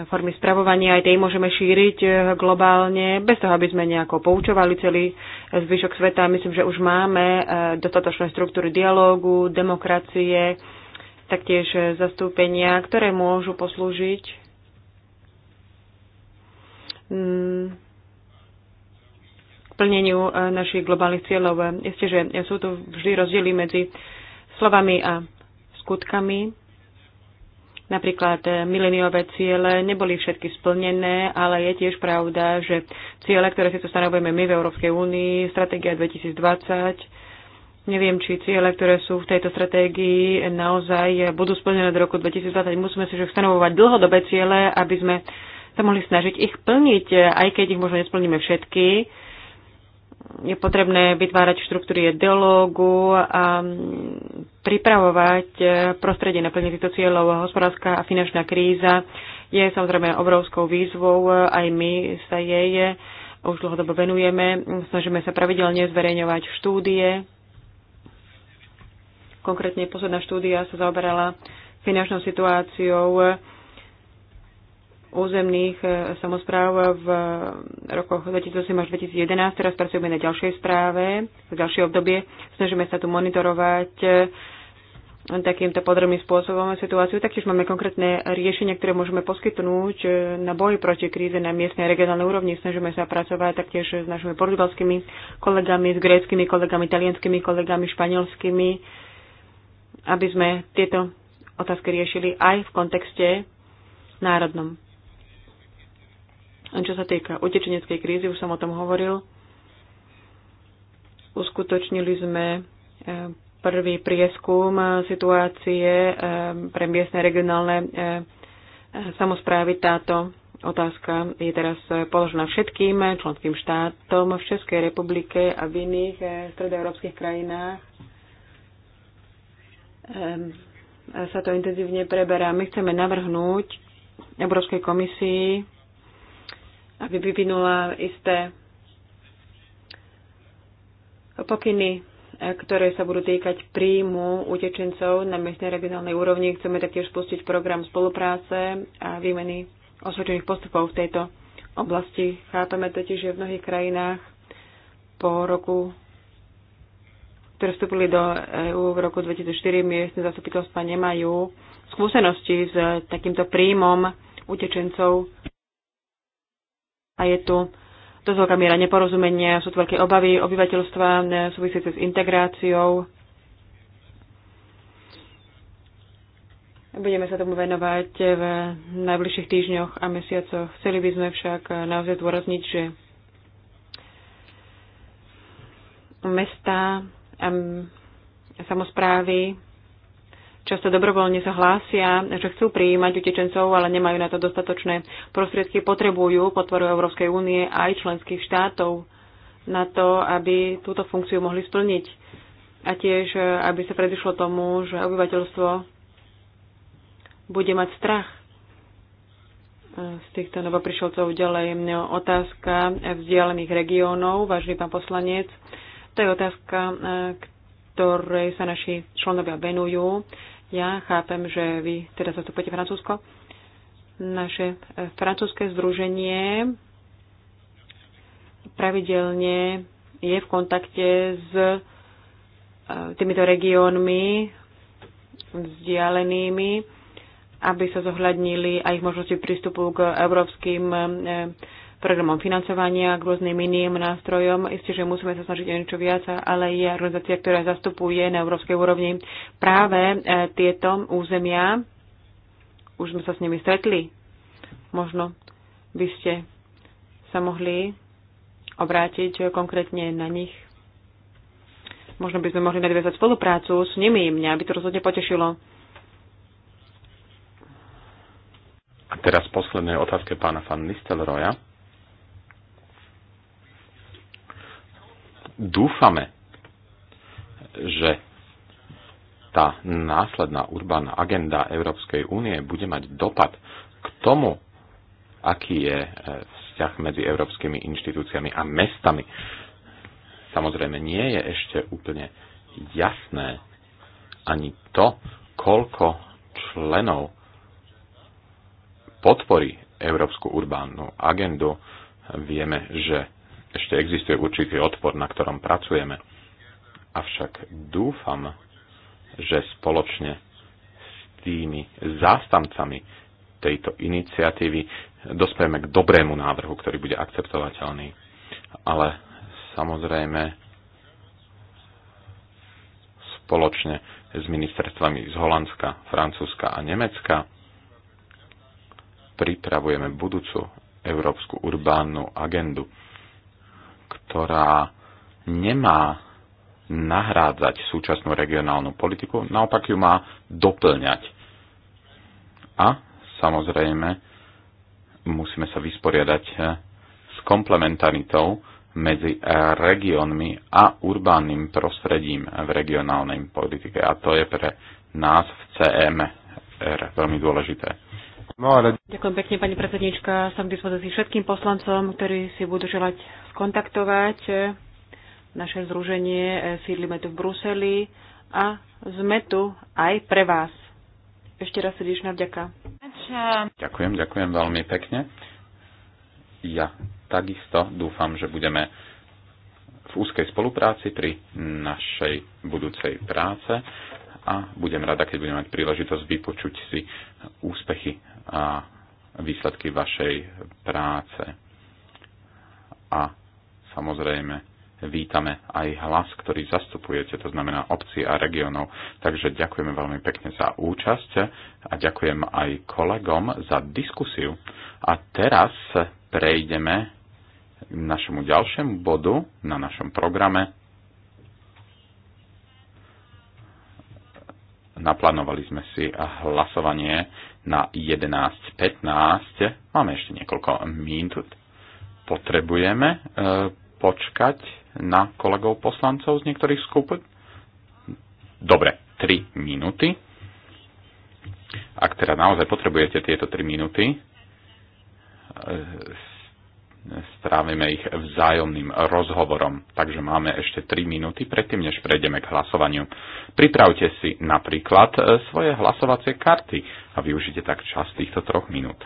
formy spravovania. Aj tej môžeme šíriť e, globálne, bez toho, aby sme nejako poučovali celý zvyšok sveta. Myslím, že už máme dostatočné štruktúry dialógu, demokracie, taktiež zastúpenia, ktoré môžu poslúžiť plneniu e, našich globálnych cieľov. E, Isté, že sú tu vždy rozdiely medzi slovami a skutkami. Napríklad e, mileniové ciele neboli všetky splnené, ale je tiež pravda, že ciele, ktoré si tu stanovujeme my v Európskej únii, stratégia 2020, neviem, či ciele, ktoré sú v tejto stratégii, naozaj budú splnené do roku 2020. Musíme si však stanovovať dlhodobé ciele, aby sme sa mohli snažiť ich plniť, aj keď ich možno nesplníme všetky, je potrebné vytvárať štruktúry dialogu a pripravovať eh, prostredie na plne týchto cieľov. Hospodárska a finančná kríza je samozrejme obrovskou výzvou. Eh, aj my sa jej eh, už dlhodobo venujeme. Snažíme sa pravidelne zverejňovať štúdie. Konkrétne posledná štúdia sa zaoberala finančnou situáciou územných e, samozpráv v e, rokoch 2008 až 2011. Teraz pracujeme na ďalšej správe, v ďalšie obdobie. Snažíme sa tu monitorovať e, takýmto podrobným spôsobom situáciu. Taktiež máme konkrétne riešenia, ktoré môžeme poskytnúť na boj proti kríze na miestnej a regionálnej úrovni. Snažíme sa pracovať taktiež s našimi portugalskými kolegami, s gréckými kolegami, talianskými kolegami, španielskými, aby sme tieto otázky riešili aj v kontexte národnom. Čo sa týka utečeneckej krízy, už som o tom hovoril, uskutočnili sme e, prvý prieskum e, situácie e, pre miestne regionálne samozprávy. Táto otázka je teraz položená všetkým členským štátom v Českej republike a v iných stredoeurópskych krajinách ehm, sa to intenzívne preberá. My chceme navrhnúť Európskej komisii aby vyvinula isté pokyny, ktoré sa budú týkať príjmu utečencov na miestnej regionálnej úrovni. Chceme taktiež spustiť program spolupráce a výmeny osvedčených postupov v tejto oblasti. Chápeme totiž, že v mnohých krajinách po roku ktoré vstúpili do EÚ v roku 2004, miestne zastupiteľstva nemajú skúsenosti s takýmto príjmom utečencov a je tu dosť veľká miera neporozumenia, sú tu veľké obavy obyvateľstva e, súvisiace s integráciou. Budeme sa tomu venovať v najbližších týždňoch a mesiacoch. Chceli by sme však e, naozaj zdôrazniť, že mesta a samozprávy často dobrovoľne sa hlásia, že chcú prijímať utečencov, ale nemajú na to dostatočné prostriedky, potrebujú podporu Európskej únie aj členských štátov na to, aby túto funkciu mohli splniť. A tiež, aby sa predišlo tomu, že obyvateľstvo bude mať strach z týchto novoprišelcov ďalej. Otázka vzdialených regiónov, vážny pán poslanec. To je otázka, ktorej sa naši členovia venujú. Ja chápem, že vy teraz zastupujete Francúzsko. Naše e, francúzske združenie pravidelne je v kontakte s e, týmito regiónmi vzdialenými, aby sa zohľadnili aj ich možnosti prístupu k európskym e, programom financovania, k rôznym iným nástrojom. Isté, že musíme sa snažiť o niečo viac, ale je organizácia, ktorá zastupuje na európskej úrovni práve e, tieto územia. Už sme sa s nimi stretli. Možno by ste sa mohli obrátiť konkrétne na nich. Možno by sme mohli nadviazať spoluprácu s nimi. Mňa by to rozhodne potešilo. A teraz posledné otázke pána fan Nistelroja. Dúfame, že tá následná urbaná agenda Európskej únie bude mať dopad k tomu, aký je e, vzťah medzi európskymi inštitúciami a mestami. Samozrejme, nie je ešte úplne jasné ani to, koľko členov podporí Európsku urbánnu agendu. Vieme, že ešte existuje určitý odpor, na ktorom pracujeme. Avšak dúfam, že spoločne s tými zástancami tejto iniciatívy dospieme k dobrému návrhu, ktorý bude akceptovateľný. Ale samozrejme spoločne s ministerstvami z Holandska, Francúzska a Nemecka pripravujeme budúcu európsku urbánnu agendu ktorá nemá nahrádzať súčasnú regionálnu politiku, naopak ju má doplňať. A samozrejme musíme sa vysporiadať eh, s komplementaritou medzi regiónmi a urbánnym prostredím v regionálnej politike. A to je pre nás v CM veľmi dôležité. No, ale... Ďakujem pekne, pani predsednička. Som k dispozícii všetkým poslancom, ktorí si budú želať skontaktovať naše združenie. Sídlime tu v Bruseli a sme tu aj pre vás. Ešte raz srdečná vďaka. Ďakujem, ďakujem veľmi pekne. Ja takisto dúfam, že budeme v úzkej spolupráci pri našej budúcej práce a budem rada, keď budem mať príležitosť vypočuť si úspechy a výsledky vašej práce. A samozrejme vítame aj hlas, ktorý zastupujete, to znamená obci a regionov. Takže ďakujeme veľmi pekne za účasť a ďakujem aj kolegom za diskusiu. A teraz prejdeme k našemu ďalšiemu bodu na našom programe naplánovali sme si hlasovanie na 11.15. Máme ešte niekoľko minút. Potrebujeme e, počkať na kolegov poslancov z niektorých skupín? Dobre, 3 minúty. Ak teda naozaj potrebujete tieto 3 minúty, e, strávime ich vzájomným rozhovorom. Takže máme ešte 3 minúty predtým, než prejdeme k hlasovaniu. Pripravte si napríklad e, svoje hlasovacie karty a využite tak čas týchto troch minút.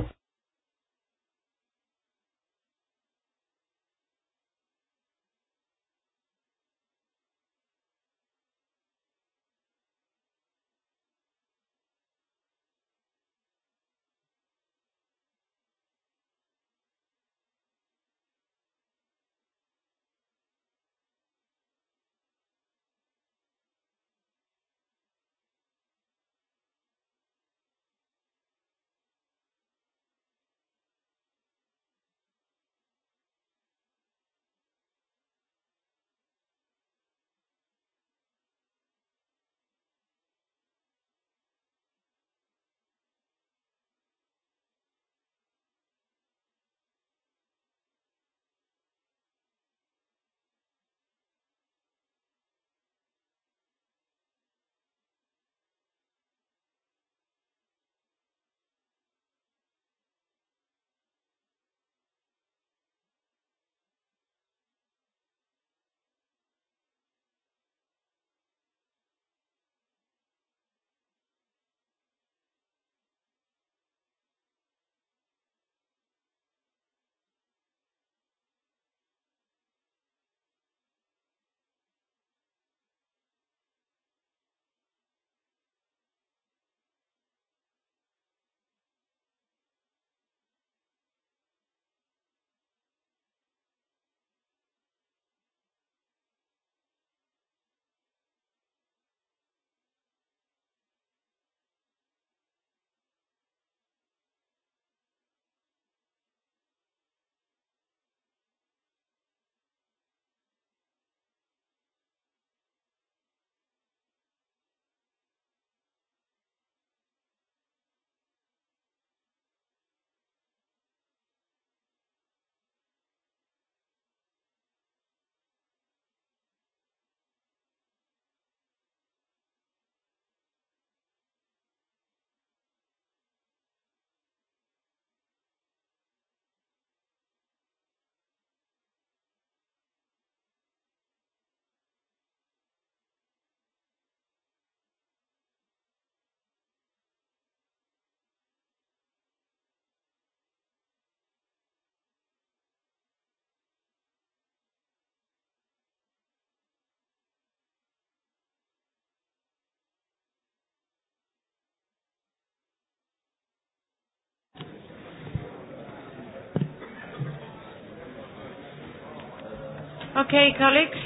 Okay, colleagues.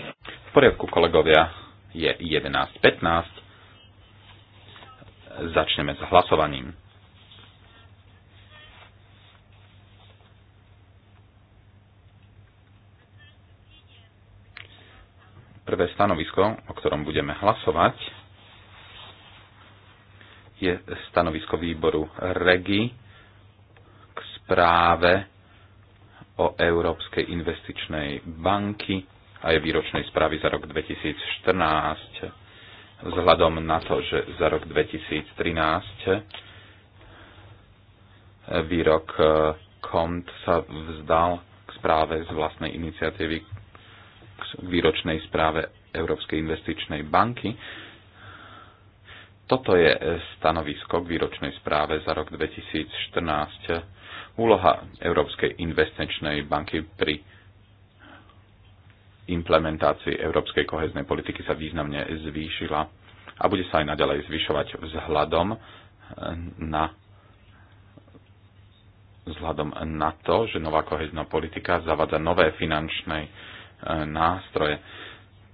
V poriadku, kolegovia. Je 11.15. Začneme s hlasovaním. Prvé stanovisko, o ktorom budeme hlasovať, je stanovisko výboru REGI k správe o Európskej investičnej banky a je výročnej správy za rok 2014 vzhľadom na to, že za rok 2013 výrok KOMT eh, sa vzdal k správe z vlastnej iniciatívy k výročnej správe Európskej investičnej banky. Toto je stanovisko k výročnej správe za rok 2014 úloha Európskej investičnej banky pri implementácii európskej koheznej politiky sa významne zvýšila a bude sa aj naďalej zvyšovať vzhľadom na vzhľadom na to, že nová kohezná politika zavádza nové finančné e, nástroje.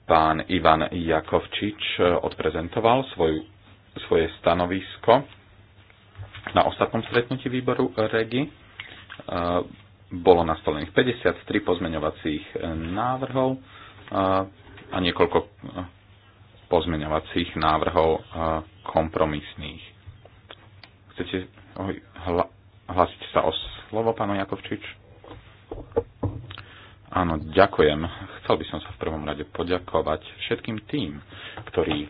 Pán Ivan Jakovčič odprezentoval svoju, svoje stanovisko na ostatnom stretnutí výboru REGI bolo nastolených 53 e, e, pozmeňovacích návrhov a niekoľko pozmeňovacích návrhov kompromisných. Chcete hlasiť sa o slovo, pánu Jakovčič? Áno, ďakujem. Chcel by som sa v prvom rade poďakovať všetkým tým, ktorí e,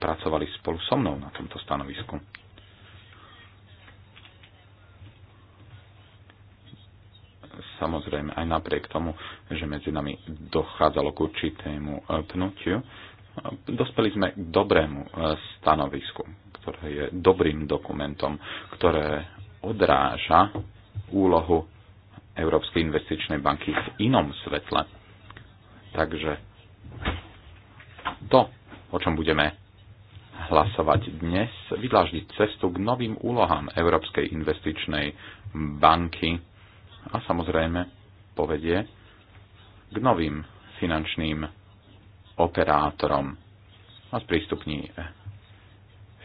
pracovali spolu so mnou na tomto stanovisku samozrejme aj napriek tomu, že medzi nami dochádzalo k určitému e, pnutiu, dospeli sme k dobrému e, stanovisku, ktoré je dobrým dokumentom, ktoré odráža úlohu Európskej investičnej banky v inom svetle. Takže to, o čom budeme hlasovať dnes, vydláždiť cestu k novým úlohám Európskej investičnej banky a samozrejme povedie k novým finančným operátorom a sprístupní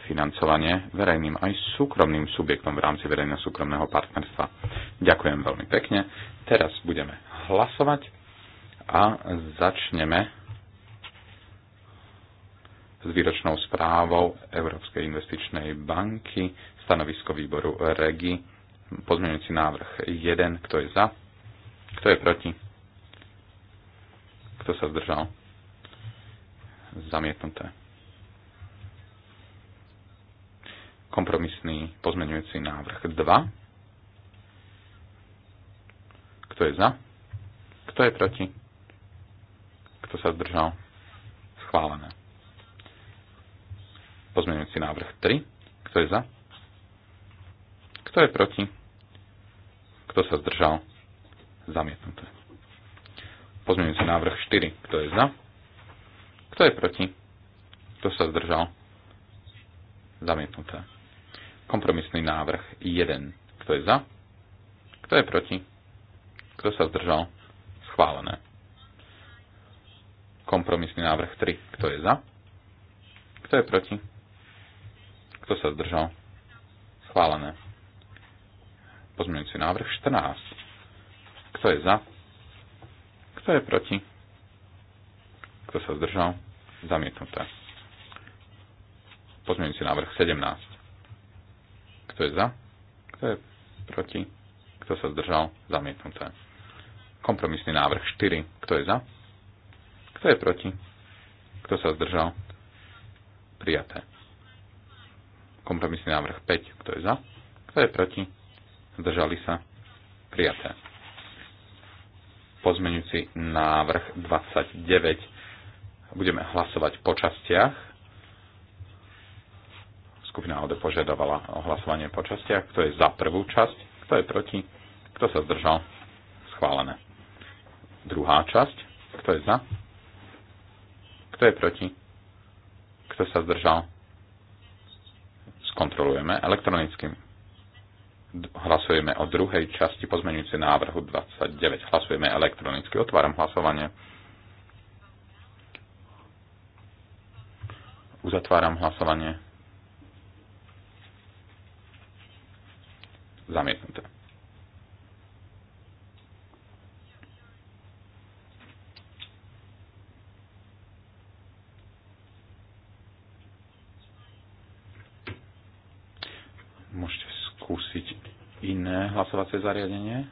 financovanie verejným aj súkromným subjektom v rámci verejného súkromného partnerstva. Ďakujem veľmi pekne. Teraz budeme hlasovať a začneme s výročnou správou Európskej investičnej banky, stanovisko výboru REGI Pozmeňujúci návrh 1, kto je za, kto je proti, kto sa zdržal. Zamietnuté. Kompromisný pozmeňujúci návrh 2. Kto je za? Kto je proti? Kto sa zdržal? Schválené. Pozmeňujúci návrh 3. Kto je za? Kto je proti? Kto sa zdržal? Zamietnuté. Pozmeňujúci návrh 4. Kto je za? Kto je proti? Kto sa zdržal? Zamietnuté. Kompromisný návrh 1. Kto je za? Kto je proti? Kto sa zdržal? Schválené. Kompromisný návrh 3. Kto je za? Kto je proti? Kto sa zdržal? Schválené Pozmeňujúci návrh 14. Kto je za? Kto je proti? Kto sa zdržal? Zamietnuté. Pozmeňujúci návrh 17. Kto je za? Kto je proti? Kto sa zdržal? Zamietnuté. Kompromisný návrh 4. Kto je za? Kto je proti? Kto sa zdržal? Prijaté. Kompromisný návrh 5. Kto je za? Kto je proti? zdržali sa, prijaté. Pozmeňujúci návrh 29 budeme hlasovať po častiach skupina ode požiadovala o hlasovanie po častiach. Kto je za prvú časť? Kto je proti? Kto sa zdržal? Schválené. Druhá časť. Kto je za? Kto je proti? Kto sa zdržal? Skontrolujeme elektronickým Hlasujeme o druhej časti pozmeňujúce návrhu 29. Hlasujeme elektronicky. Otváram hlasovanie. Uzatváram hlasovanie. Zamietnuté. Môžete skúsiť iné hlasovacie zariadenie.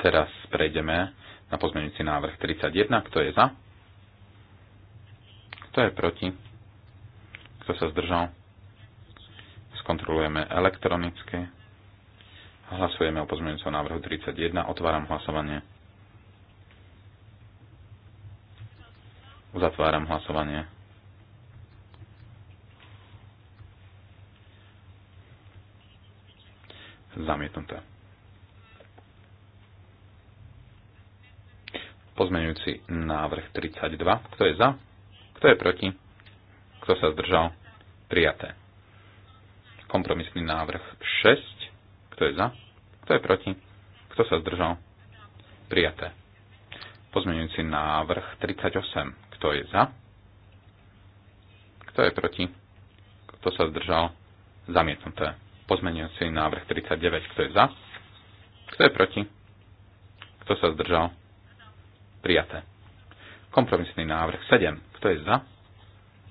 Teraz prejdeme na pozmeňujúci návrh 31. Kto je za? Kto je proti? Kto sa zdržal? Skontrolujeme elektronicky. Hlasujeme o pozmeňujúcom návrhu 31. Otváram hlasovanie. Uzatváram hlasovanie. Zamietnuté. Pozmeňujúci návrh 32. Kto je za? Kto je proti? Kto sa zdržal? Prijaté. Kompromisný návrh 6. Kto je za? Kto je proti? Kto sa zdržal? Prijaté. Pozmeňujúci návrh 38. Kto je za? Kto je proti? Kto sa zdržal? Zamietnuté. si návrh 39. Kto je za? Kto je proti? Kto sa zdržal? Prijaté. Kompromisný návrh 7. Kto je za?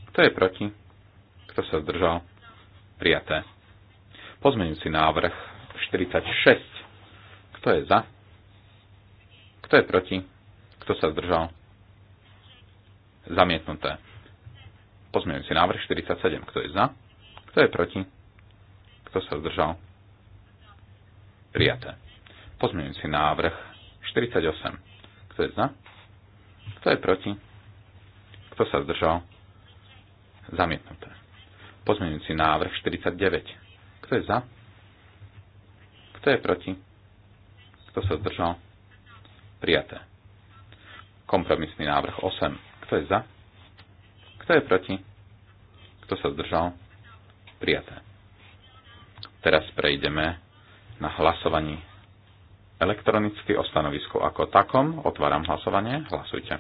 Kto je proti? Kto sa zdržal? Prijaté. si návrh 46. Kto je za? Kto je proti? Kto sa zdržal? Zamietnuté. si návrh 47. Kto je za? Kto je proti? Kto sa zdržal? Prijaté. si návrh 48. Kto je za? Kto je proti? Kto sa zdržal? Zamietnuté. si návrh 49. Kto je za? Kto je proti? Kto sa zdržal? Prijaté. Kompromisný návrh 8. Kto je za? Kto je proti? Kto sa zdržal? Prijaté. Teraz prejdeme na hlasovanie elektronicky o stanovisku ako takom. Otváram hlasovanie. Hlasujte.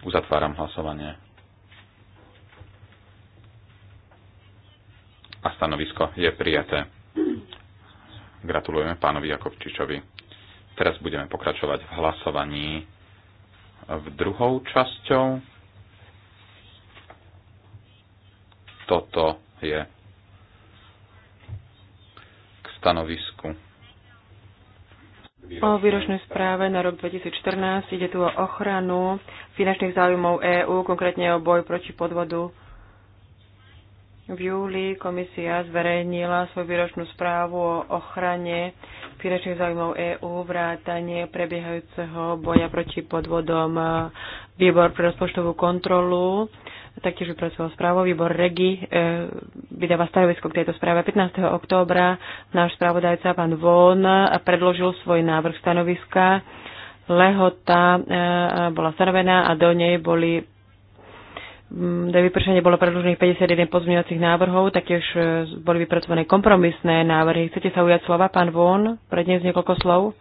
Uzatváram hlasovanie. A stanovisko je prijaté. Gratulujeme pánovi Jakovčičovi. Teraz budeme pokračovať v hlasovaní v druhou časťou. Toto je k stanovisku O výročnej správe na rok 2014 ide tu o ochranu finančných záujmov EÚ, konkrétne o boj proti podvodu v júli komisia zverejnila svoju výročnú správu o ochrane finančných záujmov EÚ, vrátanie prebiehajúceho boja proti podvodom výbor pre rozpočtovú kontrolu. Taktiež vypracoval správu výbor REGI, e, vydáva stanovisko k tejto správe. 15. októbra náš správodajca pán Von predložil svoj návrh stanoviska. Lehota e, bola stanovená a do nej boli do vypršenia bolo predložených 51 pozmeňovacích návrhov, taktiež e, boli vypracované kompromisné návrhy. Chcete sa ujať slova, pán Von, predniesť niekoľko slov?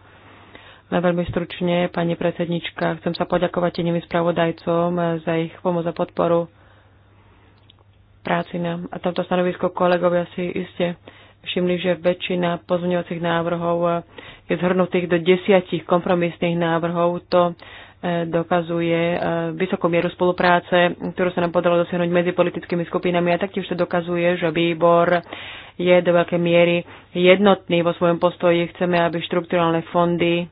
Len veľmi stručne, pani predsednička, chcem sa poďakovať iným spravodajcom e, za ich pomoc a podporu práci na a tomto stanovisko kolegovia si iste všimli, že väčšina pozmeňovacích návrhov e, je zhrnutých do desiatich kompromisných návrhov. To E, dokazuje e, vysokú mieru spolupráce, ktorú sa nám podalo dosiahnuť medzi politickými skupinami a taktiež to dokazuje, že výbor je do veľkej miery jednotný vo svojom postoji. Chceme, aby štrukturálne fondy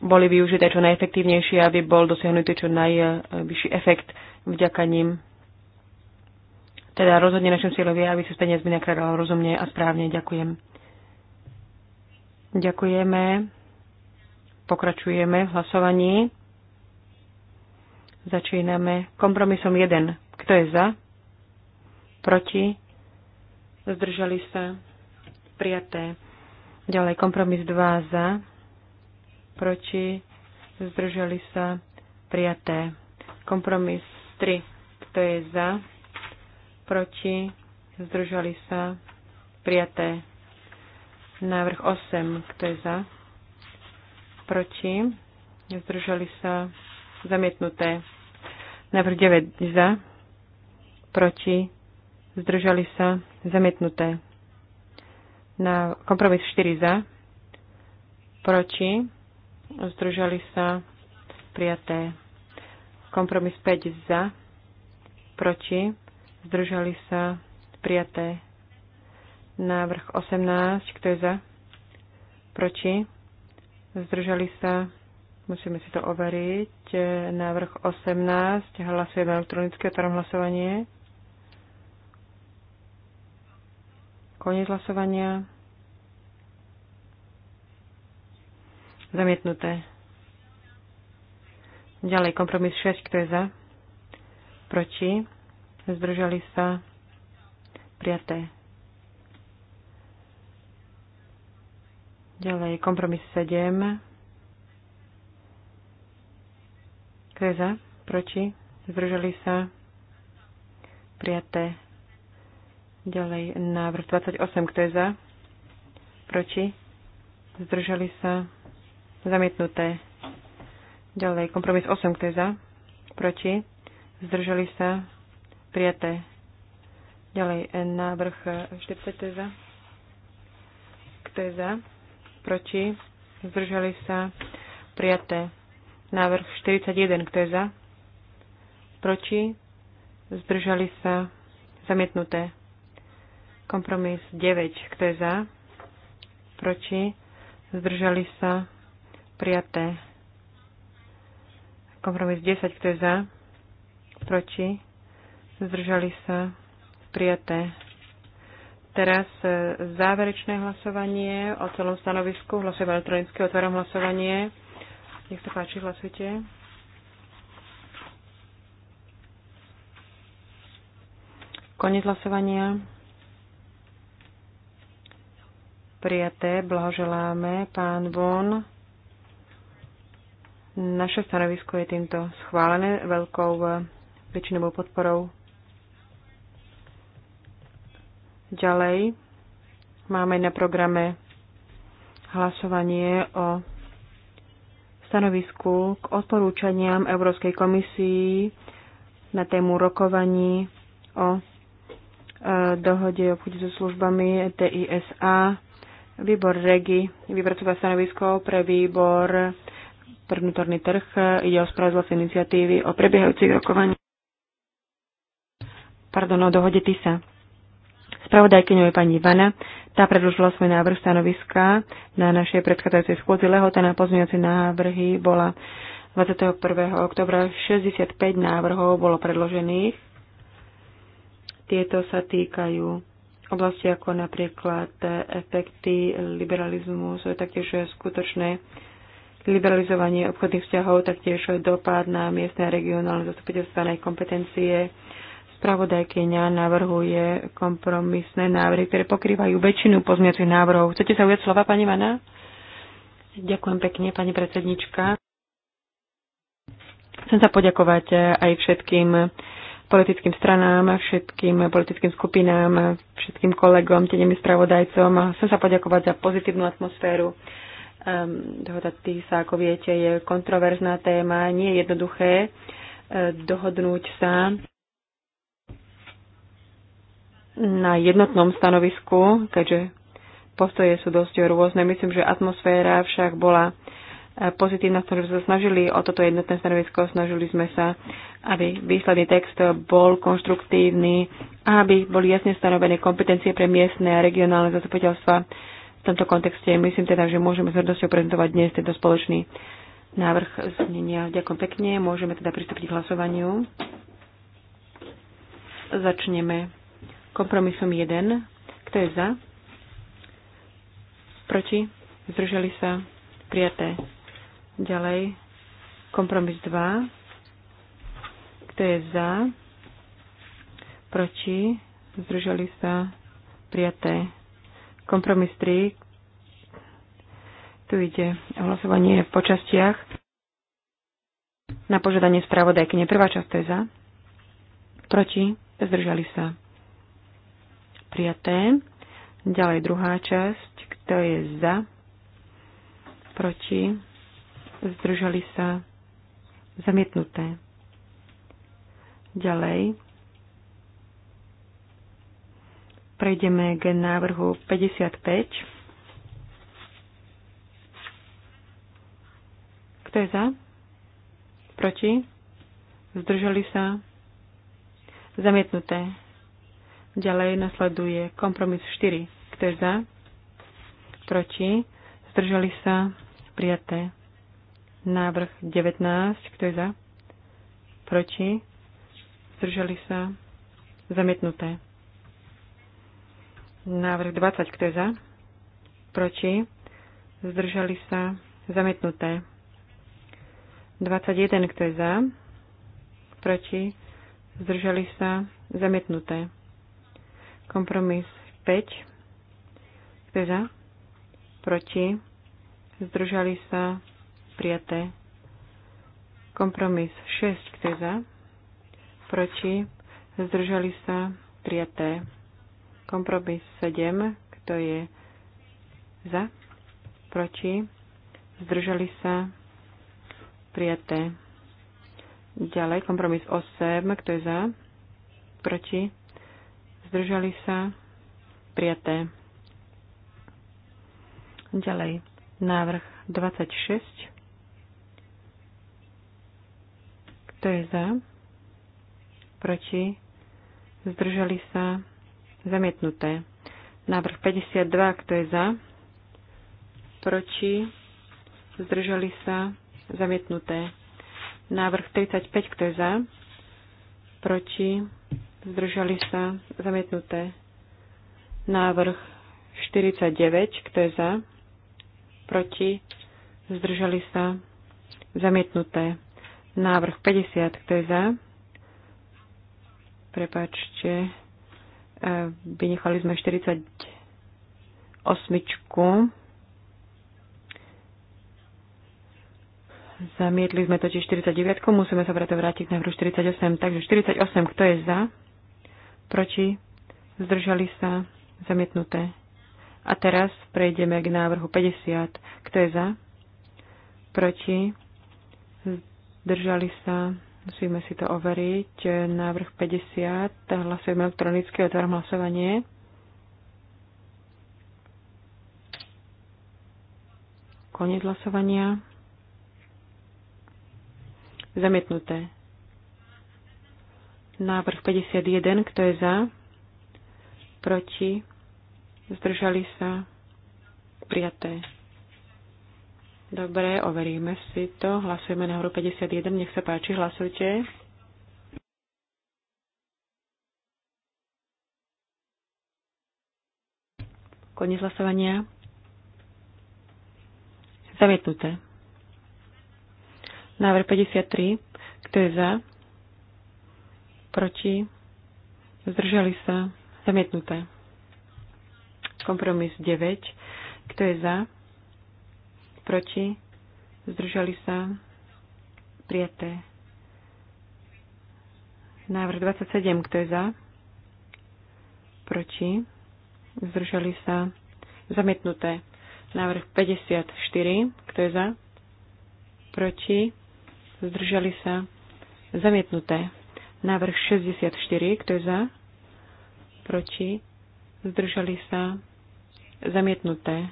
boli využité čo najefektívnejšie, aby bol dosiahnutý čo najvyšší efekt vďaka ním. Teda rozhodne našim cieľom je, aby sa s peniazmi nakladalo rozumne a správne. Ďakujem. Ďakujeme. Pokračujeme v hlasovaní. Začíname kompromisom 1. Kto je za? Proti? Zdržali sa? Prijaté. Ďalej kompromis 2 za. Proti? Zdržali sa? Prijaté. Kompromis 3. Kto je za? Proti? Zdržali sa? Prijaté. Návrh 8. Kto je za? proti, zdržali sa zamietnuté. Návrh 9 za, proti, zdržali sa zamietnuté. Na kompromis 4 za, proti, zdržali sa prijaté. Kompromis 5 za, proti, zdržali sa prijaté. Návrh 18, kto je za? Proti? zdržali sa, musíme si to overiť. E, návrh 18, hlasujeme elektronicky, otváram hlasovanie. Koniec hlasovania. Zamietnuté. Ďalej kompromis 6, kto je za? Proti? Zdržali sa? Prijaté. Ďalej, kompromis 7. Kto je za? Proti? Zdržali sa? Prijaté. Ďalej, návrh 28. Kto je za? Proti? Zdržali sa? Zamietnuté. Ďalej, kompromis 8. Kto je za? Proti? Zdržali sa? Prijaté. Ďalej, návrh 40. Kto je za? Kto je za? proti, zdržali sa, prijaté. Návrh 41, kto je za, proti, zdržali sa, zamietnuté. Kompromis 9, kto je za, proti, zdržali sa, prijaté. Kompromis 10, kto je za, proti, zdržali sa, prijaté teraz e, záverečné hlasovanie o celom stanovisku. Hlasujem elektronicky, otváram hlasovanie. Nech sa páči, hlasujte. Koniec hlasovania. Prijaté, blahoželáme, pán Von. Naše stanovisko je týmto schválené veľkou e, väčšinovou podporou. Ďalej máme na programe hlasovanie o stanovisku k odporúčaniam Európskej komisii na tému rokovaní o e, dohode o obchode so službami e TISA. Výbor REGI vypracúva stanovisko pre výbor pre vnútorný trh. Ide o spravodlivosť iniciatívy o prebiehajúcich rokovaní. Pardon, o dohode TISA. Spravodajkyňou je pani Ivana. Tá predložila svoj návrh stanoviska na našej predchádzajúcej schôdzi. Lehota na pozmeňovacie návrhy bola 21. oktobra. 65 návrhov bolo predložených. Tieto sa týkajú oblasti ako napríklad efekty liberalizmu, sú taktiež skutočné liberalizovanie obchodných vzťahov, taktiež dopad na miestne a regionálne ich kompetencie, Spravodajkyňa navrhuje kompromisné návrhy, ktoré pokrývajú väčšinu pozmiacich návrhov. Chcete sa ujať slova, pani Vana? Ďakujem pekne, pani predsednička. Chcem sa poďakovať aj všetkým politickým stranám, všetkým politickým skupinám, všetkým kolegom, tenemi spravodajcom. Chcem sa poďakovať za pozitívnu atmosféru. Um, dohoda sa, ako viete, je kontroverzná téma, nie je jednoduché uh, dohodnúť sa na jednotnom stanovisku, keďže postoje sú dosť rôzne. Myslím, že atmosféra však bola e, pozitívna, ktorú sme sa snažili o toto jednotné stanovisko, snažili sme sa, aby výsledný text bol konštruktívny a aby boli jasne stanovené kompetencie pre miestne a regionálne zastupiteľstva. V tomto kontexte myslím teda, že môžeme s hrdosťou prezentovať dnes tento spoločný návrh znenia. Ďakujem pekne, môžeme teda pristúpiť k hlasovaniu. Začneme kompromisom 1. Kto je za? Proti? Zdržali sa? Prijaté. Ďalej. Kompromis 2. Kto je za? Proti? Zdržali sa? Prijaté. Kompromis 3. Tu ide hlasovanie po častiach. Na požiadanie spravodajky. Prvá časť to je za. Proti? Zdržali sa Prijaté. Ďalej druhá časť. Kto je za? Proti? Zdržali sa? Zamietnuté. Ďalej. Prejdeme k návrhu 55. Kto je za? Proti? Zdržali sa? Zamietnuté. Ďalej nasleduje kompromis 4. Kto je za? Proti? Zdržali sa? Prijaté. Návrh 19. Kto je za? Proti? Zdržali sa? Zamietnuté. Návrh 20. Kto je za? Proti? Zdržali sa? Zamietnuté. 21. Kto je za? Proti? Zdržali sa? Zamietnuté. Kompromis 5. Kto je za? Proti? Zdržali sa? Prijaté. Kompromis 6. Kto je za? Proti? Zdržali sa? Prijaté. Kompromis 7. Kto je za? Proti? Zdržali sa? Prijaté. Ďalej kompromis 8. Kto je za? Proti? zdržali sa, prijaté. Ďalej, návrh 26. Kto je za? Proti? Zdržali sa? Zamietnuté. Návrh 52. Kto je za? Proti? Zdržali sa? Zamietnuté. Návrh 35. Kto je za? Proti? zdržali sa, zamietnuté. Návrh 49, kto je za, proti, zdržali sa, zamietnuté. Návrh 50, kto je za, prepačte, e, vynechali sme 48. Zamietli sme totiž 49, musíme sa preto vrátiť na hru 48. Takže 48, kto je za? proti, zdržali sa, zamietnuté. A teraz prejdeme k návrhu 50. Kto je za? Proti, zdržali sa, musíme si to overiť. Návrh 50, hlasujeme elektronicky, otváram hlasovanie. Koniec hlasovania. Zamietnuté. Návrh 51, kto je za? Proti? Zdržali sa? Prijaté. Dobre, overíme si to. Hlasujeme na hru 51. Nech sa páči, hlasujte. Koniec hlasovania. Zamietnuté. Návrh 53. Kto je za? proti, zdržali sa, zamietnuté. Kompromis 9, kto je za, proti, zdržali sa, prijaté. Návrh 27, kto je za, proti, zdržali sa, zamietnuté. Návrh 54, kto je za, proti, zdržali sa, zamietnuté. Návrh 64, kto je za? Proti? Zdržali sa? Zamietnuté.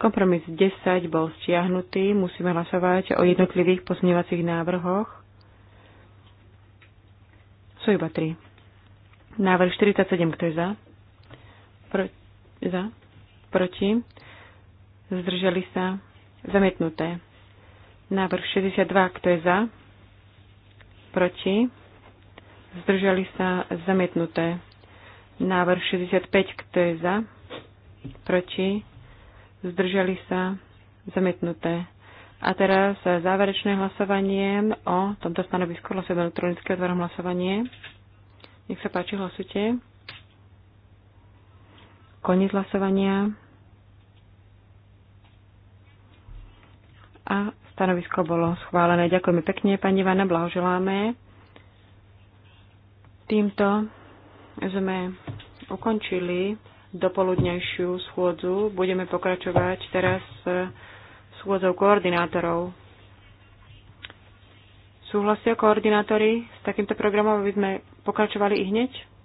Kompromis 10 bol stiahnutý. Musíme hlasovať o jednotlivých pozmeňovacích návrhoch. Sú iba 3. Návrh 47, kto je za? Pro, za? Proti? Zdržali sa? Zamietnuté. Návrh 62, kto je za? Proti? Zdržali sa zamietnuté. Návrh 65, kto je za? Proti? Zdržali sa zamietnuté. A teraz záverečné hlasovanie o tomto stanovisku. Hlasujem elektronické, otváram hlasovanie. Nech sa páči, hlasujte. Koniec hlasovania. A Stanovisko bolo schválené. Ďakujeme pekne, pani Vana, blahoželáme. Týmto sme ukončili dopoludnejšiu schôdzu. Budeme pokračovať teraz schôdzou koordinátorov. Súhlasia koordinátori s takýmto programom, aby sme pokračovali i hneď?